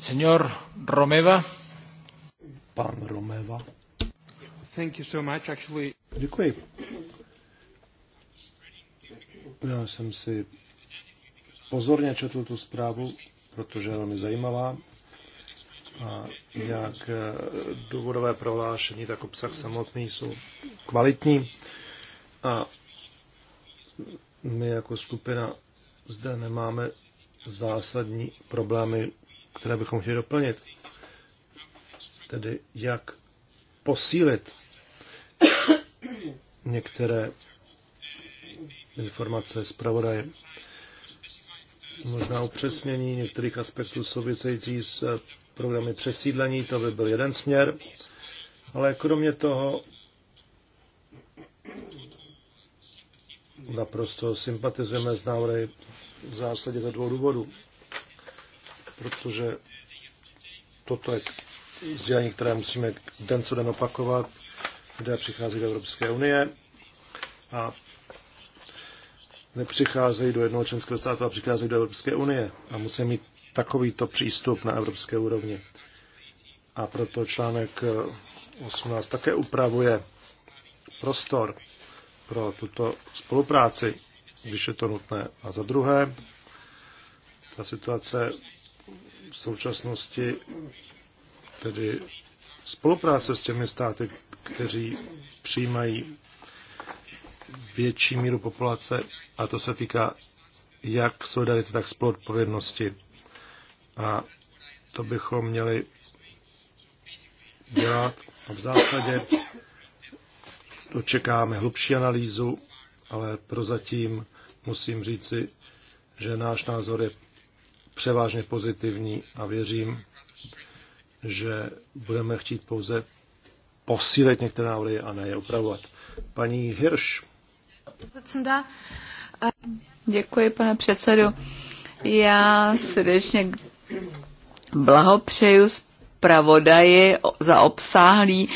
Senor Romeva. Pan Romeva. Thank you so much, actually. Děkuji. Já jsem si pozorně četl tu zprávu, protože je velmi zajímavá. A jak eh, důvodové prohlášení, tak obsah samotný jsou kvalitní. A my jako skupina zde nemáme zásadní problémy, které bychom chtěli doplnit. Tedy jak posílit některé informace pravodaje. Možná upřesnění některých aspektů související s programy přesídlení, to by byl jeden směr, ale kromě toho naprosto sympatizujeme s návrhy v zásadě ze dvou důvodů. Protože toto je sdělení, které musíme den co den opakovat, kde přichází do Evropské unie a nepřicházejí do jednoho členského státu a přicházejí do Evropské unie a musí mít takovýto přístup na evropské úrovni. A proto článek 18 také upravuje prostor pro tuto spolupráci, když je to nutné. A za druhé, ta situace v současnosti, tedy spolupráce s těmi státy, kteří přijímají větší míru populace, a to se týká jak solidarity, tak spoluodpovědnosti. A to bychom měli dělat. A v zásadě to čekáme hlubší analýzu, ale prozatím musím říci, že náš názor je převážně pozitivní a věřím, že budeme chtít pouze posílit některé návrhy a ne je upravovat. Paní Hirš. Děkuji, pane předsedu. Já srdečně blahopřeju zpravodaji za obsáhlý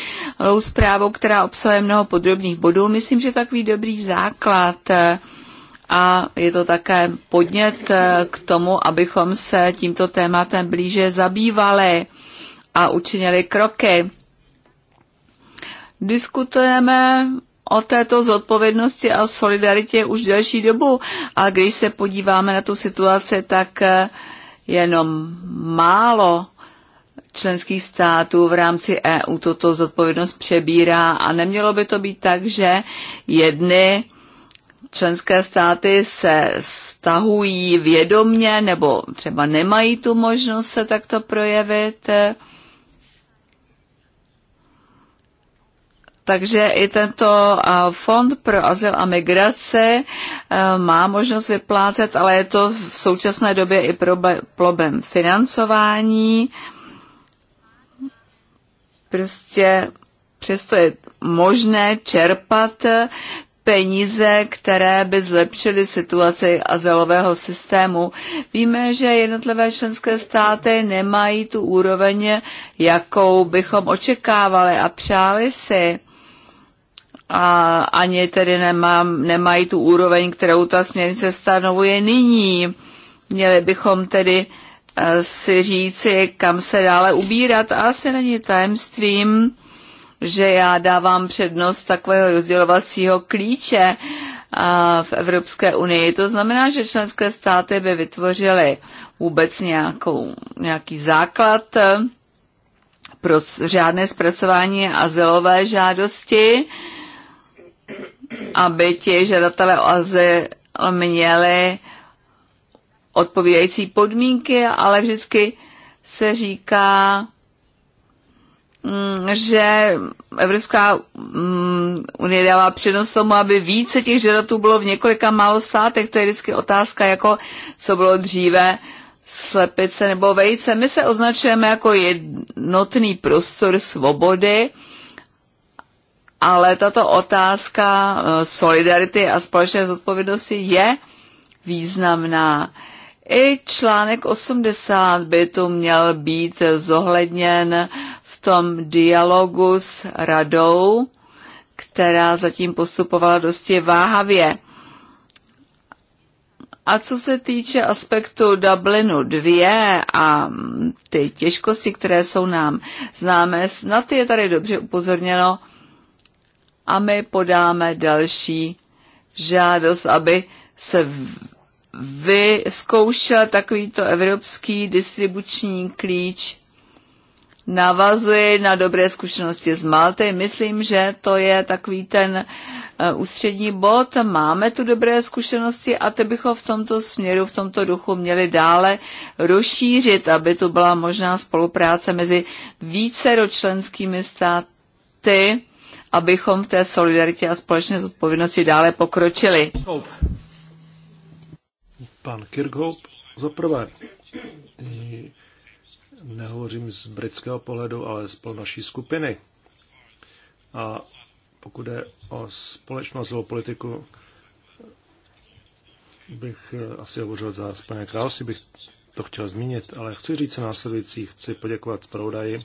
zprávu, která obsahuje mnoho podrobných bodů. Myslím, že takový dobrý základ a je to také podnět eh, k tomu, abychom se tímto tématem blíže zabývali a učinili kroky. Diskutujeme o této zodpovědnosti a solidaritě už delší dobu, a když se podíváme na tu situaci, tak eh, jenom málo členských států v rámci EU toto zodpovědnost přebírá a nemělo by to být tak, že jedny členské státy se stahují vědomně nebo třeba nemají tu možnost se takto projevit. Takže i tento fond pro azyl a migraci má možnost vyplácet, ale je to v současné době i problém financování. Prostě přesto je možné čerpat peníze, které by zlepšily situaci azylového systému. Víme, že jednotlivé členské státy nemají tu úroveň, jakou bychom očekávali a přáli si. A ani tedy nemám, nemají tu úroveň, kterou ta směrnice stanovuje nyní. Měli bychom tedy uh, si říci, kam se dále ubírat. A asi není tajemstvím, že já dávám přednost takového rozdělovacího klíče v Evropské unii. To znamená, že členské státy by vytvořily vůbec nějakou, nějaký základ pro řádné zpracování azylové žádosti, aby ti žadatelé o azyl měli odpovídající podmínky, ale vždycky se říká, mm, že Evropská mm, unie dává přednost tomu, aby více těch žadatů bylo v několika málo státech. To je vždycky otázka, jako co bylo dříve, slepice nebo vejce. My se označujeme jako jednotný prostor svobody, ale tato otázka eh, solidarity a společné zodpovědnosti je významná. I článek 80 by tu měl být zohledněn v tom dialogu s radou, která zatím postupovala dosti váhavě. A co se týče aspektu Dublinu 2 a ty těžkosti, které jsou nám známé, na ty je tady dobře upozorněno a my podáme další žádost, aby se vyzkoušel takovýto evropský distribuční klíč. Navazuje na dobré zkušenosti z Malty. Myslím, že to je takový ten eh, ústřední bod. Máme tu dobré zkušenosti a ty bychom v tomto směru, v tomto duchu měli dále rozšířit, aby tu byla možná spolupráce mezi více ročlenskými státy, abychom v té solidaritě a společné zodpovědnosti dále pokročili pan Kirkhope. Za prvé, nehovořím z britského pohledu, ale z naší skupiny. A pokud je o společnou azylovou politiku, bych eh, asi hovořil za Spojené království, bych to chtěl zmínit, ale chci říct se následující, chci poděkovat zpravodaji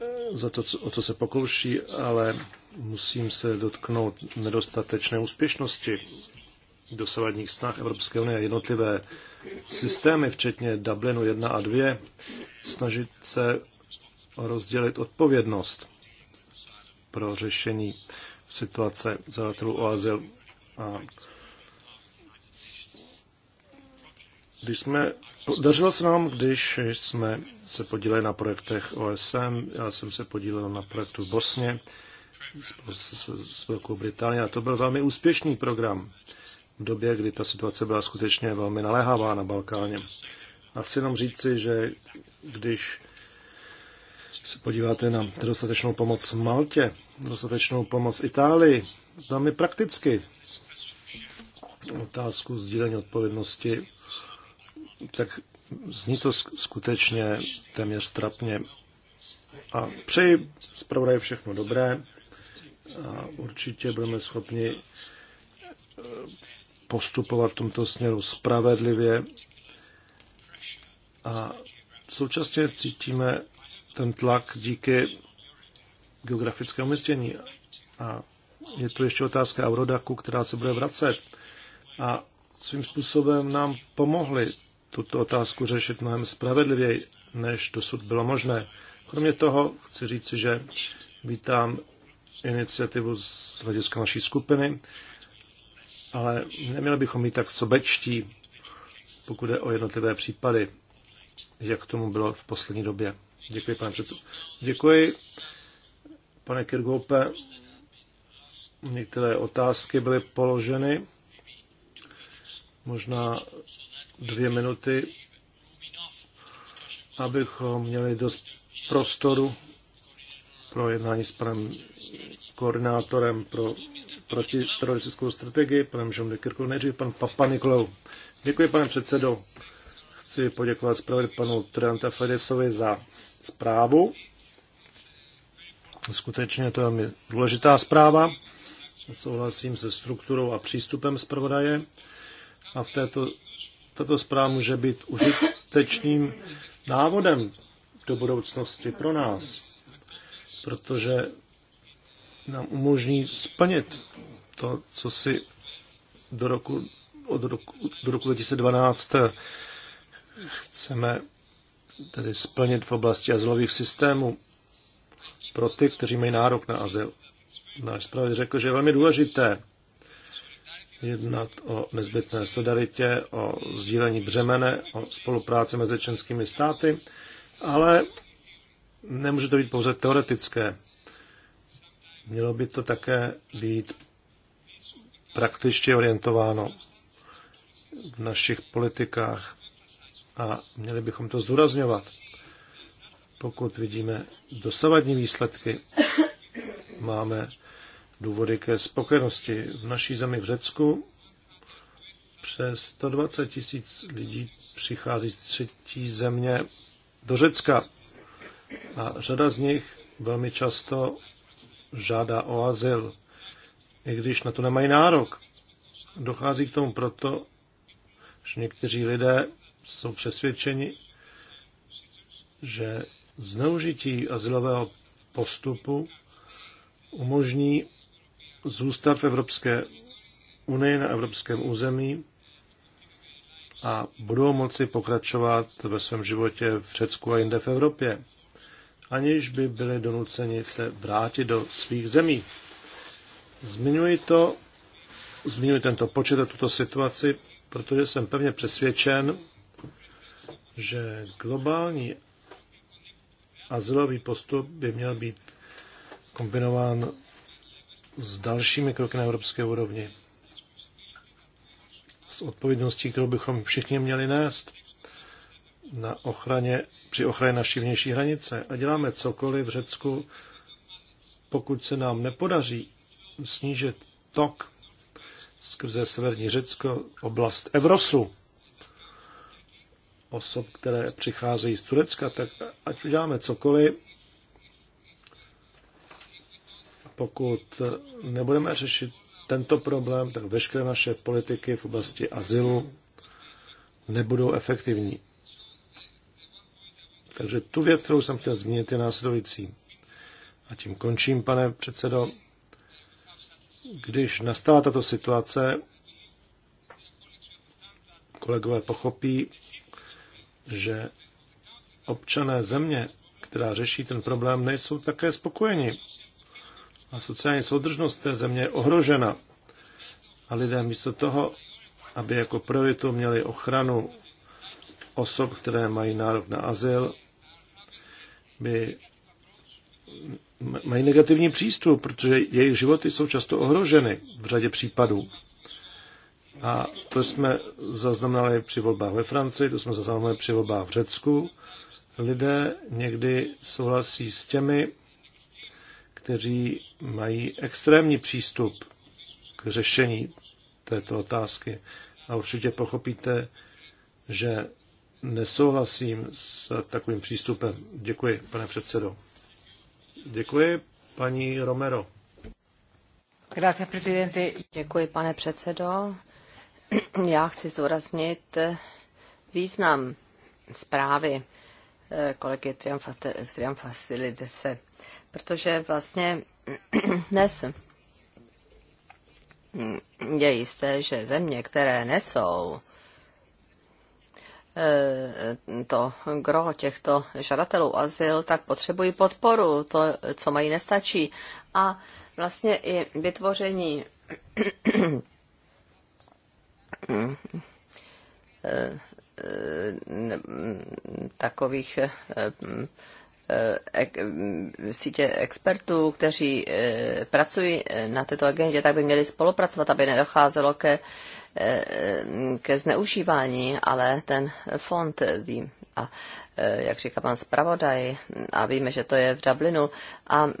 eh, za to, o co se pokouší, ale musím se dotknout nedostatečné úspěšnosti dosavadních snah Evropské unie jednotlivé systémy, včetně Dublinu 1 a 2, snažit se rozdělit odpovědnost pro řešení situace zadatelů o azyl. A když jsme, dařilo se nám, když jsme se podíleli na projektech OSM, já jsem se podílel na projektu v Bosně, s, s, s Velkou Británií a to byl velmi úspěšný program době, kdy ta situace byla skutečně velmi naléhavá na Balkáně. A chci jenom říci, že když se podíváte na dostatečnou pomoc Maltě, dostatečnou pomoc Itálii, velmi prakticky otázku sdílení odpovědnosti, tak zní to skutečně téměř trapně. A přeji zpravodaj všechno dobré a určitě budeme schopni postupovat v tomto směru spravedlivě a současně cítíme ten tlak díky geografickému umístění. A je tu ještě otázka Eurodaku, která se bude vracet. A svým způsobem nám pomohli tuto otázku řešit mnohem spravedlivěji, než dosud bylo možné. Kromě toho chci říci, že vítám iniciativu z hlediska naší skupiny, ale neměli bychom být tak sobečtí, pokud je o jednotlivé případy, jak tomu bylo v poslední době. Děkuji, pane předsedo. Děkuji, pane Kirgoupe. Některé otázky byly položeny. Možná dvě minuty, abychom měli dost prostoru pro jednání s panem koordinátorem pro proti teroristickou strategii, panem Jean de Kirkou, nejdřív pan Papa Nikolou. Děkuji, pane předsedo. Chci poděkovat zpravodaj panu Trianta Fedesovi za zprávu. Skutečně to je mi důležitá zpráva. Souhlasím se strukturou a přístupem zpravodaje. A v této, tato zpráva může být užitečným návodem do budoucnosti pro nás, protože nám umožní splnit to, co si do roku, od roku, do roku 2012 chceme tedy splnit v oblasti azylových systémů pro ty, kteří mají nárok na azyl. Náš zpravodaj řekl, že je velmi důležité jednat o nezbytné solidaritě, o sdílení břemene, o spolupráci mezi členskými státy, ale nemůže to být pouze teoretické. Mělo by to také být praktičtě orientováno v našich politikách a měli bychom to zdůrazňovat. Pokud vidíme dosavadní výsledky, máme důvody ke spokojenosti. V naší zemi v Řecku přes 120 tisíc lidí přichází z třetí země do Řecka a řada z nich velmi často žádá o azyl, i když na to nemají nárok. Dochází k tomu proto, že někteří lidé jsou přesvědčeni, že zneužití azylového postupu umožní zůstat v Evropské unii na evropském území a budou moci pokračovat ve svém životě v Řecku a jinde v Evropě aniž by byli donuceni se vrátit do svých zemí. Zmiňuji, to, zmiňuji tento počet a tuto situaci, protože jsem pevně přesvědčen, že globální azylový postup by měl být kombinován s dalšími kroky na evropské úrovni. S odpovědností, kterou bychom všichni měli nést na ochraně, při ochraně naší vnější hranice a děláme cokoliv v Řecku, pokud se nám nepodaří snížit tok skrze severní Řecko, oblast Evrosu, osob, které přicházejí z Turecka, tak ať uděláme cokoliv, pokud nebudeme řešit tento problém, tak veškeré naše politiky v oblasti azylu nebudou efektivní. Takže tu věc, kterou jsem chtěl zmínit, je následující. A tím končím, pane předsedo. Když nastala tato situace, kolegové pochopí, že občané země, která řeší ten problém, nejsou také spokojeni. A sociální soudržnost té země je ohrožena. A lidé místo toho, aby jako prioritu měli ochranu osob, které mají nárok na azyl, by mají negativní přístup, protože jejich životy jsou často ohroženy v řadě případů. A to jsme zaznamenali při volbách ve Francii, to jsme zaznamenali při volbách v Řecku. Lidé někdy souhlasí s těmi, kteří mají extrémní přístup k řešení této otázky. A určitě pochopíte, že nesouhlasím s takovým přístupem. Děkuji, pane předsedo. Děkuji, paní Romero. Děkuji, pane předsedo. Já chci zdůraznit význam zprávy eh, kolegy Silidese, protože vlastně dnes je jisté, že země, které nesou Eh, to gro těchto žadatelů azyl, tak potřebují podporu, to, co mají, nestačí. A vlastně i vytvoření eh, eh, takových Eh, mm, sítě expertů, kteří eh, pracují eh, na této agendě, tak by měli spolupracovat, aby nedocházelo ke, ke zneužívání, ale ten fond vím. A jak říká pan zpravodaj, a víme, že to je v Dublinu, a mm,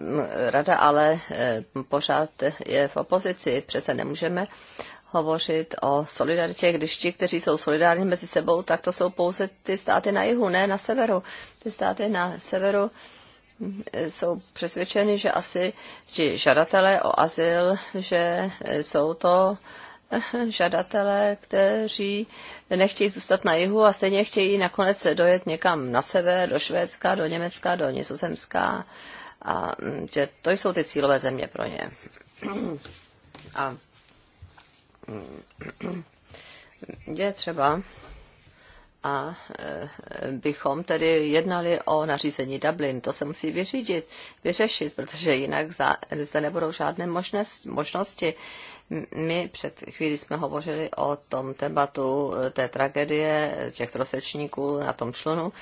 rada ale pořád je v opozici. Přece nemůžeme hovořit o solidaritě, když ti, kteří jsou solidární mezi sebou, tak to jsou pouze ty státy na jihu, ne na severu. Ty státy na severu mm, jsou přesvědčeny, že asi ti žadatelé o azyl, že jsou to eh, žadatelé, kteří nechtějí zůstat na jihu a stejně chtějí nakonec dojet někam na sever, do Švédska, do Německa, do Nizozemska. A mm, že to jsou ty cílové země pro ně. A je třeba, a e, bychom tedy jednali o nařízení Dublin. To se musí vyřídit, vyřešit, protože jinak za, zde nebudou žádné možné, možnosti. My před chvílí jsme hovořili o tom tématu e, té tragedie těch trosečníků na tom člunu,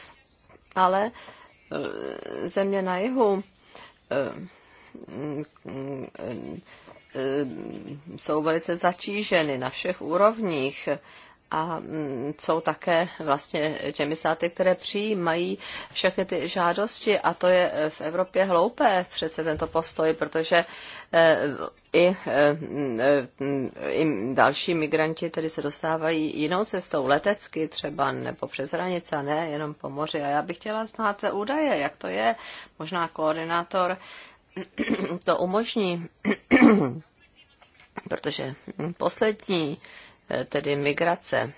ale e, země na jihu Eh, jsou velice zatíženy na všech úrovních a mm, jsou také vlastně těmi státy, které přijímají všechny ty žádosti a to je eh, v Evropě hloupé přece tento postoj, protože eh, i, mm, i další migranti tedy se dostávají jinou cestou, letecky třeba, nebo přes hranice, ne jenom po moři. A já bych chtěla znát údaje, jak to je. Možná koordinátor to umožní, protože poslední, eh, tedy migrace,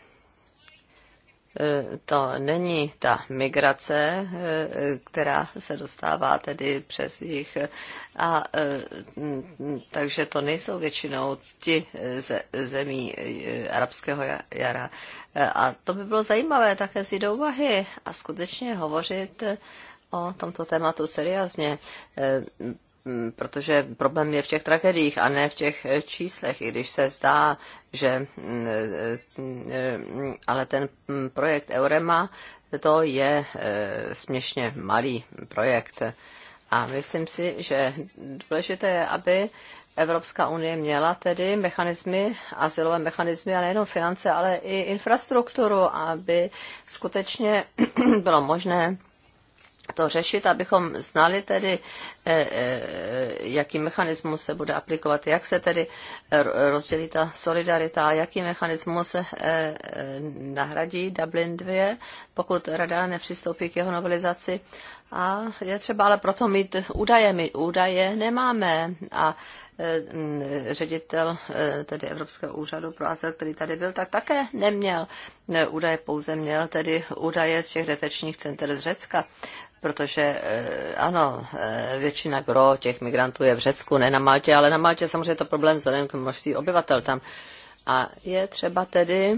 eh, to není ta migrace, eh, která se dostává tedy přes jich. A takže to nejsou většinou ti ze, zemí arabského jara. A to by bylo zajímavé také si do úvahy a skutečně hovořit o tomto tématu seriózně, eh, protože problém je v těch tragediích a ne v těch eh, číslech, i když se zdá, že mm, eh, mm, ale ten mm, projekt Eurema to je směšně malý projekt. A myslím si, že důležité je, aby Evropská unie měla tedy mechanismy, asilové mechanismy a nejenom finance, ale i infrastrukturu, aby skutečně bylo možné to řešit, abychom znali tedy, e, e, jaký mechanismus se bude aplikovat, jak se tedy rozdělí ta solidarita, jaký mechanismus se e, nahradí Dublin 2, pokud rada nepřistoupí k jeho novelizaci. A je třeba ale proto mít údaje. My údaje nemáme a Eh, ředitel eh, tedy Evropského úřadu pro azyl, který tady byl, tak také neměl údaje, pouze měl tedy údaje z těch detečních center z Řecka protože eh, ano, většina gro těch migrantů je v Řecku, ne na Maltě, ale na Maltě samozřejmě je to problém vzhledem k množství obyvatel tam. A je třeba tedy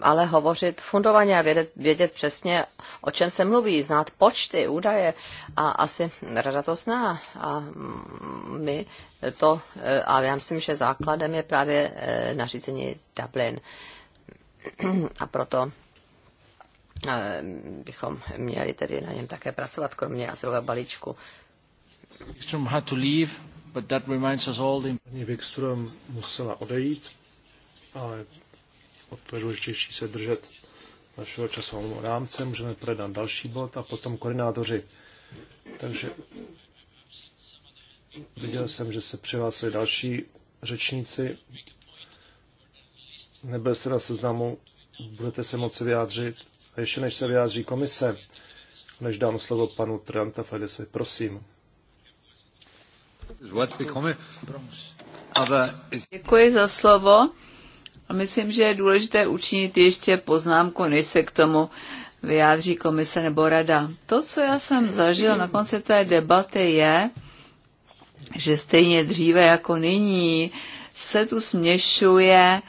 ale hovořit fundovaně a vědět, vědět přesně, o čem se mluví, znát počty, údaje a asi rada to zná. A my to, a já myslím, že základem je právě nařízení Dublin. A proto bychom měli tedy na něm také pracovat, kromě asilového balíčku. Wikström had to leave, but that reminds us all. Paní Wikström musela odejít, ale o to je důležitější se držet našeho časového rámce. Můžeme projednat další bod a potom koordinátoři. Takže viděl jsem, že se přihlásili další řečníci. Nebyl jste na seznamu, budete se moci vyjádřit. A ještě než se vyjádří komise, než dám slovo panu Trianta Fedesovi, prosím. Děkuji za slovo. A myslím, že je důležité učinit ještě poznámku, než se k tomu vyjádří komise nebo rada. To, co já jsem zažil na konci té debaty, je, že stejně dříve jako nyní se tu směšuje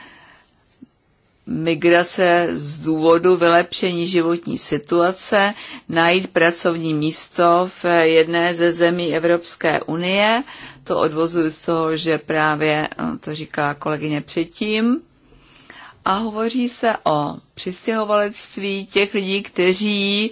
migrace z důvodu vylepšení životní situace, najít pracovní místo v jedné ze zemí Evropské unie. To odvozuji z toho, že právě eh, to říká kolegyně předtím a hovoří se o přistěhovalectví těch lidí, kteří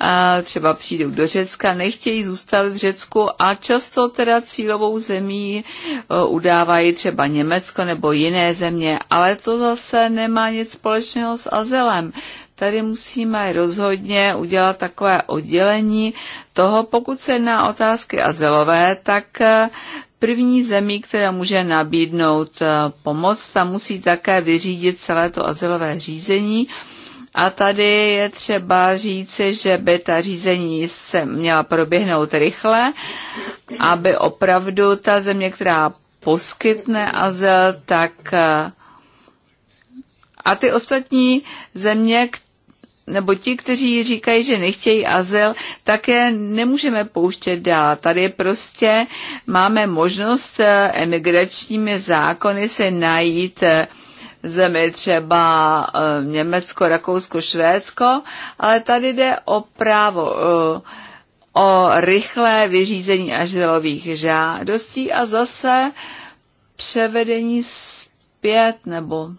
a, třeba přijdou do Řecka, nechtějí zůstat v Řecku a často teda cílovou zemí a, e, udávají třeba Německo nebo jiné země, ale to zase nemá nic společného s azylem. Tady musíme rozhodně udělat takové oddělení toho, pokud se jedná otázky azylové, tak e, první zemí, která může nabídnout e, pomoc, ta musí také vyřídit celé to azylové řízení řízení. A tady je třeba říci, že by ta řízení se měla proběhnout rychle, aby opravdu ta země, která poskytne azyl, tak eh, a ty ostatní země, nebo ti, kteří říkají, že nechtějí azyl, také nemůžeme pouštět dál. Tady prostě máme možnost eh, emigračními zákony se najít eh, zemi, třeba eh, Německo, Rakousko, Švédsko, ale tady jde o právo eh, o rychlé vyřízení azylových žádostí a zase převedení zpět nebo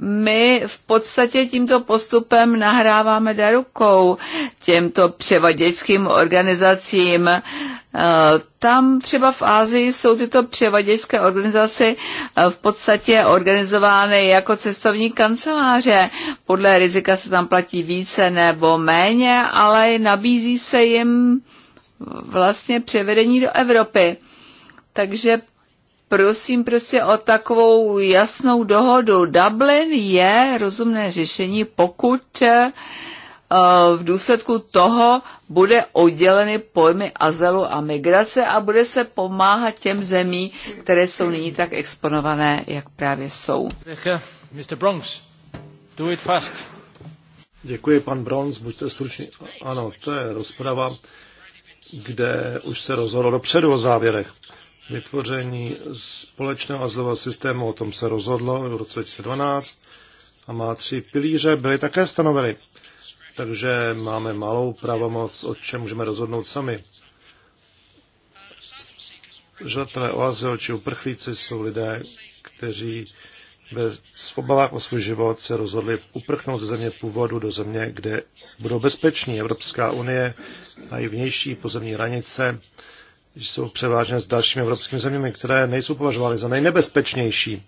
my v podstatě tímto postupem nahráváme do rukou těmto převaděčským organizacím. Eh, tam třeba v Ázii jsou tyto převaděčské organizace eh, v podstatě organizovány jako cestovní kanceláře. Podle rizika se tam platí více nebo méně, ale nabízí se jim vlastně převedení do Evropy. Takže prosím prostě o takovou jasnou dohodu. Dublin je rozumné řešení, pokud eh, v důsledku toho bude odděleny pojmy azelu a migrace a bude se pomáhat těm zemí, které jsou nyní tak exponované, jak právě jsou. Mr. Bronx, do it fast. Děkuji, pan Bronx, buďte stručný. Ano, to je rozprava, kde už se rozhodlo dopředu o závěrech vytvoření společného azylového systému, o tom se rozhodlo v roce 2012 a má tři pilíře, byly také stanoveny. Takže máme malou pravomoc, o čem můžeme rozhodnout sami. Žadatelé o azyl či uprchlíci jsou lidé, kteří ve svobodách o svůj život se rozhodli uprchnout ze země původu do země, kde budou bezpeční. Evropská unie a i vnější pozemní hranice jsou převážně s dalšími evropskými zeměmi, které nejsou považovány za nejnebezpečnější.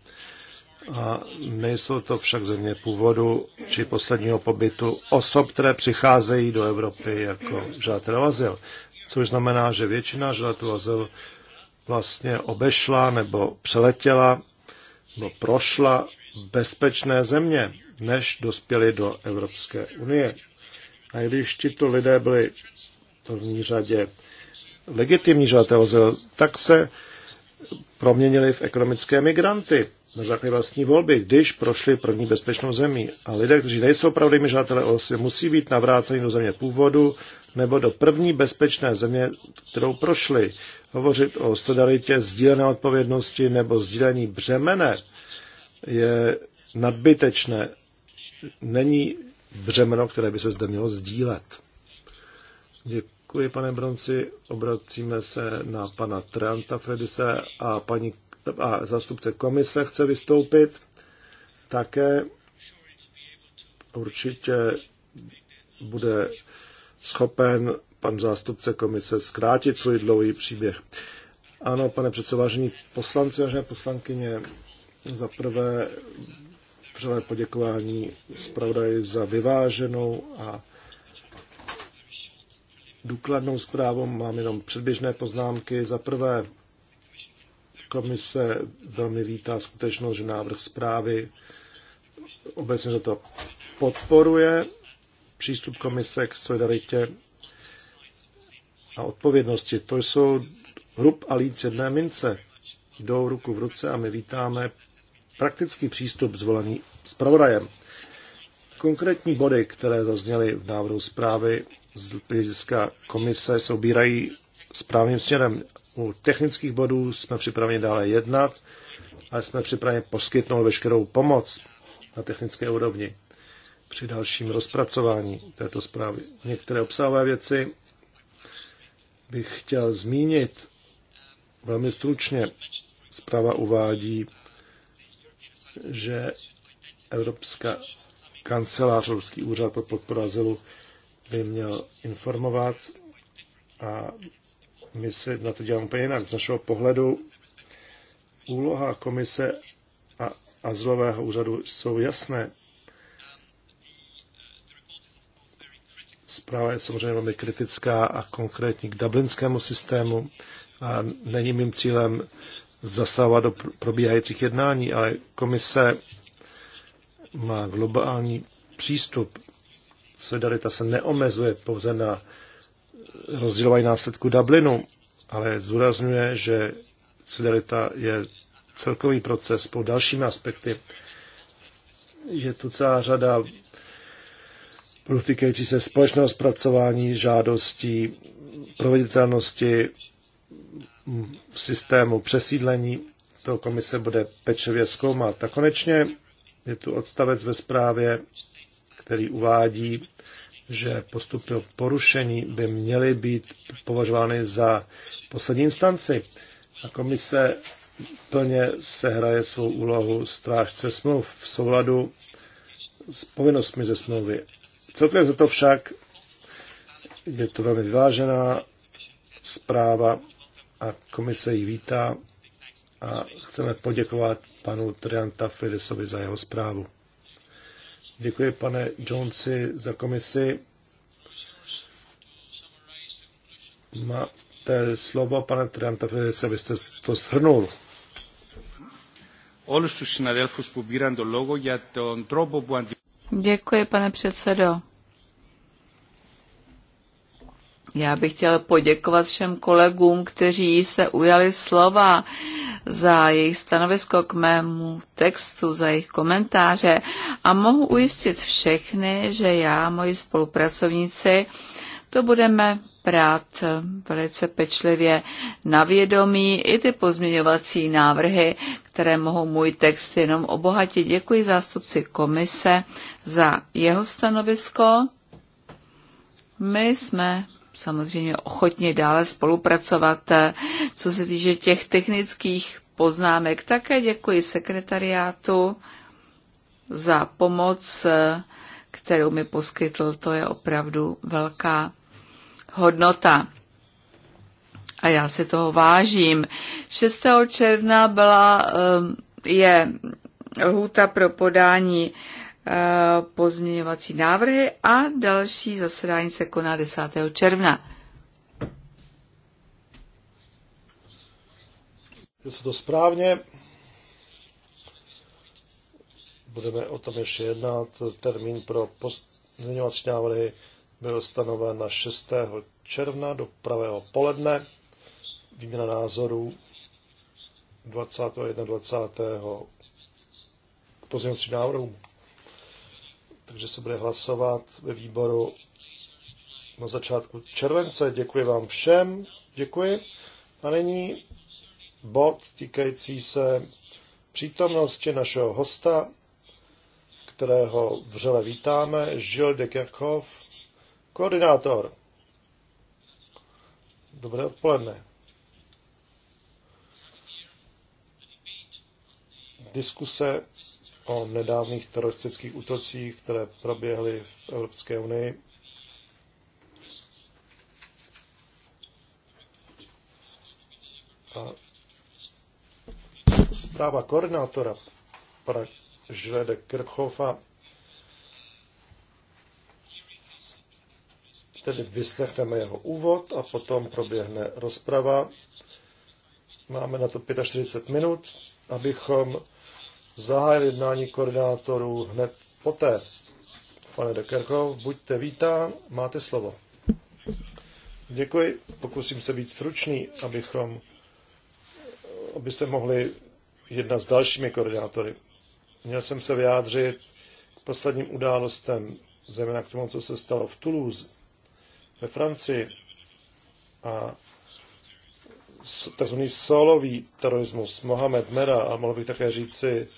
A nejsou to však země původu či posledního pobytu osob, které přicházejí do Evropy jako žádatel o azyl. Což znamená, že většina žadatelů azyl vlastně obešla nebo přeletěla nebo prošla bezpečné země, než dospěli do Evropské unie. A i když tito lidé byli v první řadě legitimní žadatel tak se proměnili v ekonomické migranty na základě vlastní volby, když prošli první bezpečnou zemí. A lidé, kteří nejsou pravdými žadatelé o osvě, musí být navráceni do země původu nebo do první bezpečné země, kterou prošli. Hovořit o solidaritě, sdílené odpovědnosti nebo sdílení břemene je nadbytečné. Není břemeno, které by se zde mělo sdílet. Děkuji. Děkuji, pane Bronci. Obracíme se na pana Tranta Fredise a paní a zástupce komise chce vystoupit. Také určitě bude schopen pan zástupce komise zkrátit svůj dlouhý příběh. Ano, pane předsedo, vážení poslanci, vážené poslankyně, za prvé poděkování zpravodaji za vyváženou a důkladnou zprávu, mám jenom předběžné poznámky. Za prvé, komise velmi vítá skutečnost, že návrh zprávy obecně za to podporuje přístup komise k solidaritě a odpovědnosti. To jsou hrub a líc jedné mince. Jdou ruku v ruce a my vítáme praktický přístup zvolený zpravodajem. Konkrétní body, které zazněly v návrhu zprávy, z hlediska komise se ubírají správným směrem. U technických bodů jsme připraveni dále jednat a jsme připraveni poskytnout veškerou pomoc na technické úrovni při dalším rozpracování této zprávy. Některé obsahové věci bych chtěl zmínit velmi stručně. Zpráva uvádí, že Evropská kancelář, Evropský úřad pro podporu azylu by měl informovat a my se na to děláme úplně jinak. Z našeho pohledu úloha komise a azylového úřadu jsou jasné. Zpráva je samozřejmě velmi kritická a konkrétní k dublinskému systému a není mým cílem zasahovat do probíhajících jednání, ale komise má globální přístup solidarita se neomezuje pouze na rozdělování následku Dublinu, ale zúrazňuje, že solidarita je celkový proces po dalším aspekty. Je tu celá řada týkající se společného zpracování žádostí, proveditelnosti systému přesídlení. To komise bude pečlivě zkoumat. A konečně je tu odstavec ve zprávě, který uvádí, že postupy o porušení by měly být považovány za poslední instanci. A komise plně sehraje svou úlohu strážce smluv v souladu s povinnostmi ze smlouvy. Celkově za to však je to velmi vyvážená zpráva a komise ji vítá a chceme poděkovat panu Trianta Fridesovi za jeho zprávu. Děkuji, pane Jonesi, za komisi. Máte slovo, pane Trianta, se byste to shrnul. Děkuji, pane předsedo. Já bych chtěl poděkovat všem kolegům, kteří se ujali slova za jejich stanovisko k mému textu, za jejich komentáře a mohu ujistit všechny, že já, moji spolupracovníci, to budeme brát velice pečlivě na vědomí i ty pozměňovací návrhy, které mohou můj text jenom obohatit. Děkuji zástupci komise za jeho stanovisko. My jsme samozřejmě ochotně dále spolupracovat. Eh, co se týče těch technických poznámek, také děkuji sekretariátu za pomoc, eh, kterou mi poskytl. To je opravdu velká hodnota. A já si toho vážím. 6. června byla, eh, je lhůta pro podání Eh, pozměňovací návrhy a další zasedání se koná 10. června. Je to správně, budeme o tom ještě jednat. Termín pro pozměňovací návrhy byl stanoven na 6. června do pravého poledne. Výměna názorů 21. 20. k pozměňovacím návrhům takže se bude hlasovat ve výboru na začátku července. Děkuji vám všem, děkuji. A nyní bod týkající se přítomnosti našeho hosta, kterého vřele vítáme, Žil de Kerkhoff, koordinátor. Dobré odpoledne. Diskuse o nedávných teroristických útocích, které proběhly v Evropské unii. A zpráva koordinátora pana Žrede Kirchhoffa tedy vyslechneme jeho úvod a potom proběhne rozprava. Máme na to 45 minut, abychom zahájil jednání koordinátorů hned poté. Pane Dekerko, buďte vítán, máte slovo. Děkuji, pokusím se být stručný, abychom, abyste mohli jednat s dalšími koordinátory. Měl jsem se vyjádřit k posledním událostem, zejména k tomu, co se stalo v Toulouse ve Francii a takzvaný solový terorismus Mohamed Mera, a mohl bych také říci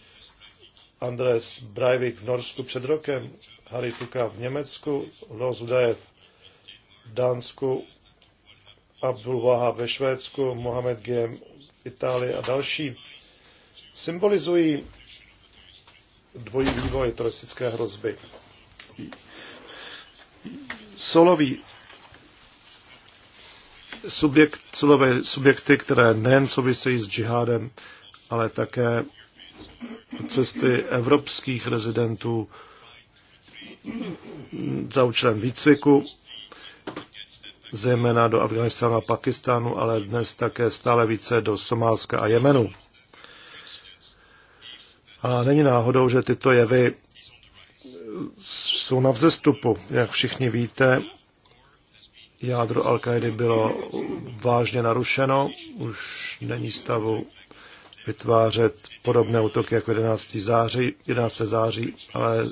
Andres Breivik v Norsku před rokem, Harry Tuka v Německu, Los Udajev v Dánsku, Abdul Waha ve Švédsku, Mohamed Giem v Itálii a další symbolizují dvojí vývoj teroristické hrozby. Solový subjekt, solové subjekty, které nejen souvisejí s džihádem, ale také cesty evropských rezidentů za účelem výcviku, zejména do Afganistánu a Pakistánu, ale dnes také stále více do Somálska a Jemenu. A není náhodou, že tyto jevy jsou na vzestupu. Jak všichni víte, jádro al bylo vážně narušeno, už není stavu vytvářet podobné útoky jako 11. září, 11. září, ale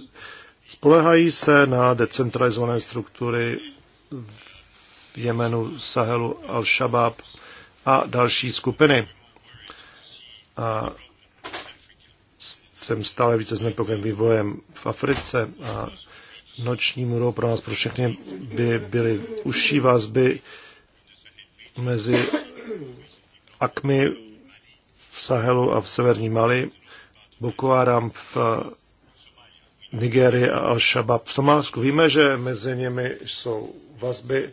spolehají se na decentralizované struktury v Jemenu, Sahelu, Al-Shabaab a další skupiny. A jsem stále více znepokojen vývojem v Africe a noční můrou pro nás, pro všechny by byly užší vazby mezi akmi v Sahelu a v severní Mali, Boko Haram v Nigérii a Al-Shabaab v Somálsku. Víme, že mezi nimi jsou vazby,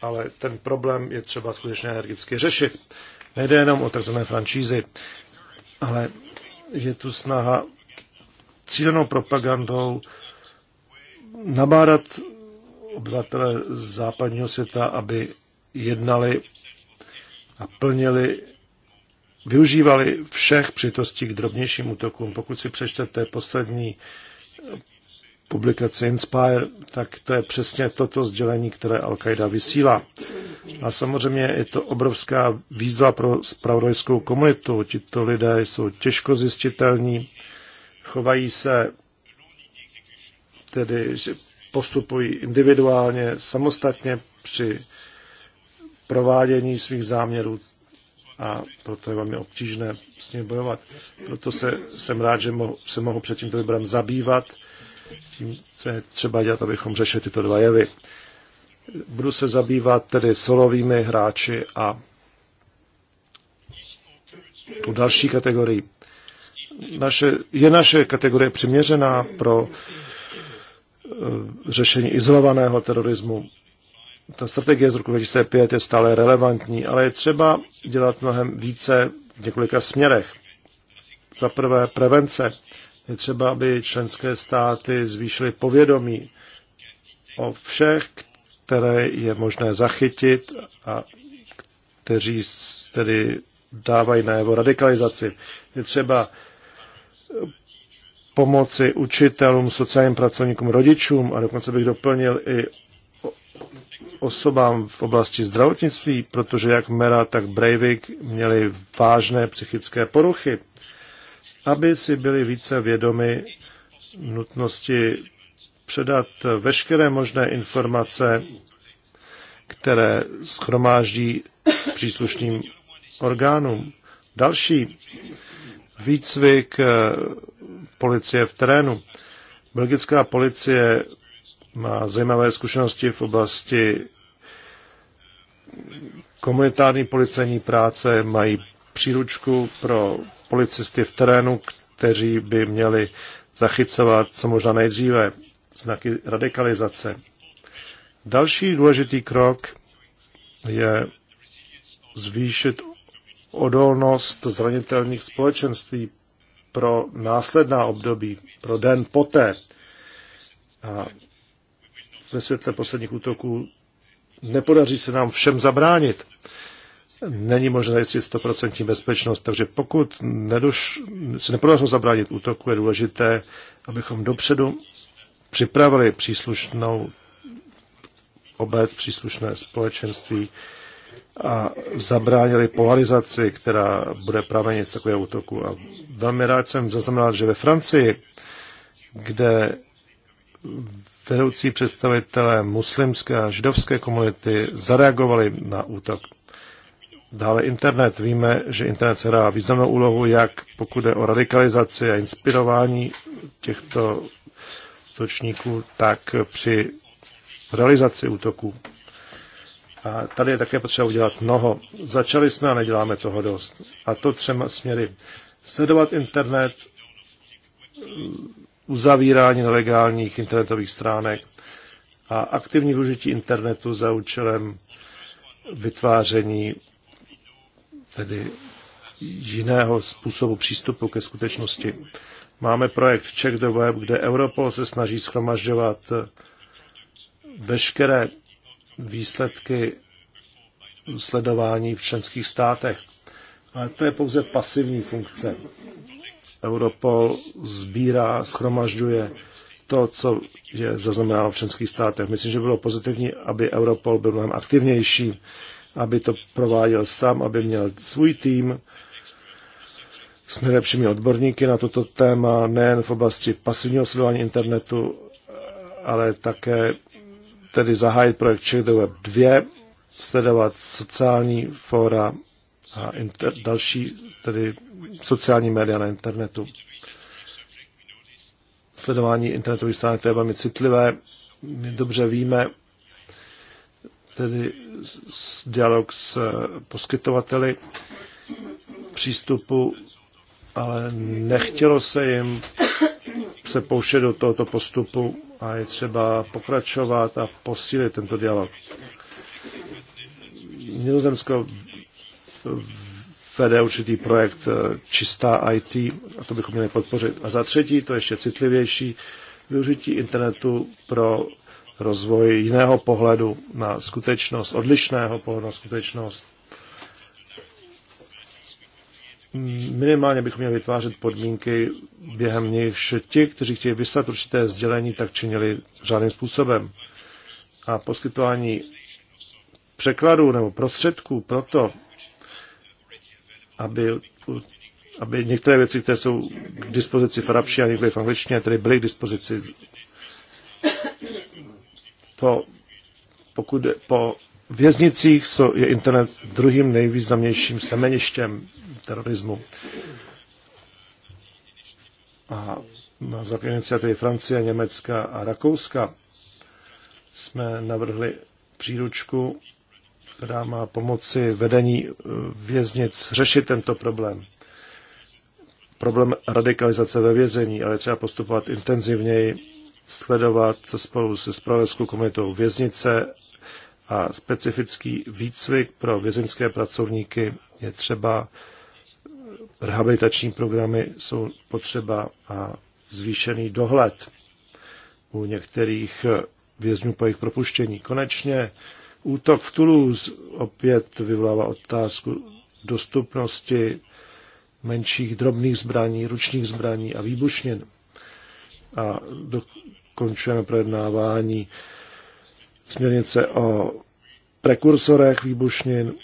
ale ten problém je třeba skutečně energicky řešit. Nejde jenom o tzv. franšízy, ale je tu snaha cílenou propagandou nabádat obyvatele západního světa, aby jednali a plnili využívali všech přitostí k drobnějším útokům. Pokud si přečtete poslední publikaci Inspire, tak to je přesně toto sdělení, které Al-Qaida vysílá. A samozřejmě je to obrovská výzva pro spravodajskou komunitu. Tito lidé jsou těžko zjistitelní, chovají se, tedy že postupují individuálně, samostatně při provádění svých záměrů, a proto je velmi obtížné s ním bojovat. Proto se, jsem rád, že mo, se mohu před tímto výborem zabývat, tím, co je třeba dělat, abychom řešili tyto dva jevy. Budu se zabývat tedy solovými hráči a tu další kategorii. Naše, je naše kategorie přiměřená pro eh, řešení izolovaného terorismu ta strategie z roku 2005 je stále relevantní, ale je třeba dělat mnohem více v několika směrech. Za prvé prevence. Je třeba, aby členské státy zvýšily povědomí o všech, které je možné zachytit a kteří tedy dávají na jeho radikalizaci. Je třeba pomoci učitelům, sociálním pracovníkům, rodičům a dokonce bych doplnil i osobám v oblasti zdravotnictví, protože jak Mera, tak Breivik měli vážné psychické poruchy, aby si byli více vědomi nutnosti předat veškeré možné informace, které schromáždí příslušným orgánům. Další výcvik eh, policie v terénu. Belgická policie má zajímavé zkušenosti v oblasti komunitární policejní práce, mají příručku pro policisty v terénu, kteří by měli zachycovat co možná nejdříve znaky radikalizace. Další důležitý krok je zvýšit odolnost zranitelných společenství pro následná období, pro den poté. A ve světle posledních útoků nepodaří se nám všem zabránit. Není možné zajistit 100% bezpečnost, takže pokud nedoš, se nepodařilo zabránit útoku, je důležité, abychom dopředu připravili příslušnou obec, příslušné společenství a zabránili polarizaci, která bude pramenit z takového útoku. A velmi rád jsem zaznamenal, že ve Francii, kde vedoucí představitelé muslimské a židovské komunity zareagovali na útok. Dále internet. Víme, že internet se dá významnou úlohu, jak pokud jde o radikalizaci a inspirování těchto točníků, tak při realizaci útoků. A tady je také potřeba udělat mnoho. Začali jsme a neděláme toho dost. A to třema směry. Sledovat internet, uzavírání nelegálních internetových stránek a aktivní využití internetu za účelem vytváření tedy jiného způsobu přístupu ke skutečnosti. Máme projekt Check the Web, kde Europol se snaží schromažďovat veškeré výsledky sledování v členských státech. Ale to je pouze pasivní funkce. Europol sbírá, schromažďuje to, co je zaznamenáno v členských státech. Myslím, že bylo pozitivní, aby Europol byl mnohem aktivnější, aby to prováděl sám, aby měl svůj tým s nejlepšími odborníky na toto téma, nejen v oblasti pasivního sledování internetu, ale také tedy zahájit projekt Check the Web 2, sledovat sociální fóra a inter, další tedy sociální média na internetu. Sledování internetových stránek to je velmi citlivé. My dobře víme, tedy s dialog s eh, poskytovateli přístupu, ale nechtělo se jim se pouštět do tohoto postupu a je třeba pokračovat a posílit tento dialog. Nizozemsko vede určitý projekt eh, čistá IT a to bychom měli podpořit. A za třetí, to ještě citlivější, využití internetu pro rozvoj jiného pohledu na skutečnost, odlišného pohledu na skutečnost. Minimálně bychom měli vytvářet podmínky, během nichž ti, kteří chtějí vyslat určité sdělení, tak činili žádným způsobem. A poskytování překladů nebo prostředků pro to, aby, aby některé věci, které jsou k dispozici v arabštině a některé v angličtině, tedy byly k dispozici po, pokud po věznicích jsou, je internet druhým nejvýznamnějším semeništěm terorismu. A na základě iniciativy Francie, Německa a Rakouska jsme navrhli příručku která má pomoci vedení eh, věznic řešit tento problém. Problém radikalizace ve vězení, ale třeba postupovat intenzivněji, sledovat spolu se spravodajskou komunitou věznice a specifický výcvik pro vězeňské pracovníky je třeba, rehabilitační programy jsou potřeba a zvýšený dohled u některých vězňů po jejich propuštění. Konečně Útok v Toulouse opět vyvolává otázku dostupnosti menších drobných zbraní, ručních zbraní a výbušnin. A dokončujeme projednávání směrnice o prekursorech výbušnin.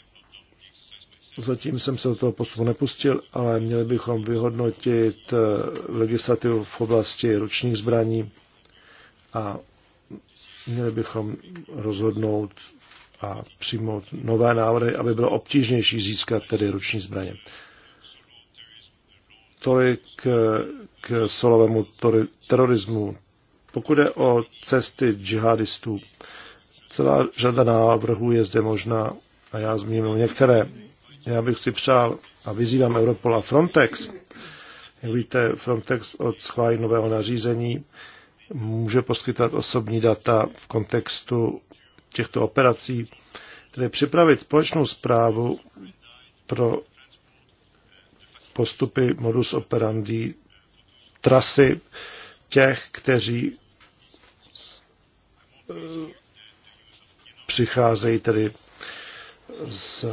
Zatím jsem se do toho postupu nepustil, ale měli bychom vyhodnotit eh, legislativu v oblasti ručních zbraní a měli bychom rozhodnout a přijmout nové návrhy, aby bylo obtížnější získat tedy ruční zbraně. Tolik eh, k solovému terorismu. Pokud je o cesty džihadistů, celá řada návrhů je zde možná a já zmíním některé. Já bych si přál a vyzývám Europol a Frontex. Jak víte, Frontex od schválení nového nařízení může poskytovat osobní data v kontextu těchto operací, tedy připravit společnou zprávu pro postupy modus operandi trasy těch, kteří eh, přicházejí tedy z,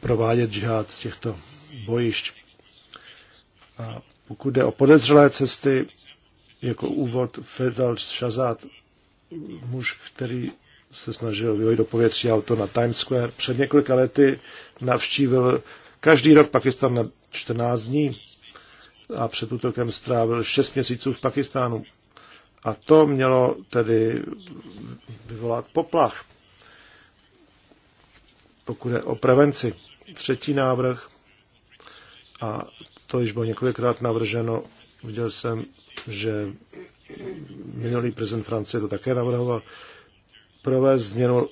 provádět džihad z těchto bojišť. A pokud jde o podezřelé cesty, jako úvod Fedal Šazát, muž, který se snažil vyhojit do povětří auto na Times Square. Před několika lety navštívil každý rok Pakistan na 14 dní a před útokem strávil 6 měsíců v Pakistánu. A to mělo tedy vyvolat poplach, pokud je o prevenci. Třetí návrh, a to již bylo několikrát navrženo, viděl jsem, že minulý prezident Francie to také navrhoval, provést změnu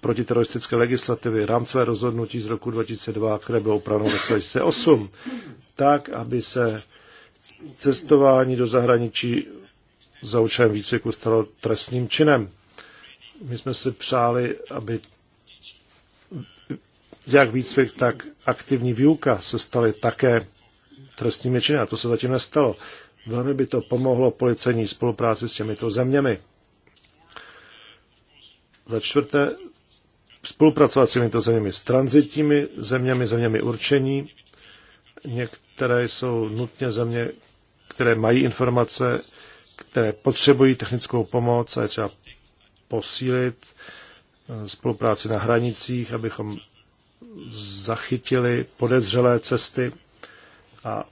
protiteroristické legislativy, rámcové rozhodnutí z roku 2002, které bylo upraveno v roce 2008, tak, aby se cestování do zahraničí za účelem výcviku stalo trestním činem. My jsme si přáli, aby jak výcvik, tak aktivní výuka se staly také trestními činy a to se zatím nestalo. Velmi by to pomohlo policejní spolupráci s těmito zeměmi. Za čtvrté, spolupracovat s těmito zeměmi, s tranzitními zeměmi, zeměmi určení. Některé jsou nutně země, které mají informace, které potřebují technickou pomoc a je třeba posílit eh, spolupráci na hranicích, abychom zachytili podezřelé cesty a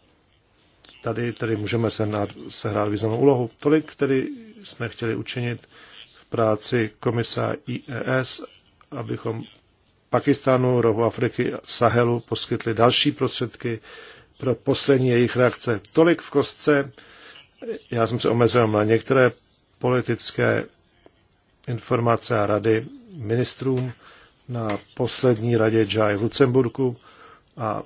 tady, tady můžeme se sehrát významnou úlohu. Tolik, který jsme chtěli učinit práci komisa IES, abychom Pakistánu, rohu Afriky, Sahelu poskytli další prostředky pro poslední jejich reakce. Tolik v kostce. Já jsem se omezil na některé politické informace a rady ministrům na poslední radě Jai v Lucemburku a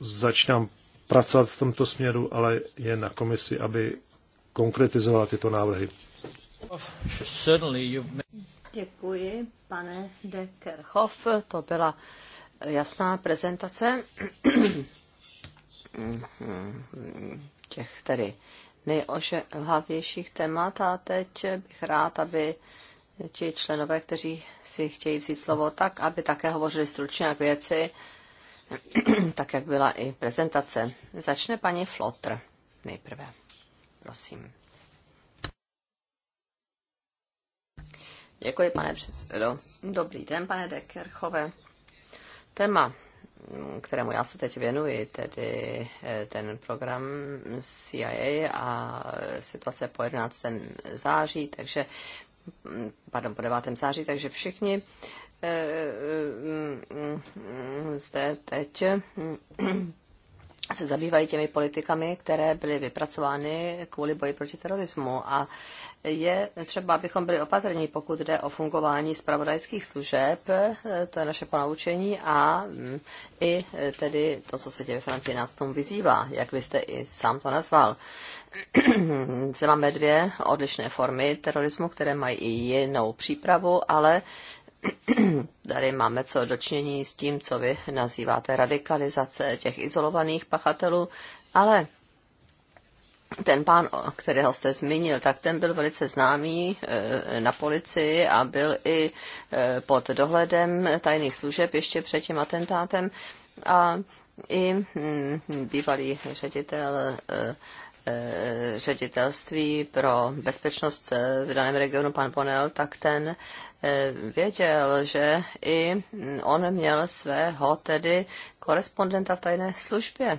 začínám pracovat v tomto směru, ale je na komisi, aby konkretizovala tyto návrhy. Děkuji, pane Deckerhoff. To byla jasná prezentace těch tedy nejožhavějších témat a teď bych rád, aby ti členové, kteří si chtějí vzít slovo, tak, aby také hovořili stručně k věci, tak, jak byla i prezentace. Začne paní Flotr nejprve. Prosím. Děkuji, pane předsedo. Dobrý den, pane Dekerchove. Téma, kterému já se teď věnuji, tedy eh, ten program CIA a situace po 11. září, takže mm, pardon, po 9. září, takže všichni eh, eh, mm, mm, zde teď se zabývají těmi politikami, které byly vypracovány kvůli boji proti terorismu. A je třeba, abychom byli opatrní, pokud jde o fungování zpravodajských služeb, to je naše ponaučení, a mm, i tedy to, co se děje ve Francii, nás tomu vyzývá, jak vy jste i sám to nazval. Zde máme dvě odlišné formy terorismu, které mají i jinou přípravu, ale tady máme co dočnění s tím, co vy nazýváte radikalizace těch izolovaných pachatelů, ale ten pán, kterého jste zmínil, tak ten byl velice známý eh, na policii a byl i eh, pod dohledem tajných služeb ještě před tím atentátem a i hm, bývalý ředitel eh, ředitelství pro bezpečnost v daném regionu, pan Ponel, tak ten Eh, věděl, že i on měl svého tedy korespondenta v tajné službě,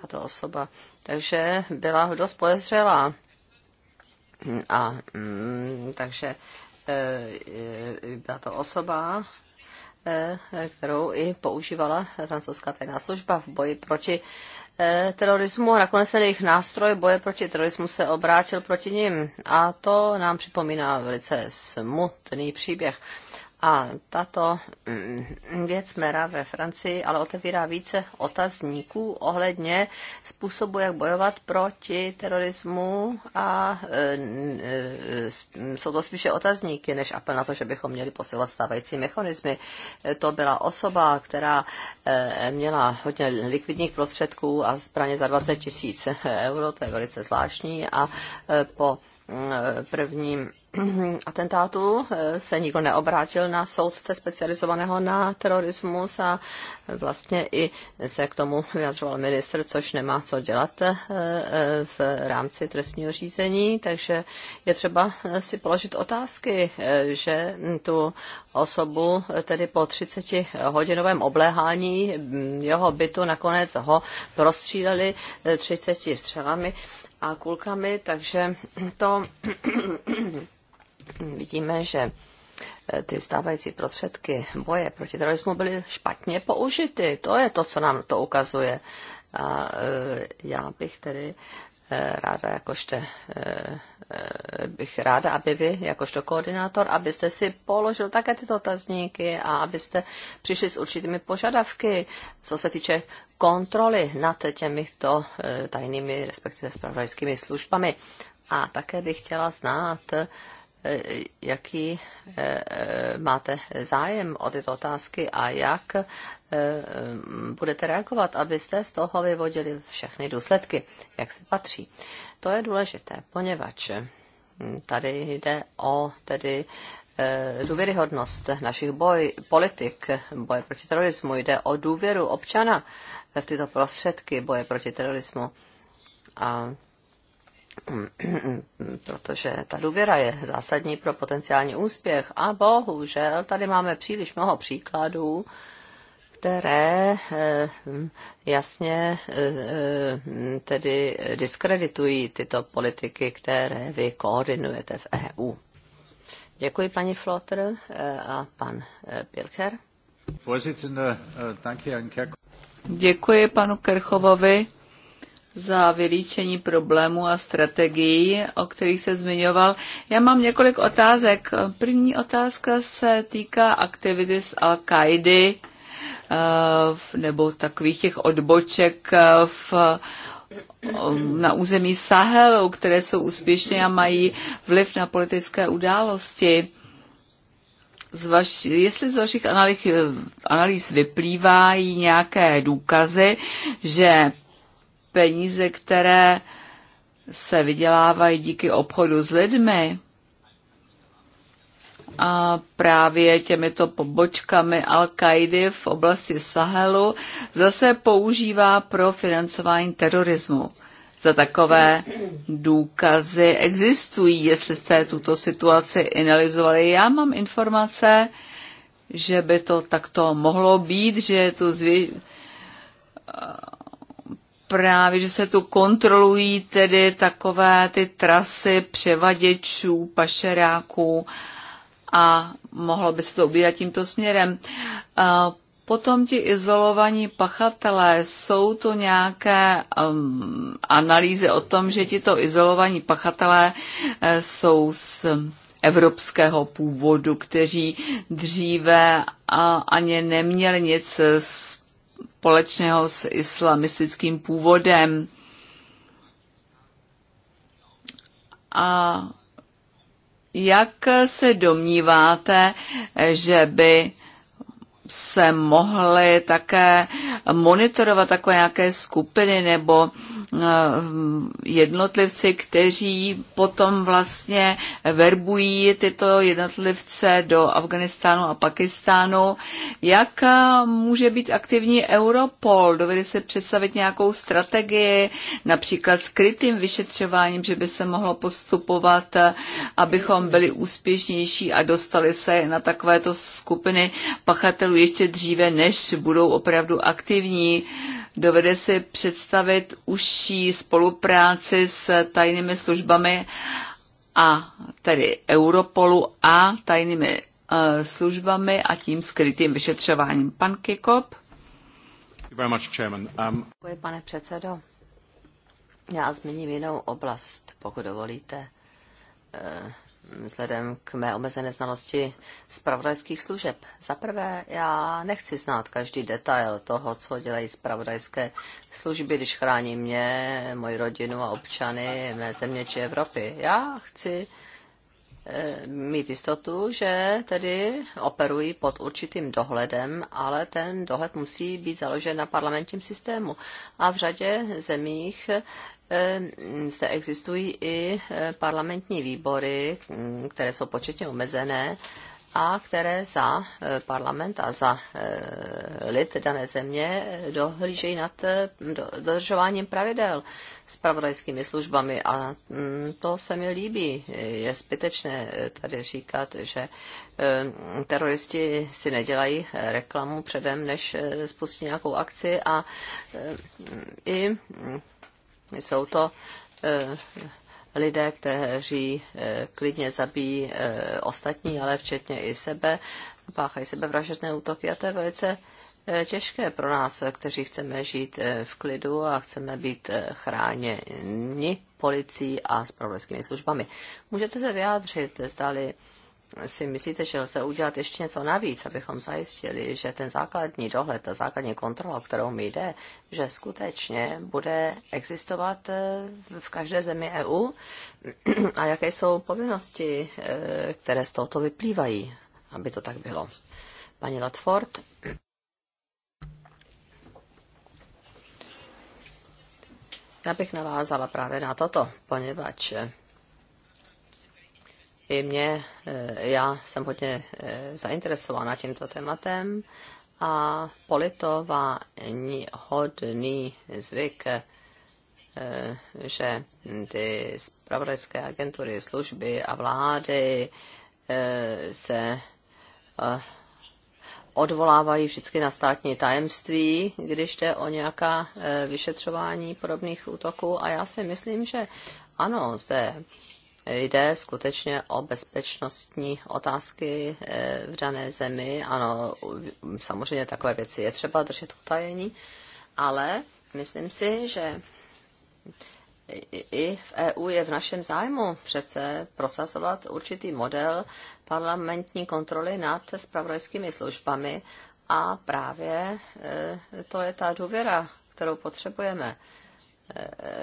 tato osoba. Takže byla dost podezřelá. A mm, takže eh, byla to osoba, eh, kterou i používala francouzská tajná služba v boji proti Eh, terorismu a nakonec ten jejich nástroj boje proti terorismu se obrátil proti nim. A to nám připomíná velice smutný příběh. A tato mm, věc Mera ve Francii ale otevírá více otazníků ohledně způsobu, jak bojovat proti terorismu a e, e, jsou to spíše otazníky, než apel na to, že bychom měli posilovat stávající mechanismy. E, to byla osoba, která měla hodně likvidních prostředků a zbraně za 20 tisíc euro, to je velice zvláštní a po mm, prvním atentátu eh, se nikdo neobrátil na soudce specializovaného na terorismus a eh, vlastně i se k tomu vyjadřoval ministr, což nemá co dělat eh, v rámci trestního řízení, takže je třeba si položit otázky, že tu osobu tedy po 30 hodinovém obléhání mm, jeho bytu nakonec ho prostříleli 30 střelami a kulkami, takže to vidíme, že eh, ty stávající prostředky boje proti terorismu byly špatně použity. To je to, co nám to ukazuje. A eh, já bych tedy eh, ráda, jakožto bych ráda, aby vy, jakožto koordinátor, abyste si položil také tyto otazníky a abyste přišli s určitými požadavky, co se týče kontroly nad těmito tajnými, respektive spravodajskými službami. A také bych chtěla znát, Eh, jaký eh, máte zájem o tyto otázky a jak eh, mm, budete reagovat, abyste z toho vyvodili všechny důsledky, jak se patří. To je důležité, poněvadž hm, tady jde o tedy důvěryhodnost našich boj, politik, boje proti terorismu, jde o důvěru občana v tyto prostředky boje proti terorismu. A protože ta důvěra je zásadní pro potenciální úspěch. A bohužel tady máme příliš mnoho příkladů, které eh, jasně eh, tedy diskreditují tyto politiky, které vy koordinujete v EU. Děkuji, paní Flotter eh, a pan Pilcher. Děkuji panu Kerchovovi za vylíčení problémů a strategií, o kterých se zmiňoval. Já mám několik otázek. První otázka se týká aktivity z Al-Kaidy eh, nebo takových těch odboček eh, v na území Sahelu, které jsou úspěšné a mají vliv na politické události. Z vaš, jestli z vašich analýz, analýz vyplývají nějaké důkazy, že peníze, které se vydělávají díky obchodu s lidmi a právě těmito pobočkami Al-Kaidy v oblasti Sahelu zase používá pro financování terorismu. Za takové důkazy existují, jestli jste tuto situaci analyzovali. Já mám informace, že by to takto mohlo být, že je tu zvě právě, že se tu kontrolují tedy takové ty trasy převaděčů, pašeráků a mohlo by se to ubírat tímto směrem. A potom ti izolovaní pachatelé, jsou to nějaké um, analýzy o tom, že tito izolovaní pachatelé eh, jsou z evropského původu, kteří dříve a, ani neměli nic s společného s islamistickým původem. A jak se domníváte, že by se mohly také monitorovat takové nějaké skupiny nebo Eh, jednotlivci, kteří potom vlastně verbují tyto jednotlivce do Afganistánu a Pakistánu. Jak eh, může být aktivní Europol? Dovede se představit nějakou strategii, například skrytým vyšetřováním, že by se mohlo postupovat, eh, abychom byli úspěšnější a dostali se na takovéto skupiny pachatelů ještě dříve, než budou opravdu aktivní. Dovede si představit užší spolupráci s tajnými službami a tedy Europolu a tajnými uh, službami a tím skrytým vyšetřováním. Pan Kikop. Um, Děkuji, pane předsedo. Já zmíním jinou oblast, pokud dovolíte. Eh, vzhledem k mé omezené znalosti zpravodajských služeb. Za prvé, já nechci znát každý detail toho, co dělají zpravodajské služby, když chrání mě, moji rodinu a občany mé země či Evropy. Já chci eh, mít jistotu, že tedy operují pod určitým dohledem, ale ten dohled musí být založen na parlamentním systému. A v řadě zemích Ehm, zde existují i eh, parlamentní výbory, mm, které jsou početně omezené a které za eh, parlament a za eh, lid dané země dohlížejí nad dodržováním pravidel s pravodajskými službami. A mm, to se mi líbí. Je zbytečné tady říkat, že ehm, teroristi si nedělají reklamu předem, než spustí nějakou akci a ehm, i jsou to eh, lidé, kteří eh, klidně zabíjí eh, ostatní, ale včetně i sebe, páchají sebevražedné útoky a to je velice těžké pro nás, kteří chceme žít v klidu a chceme být chráněni policií a spravodajskými službami. Můžete se vyjádřit, zdali si myslíte, že lze udělat ještě něco navíc, abychom zajistili, že ten základní dohled, ta základní kontrola, o kterou mi jde, že skutečně bude existovat eh, v každé zemi EU a jaké jsou povinnosti, eh, které z tohoto vyplývají, aby to tak bylo. Pani Latford. Já bych navázala právě na toto, poněvadž i mě, eh, já jsem hodně eh, zainteresována tímto tématem a politování hodný zvyk, eh, že ty spravodajské agentury, služby a vlády se odvolávají vždycky na státní tajemství, když jde o nějaká vyšetřování podobných útoků. A já si myslím, že ano, zde jde skutečně o bezpečnostní otázky eh, v dané zemi. Ano, samozřejmě takové věci je třeba držet utajení, ale myslím si, že i v EU je v našem zájmu přece prosazovat určitý model parlamentní kontroly nad spravodajskými službami a právě eh, to je ta důvěra, kterou potřebujeme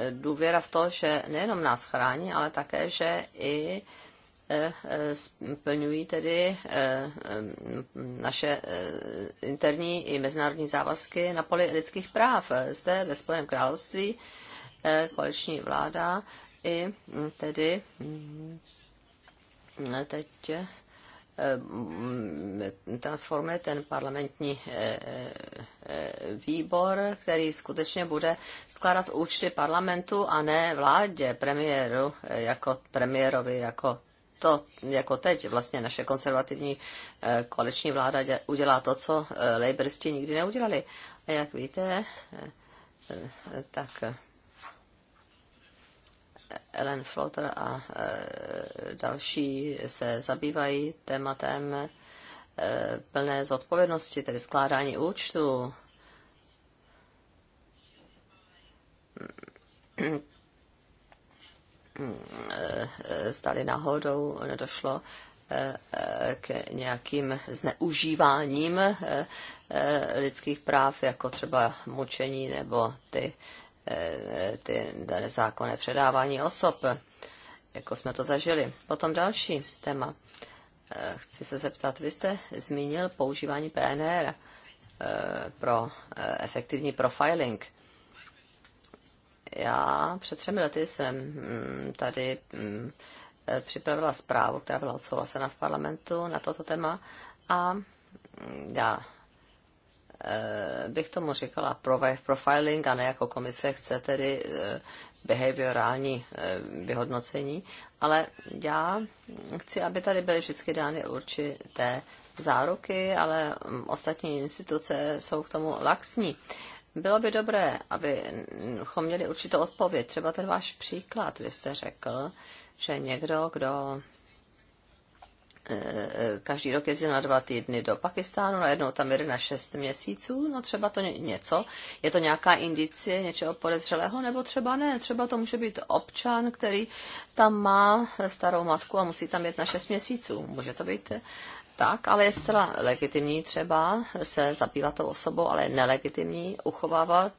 důvěra v to, že nejenom nás chrání, ale také, že i eh, eh, splňují tedy eh, naše interní i mezinárodní závazky na poli lidských práv. Zde ve Spojeném království koaliční vláda i hm, tedy hm, teď Eh, mm, transformuje ten parlamentní eh, eh, výbor, který skutečně bude skládat účty parlamentu a ne vládě, premiéru, jako premiérovi, jako to, jako teď vlastně naše konzervativní koaliční vláda udělá to, co laboristi nikdy neudělali. A jak víte, tak Ellen Flotter a e, další se zabývají tématem e, plné zodpovědnosti, tedy skládání účtu. Zdali náhodou nedošlo e, k nějakým zneužíváním lidských práv, jako třeba mučení nebo ty ty nezákonné předávání osob, jako jsme to zažili. Potom další téma. Eh, chci se zeptat, vy jste zmínil používání PNR eh, pro eh, efektivní profiling. Já před třemi lety jsem hm, tady hm, připravila zprávu, která byla odsouhlasena v parlamentu na toto téma a já Eh, bych tomu říkala profiling a ne jako komise chce tedy eh, behaviorální eh, vyhodnocení, ale já chci, aby tady byly vždycky dány určité záruky, ale hm, ostatní instituce jsou k tomu laxní. Bylo by dobré, abychom měli určitou odpověď. Třeba ten váš příklad, vy jste řekl, že někdo, kdo každý rok jezdil na dva týdny do Pakistánu, najednou no tam jede na šest měsíců, no třeba to něco, je to nějaká indicie něčeho podezřelého, nebo třeba ne, třeba to může být občan, který tam má starou matku a musí tam jet na šest měsíců, může to být tak, ale je zcela legitimní třeba se zabývat tou osobou, ale je nelegitimní uchovávat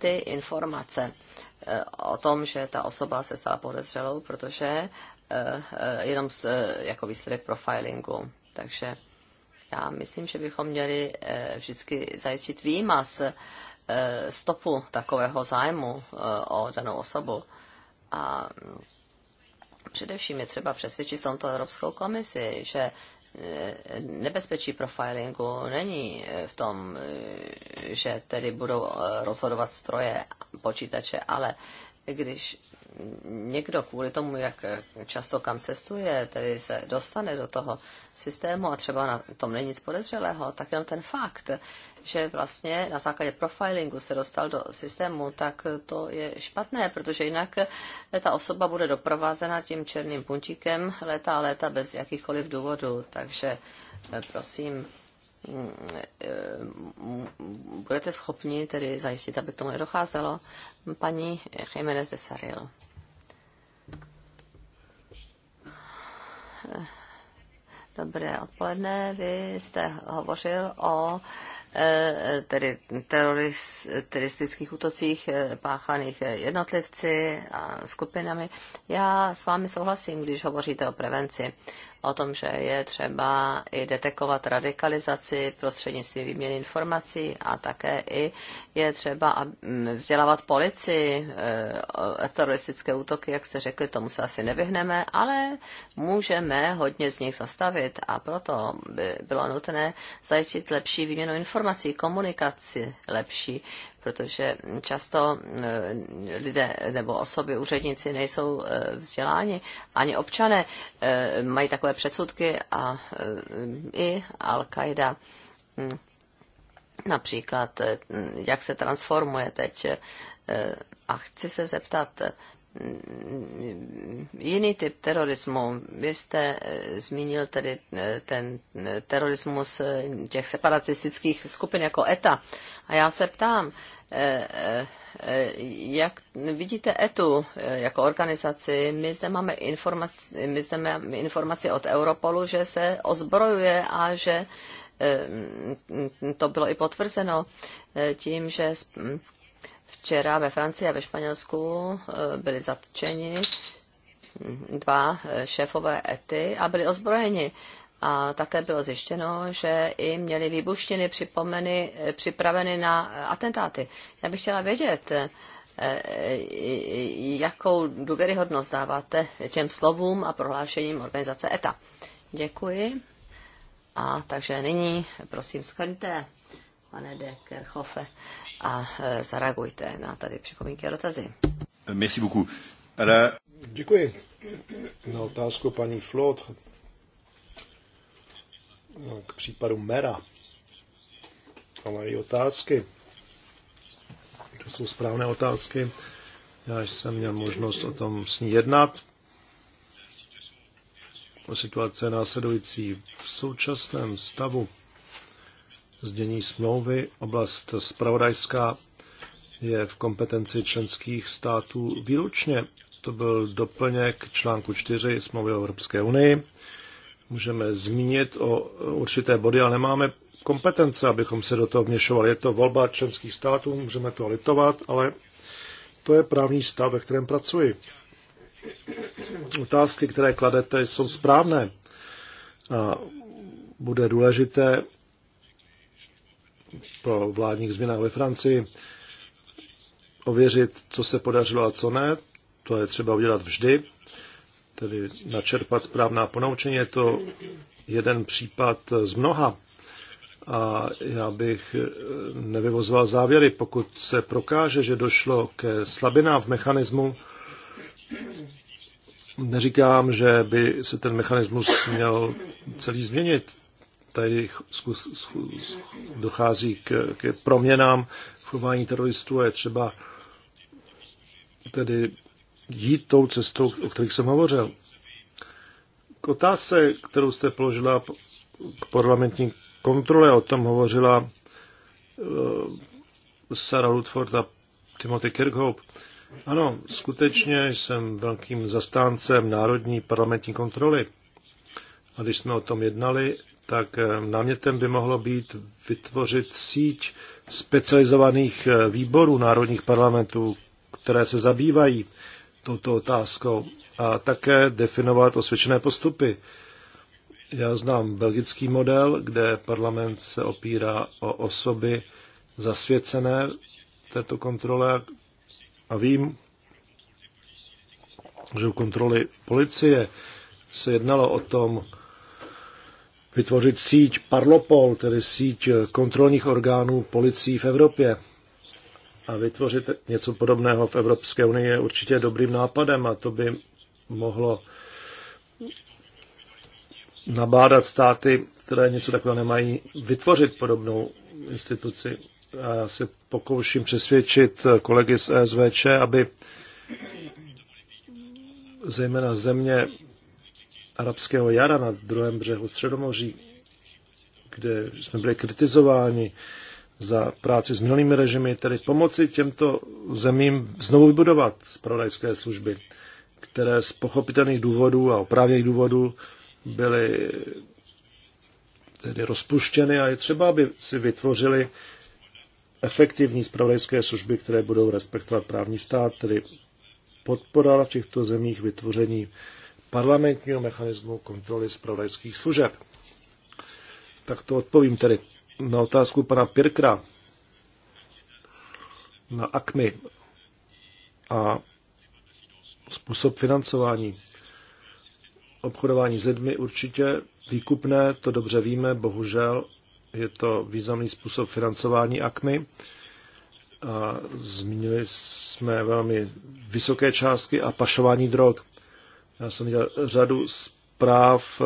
ty informace eh, o tom, že ta osoba se stala podezřelou, protože Eh, eh, jenom z, eh, jako výsledek profilingu. Takže já myslím, že bychom měli vždycky zajistit výmaz stopu takového zájmu o danou osobu. A především je třeba přesvědčit v tomto Evropskou komisi, že nebezpečí profilingu není v tom, že tedy budou rozhodovat stroje, počítače, ale když někdo kvůli tomu, jak často kam cestuje, tedy se dostane do toho systému a třeba na tom není nic podezřelého, tak jenom ten fakt, že vlastně na základě profilingu se dostal do systému, tak to je špatné, protože jinak ta osoba bude doprovázena tím černým puntíkem léta a léta bez jakýchkoliv důvodů. Takže eh, prosím, mm, eh, budete schopni tedy zajistit, aby k tomu nedocházelo. Paní Jiménez de Saril. Dobré odpoledne. Vy jste hovořil o e, tedy teroristických útocích e, páchaných jednotlivci a skupinami. Já s vámi souhlasím, když hovoříte o prevenci o tom, že je třeba i detekovat radikalizaci prostřednictvím výměny informací a také i je třeba mm, vzdělávat policii eh, teroristické útoky, jak jste řekli, tomu se asi nevyhneme, ale můžeme hodně z nich zastavit a proto by bylo nutné zajistit lepší výměnu informací, komunikaci lepší protože často eh, lidé nebo osoby, úředníci nejsou eh, vzděláni, ani občané eh, mají takové předsudky a i Al-Qaida hm, například, jak se transformuje teď. A chci se zeptat, jiný typ terorismu. Vy jste eh, zmínil tedy eh, ten eh, terorismus těch separatistických skupin jako ETA. A já se ptám, jak vidíte ETU jako organizaci? My zde máme informaci, my zde máme informaci od Europolu, že se ozbrojuje a že to bylo i potvrzeno tím, že Včera ve Francii a ve Španělsku eh, byli zatčeni dva eh, šéfové ety a byli ozbrojeni. A také bylo zjištěno, že i měli výbuštiny připomeny, eh, připraveny na atentáty. Já bych chtěla vědět, jakou důvěryhodnost dáváte těm slovům a prohlášením organizace ETA. Děkuji. A takže nyní, prosím, skrňte, pane de Kerchofe a e, zareagujte na tady připomínky a dotazy. Merci beaucoup. Ale... Děkuji. Na otázku paní Flot no, k případu Mera ale i otázky. To jsou správné otázky. Já jsem měl možnost o tom s ní jednat. O Situace následující. V současném stavu zdění smlouvy. Oblast spravodajská je v kompetenci členských států výlučně. To byl doplněk článku 4 smlouvy o Evropské unii. Můžeme zmínit o určité body, ale nemáme kompetence, abychom se do toho vměšovali. Je to volba členských států, můžeme to litovat, ale to je právní stav, ve kterém pracuji. Otázky, které kladete, jsou správné. A bude důležité po vládních změnách ve Francii ověřit, co se podařilo a co ne. To je třeba udělat vždy, tedy načerpat správná ponaučení. Je to jeden případ z mnoha. A já bych eh, nevyvozoval závěry, pokud se prokáže, že došlo ke slabinám v mechanismu. Neříkám, že by se ten mechanismus měl celý změnit tady zkus, dochází k, k proměnám v chování teroristů a je třeba tedy jít tou cestou, o kterých jsem hovořil. K otázce, kterou jste položila k parlamentní kontrole, o tom hovořila e, Sarah Ludford a Timothy Kirkhope. Ano, skutečně jsem velkým zastáncem národní parlamentní kontroly. A když jsme o tom jednali, tak eh, námětem by mohlo být vytvořit síť specializovaných eh, výborů národních parlamentů, které se zabývají touto otázkou a také definovat osvědčené postupy. Já znám belgický model, kde parlament se opírá o osoby zasvěcené této kontrole a vím, že u kontroly policie se jednalo o tom, vytvořit síť Parlopol, tedy síť kontrolních orgánů policií v Evropě. A vytvořit něco podobného v Evropské unii je určitě dobrým nápadem a to by mohlo nabádat státy, které něco takového nemají, vytvořit podobnou instituci. A já se pokouším přesvědčit kolegy z ESVČ, aby zejména země arabského jara na druhém břehu Středomoří, kde jsme byli kritizováni za práci s minulými režimy, tedy pomoci těmto zemím znovu vybudovat spravodajské služby, které z pochopitelných důvodů a oprávněných důvodů byly tedy rozpuštěny a je třeba, aby si vytvořili efektivní spravodajské služby, které budou respektovat právní stát, tedy podpora v těchto zemích vytvoření parlamentního mechanismu kontroly zpravodajských služeb. Tak to odpovím tedy na otázku pana Pirkra na ACMI a způsob financování. Obchodování zedmi určitě výkupné, to dobře víme, bohužel je to významný způsob financování ACMI. A zmínili jsme velmi vysoké částky a pašování drog. Já jsem viděl řadu zpráv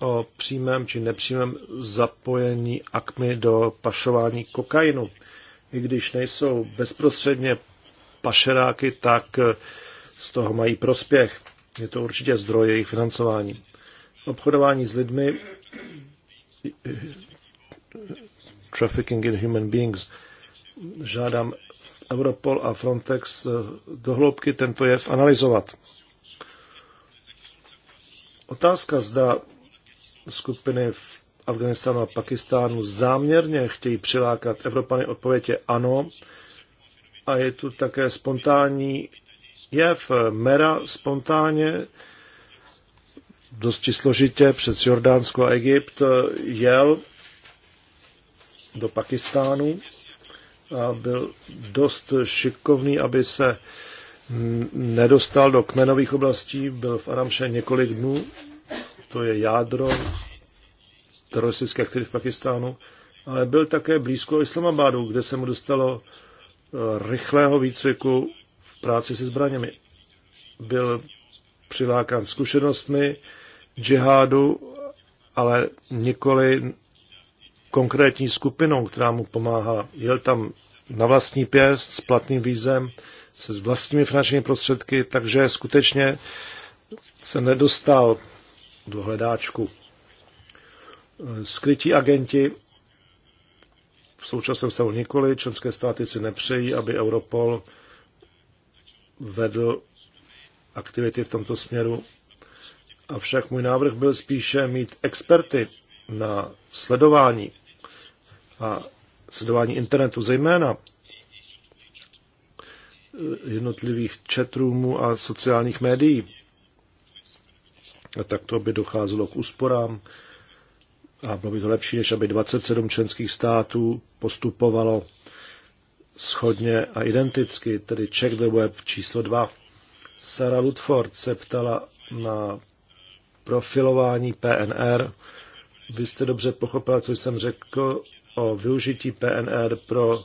o přímém či nepřímém zapojení akmy do pašování kokainu. I když nejsou bezprostředně pašeráky, tak z toho mají prospěch. Je to určitě zdroj jejich financování. Obchodování s lidmi, trafficking in human beings, žádám Europol a Frontex dohloubky tento jev analyzovat. Otázka, zda skupiny v Afganistánu a Pakistánu záměrně chtějí přilákat Evropany, odpověď je ano. A je tu také spontánní jev. Mera spontánně, dosti složitě přes Jordánsko a Egypt jel do Pakistánu a byl dost šikovný, aby se uh, nedostal do kmenových oblastí, byl v Aramše několik dnů, to je jádro teroristické aktivity v Pakistánu, ale byl také blízko Islamabadu, kde se mu dostalo eh, rychlého výcviku v práci se zbraněmi. Byl přilákán zkušenostmi džihádu, ale nikoli konkrétní skupinou, která mu pomáhá. Jel tam na vlastní pěst s platným vízem, se s vlastními finančními prostředky, takže skutečně se nedostal do hledáčku. Skrytí agenti v současném stavu nikoli. Členské státy si nepřejí, aby Europol vedl aktivity v tomto směru. Avšak můj návrh byl spíše mít experty na sledování a sledování internetu zejména jednotlivých chatroomů a sociálních médií. A takto by docházelo k úsporám a bylo by to lepší, než aby 27 členských států postupovalo schodně a identicky, tedy Check the Web číslo 2. Sarah Ludford se ptala na profilování PNR. Vy jste dobře pochopila, co jsem řekl o využití PNR pro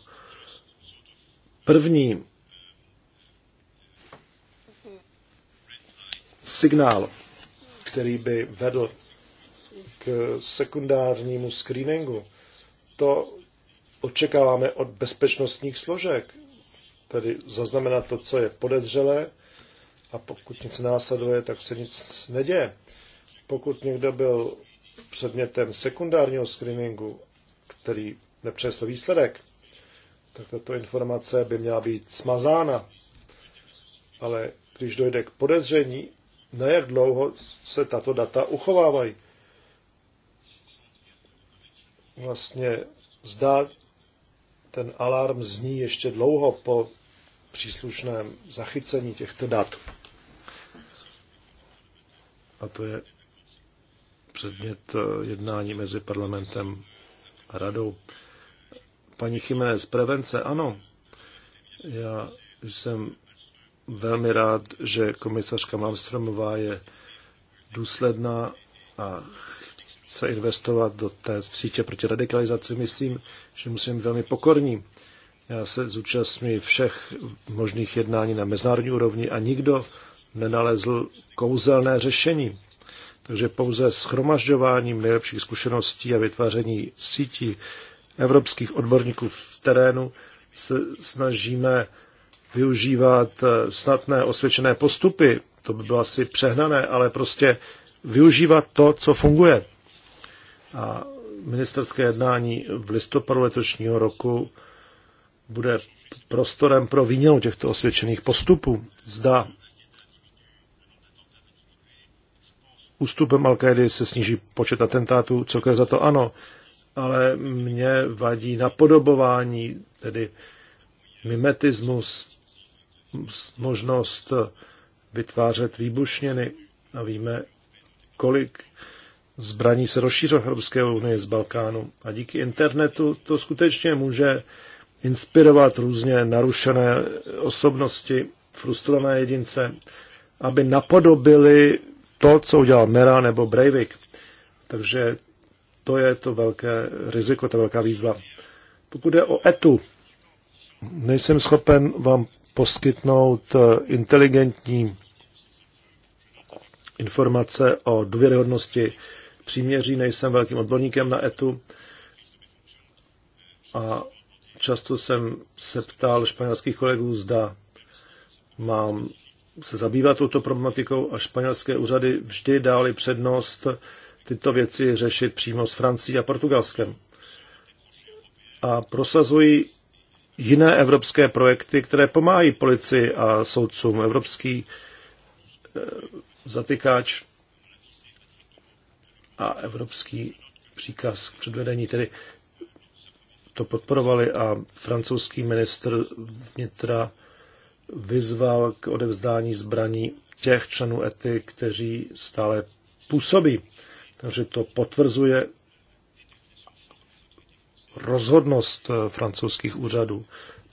první signál, který by vedl k sekundárnímu screeningu. To očekáváme od bezpečnostních složek, tedy zaznamenat to, co je podezřelé, a pokud nic následuje, tak se nic neděje. Pokud někdo byl předmětem sekundárního screeningu, který nepřesl výsledek, tak tato informace by měla být smazána. Ale když dojde k podezření, na jak dlouho se tato data uchovávají. Vlastně zdá ten alarm zní ještě dlouho po příslušném zachycení těchto dat. A to je předmět eh, jednání mezi parlamentem a radou. Paní z prevence, ano. Já jsem velmi rád, že komisařka Malmstromová je důsledná a chce investovat do té sítě proti radikalizaci. Myslím, že musím být velmi pokorní. Já se zúčastňuji všech možných jednání na mezinárodní úrovni a nikdo nenalezl kouzelné řešení. Takže pouze schromažďováním nejlepších zkušeností a vytváření sítí evropských odborníků v terénu se snažíme využívat eh, snadné osvědčené postupy, to by bylo asi přehnané, ale prostě využívat to, co funguje. A ministerské jednání v listopadu letošního roku bude prostorem pro výměnu těchto osvědčených postupů. Zda ústupem al se sníží počet atentátů, celkem za to ano, ale mě vadí napodobování, tedy mimetismus možnost vytvářet výbušněny a víme, kolik zbraní se rozšířilo v Evropské unii z Balkánu. A díky internetu to skutečně může inspirovat různě narušené osobnosti, frustrované jedince, aby napodobili to, co udělal Mera nebo Breivik. Takže to je to velké riziko, ta velká výzva. Pokud je o etu, nejsem schopen vám poskytnout eh, inteligentní informace o důvěryhodnosti příměří. Nejsem velkým odborníkem na ETU a často jsem se ptal španělských kolegů, zda mám se zabývat touto problematikou a španělské úřady vždy dali přednost tyto věci řešit přímo s Francií a Portugalskem. A prosazují jiné evropské projekty, které pomáhají policii a soudcům. Evropský eh, zatykáč a evropský příkaz k předvedení, tedy to podporovali a francouzský ministr vnitra vyzval k odevzdání zbraní těch členů ety, kteří stále působí. Takže to potvrzuje rozhodnost eh, francouzských úřadů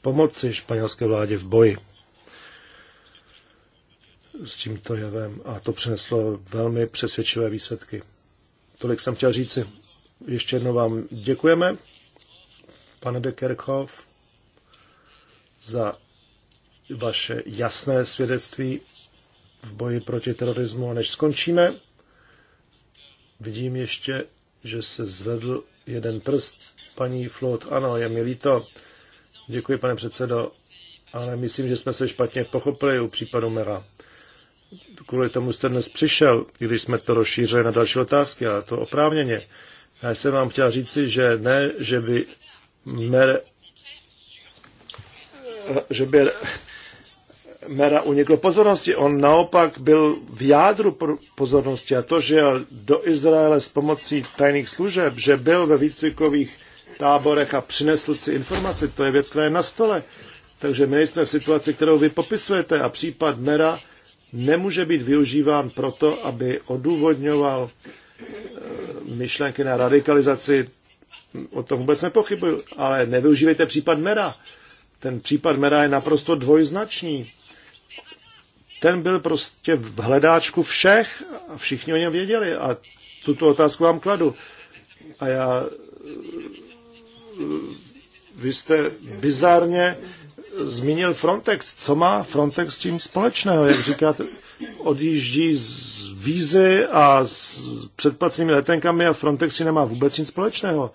pomoci španělské vládě v boji s tímto jevem a to přineslo velmi přesvědčivé výsledky. Tolik jsem chtěl říci. Ještě jednou vám děkujeme, pane de Kerkhoff, za vaše jasné svědectví v boji proti terorismu. A než skončíme, vidím ještě, že se zvedl jeden prst, Paní Flut, ano, je mi líto. Děkuji, pane předsedo, ale myslím, že jsme se špatně pochopili u případu Mera. Kvůli tomu jste dnes přišel, když jsme to rozšířili na další otázky, a to oprávněně. Já jsem vám chtěl říci, že ne, že by Mer, že by Mera uniklo pozornosti. On naopak byl v jádru pozornosti a to, že jel do Izraele s pomocí tajných služeb, že byl ve výcvikových táborech a přinesl si informaci. To je věc, která je na stole. Takže my jsme v situaci, kterou vy popisujete a případ Mera nemůže být využíván proto, aby odůvodňoval eh, myšlenky na radikalizaci. O tom vůbec nepochybuji, ale nevyužívejte případ Mera. Ten případ Mera je naprosto dvojznačný. Ten byl prostě v hledáčku všech a všichni o něm věděli a tuto otázku vám kladu. A já vy jste bizárně zmínil Frontex. Co má Frontex s tím společného? Jak říkáte, odjíždí z vízy a s předplacenými letenkami a Frontex si nemá vůbec nic společného.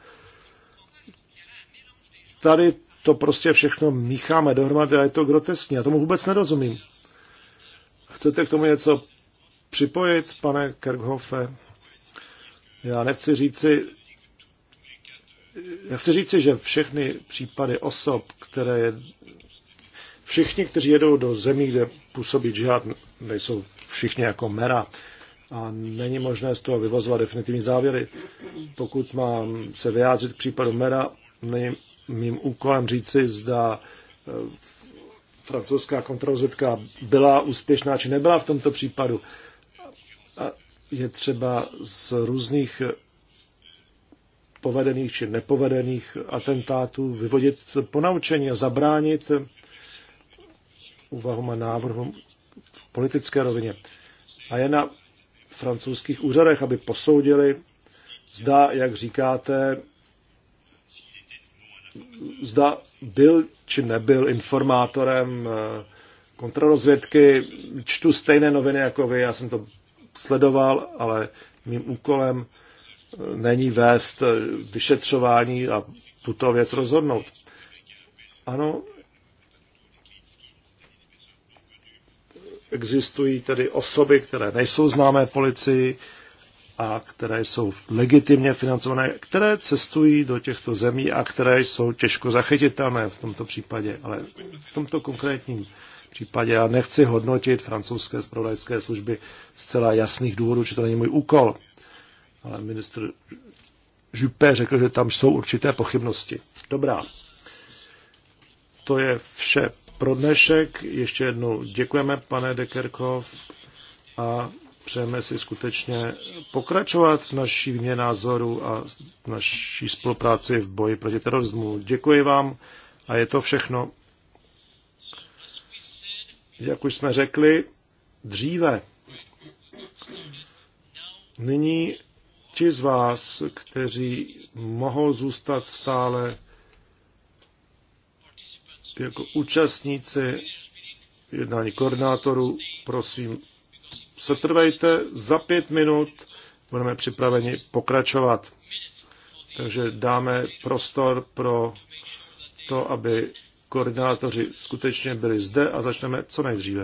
Tady to prostě všechno mícháme dohromady a je to groteskní. Já tomu vůbec nerozumím. Chcete k tomu něco připojit, pane Kerkhofe? Já nechci říci, já chci říci, že všechny případy osob, které je, všichni, kteří jedou do zemí, kde působí džihad, nejsou všichni jako mera a není možné z toho vyvozovat definitivní závěry. Pokud mám se vyjádřit k případu mera, není mým úkolem říci, zda e, francouzská kontrarozvědka byla úspěšná či nebyla v tomto případu. A je třeba z různých povedených či nepovedených atentátů, vyvodit ponaučení a zabránit úvahům a návrhům v politické rovině. A je na francouzských úřadech, aby posoudili, zda, jak říkáte, zda byl či nebyl informátorem eh, kontrarozvědky. Čtu stejné noviny jako vy, já jsem to sledoval, ale mým úkolem není vést eh, vyšetřování a tuto věc rozhodnout. Ano, existují tedy osoby, které nejsou známé policii a které jsou legitimně financované, které cestují do těchto zemí a které jsou těžko zachytitelné v tomto případě. Ale v tomto konkrétním případě já nechci hodnotit francouzské spravodajské služby zcela celá jasných důvodů, že to není můj úkol ale ministr Juppé řekl, že tam jsou určité pochybnosti. Dobrá. To je vše pro dnešek. Ještě jednou děkujeme, pane Dekerkov, a přejeme si skutečně pokračovat v naší vně názoru a naší spolupráci v boji proti terorismu. Děkuji vám a je to všechno. Jak už jsme řekli, dříve. Nyní Ti z vás, kteří mohou zůstat v sále jako účastníci jednání koordinátorů, prosím, setrvejte za pět minut, budeme připraveni pokračovat. Takže dáme prostor pro to, aby koordinátoři skutečně byli zde a začneme co nejdříve.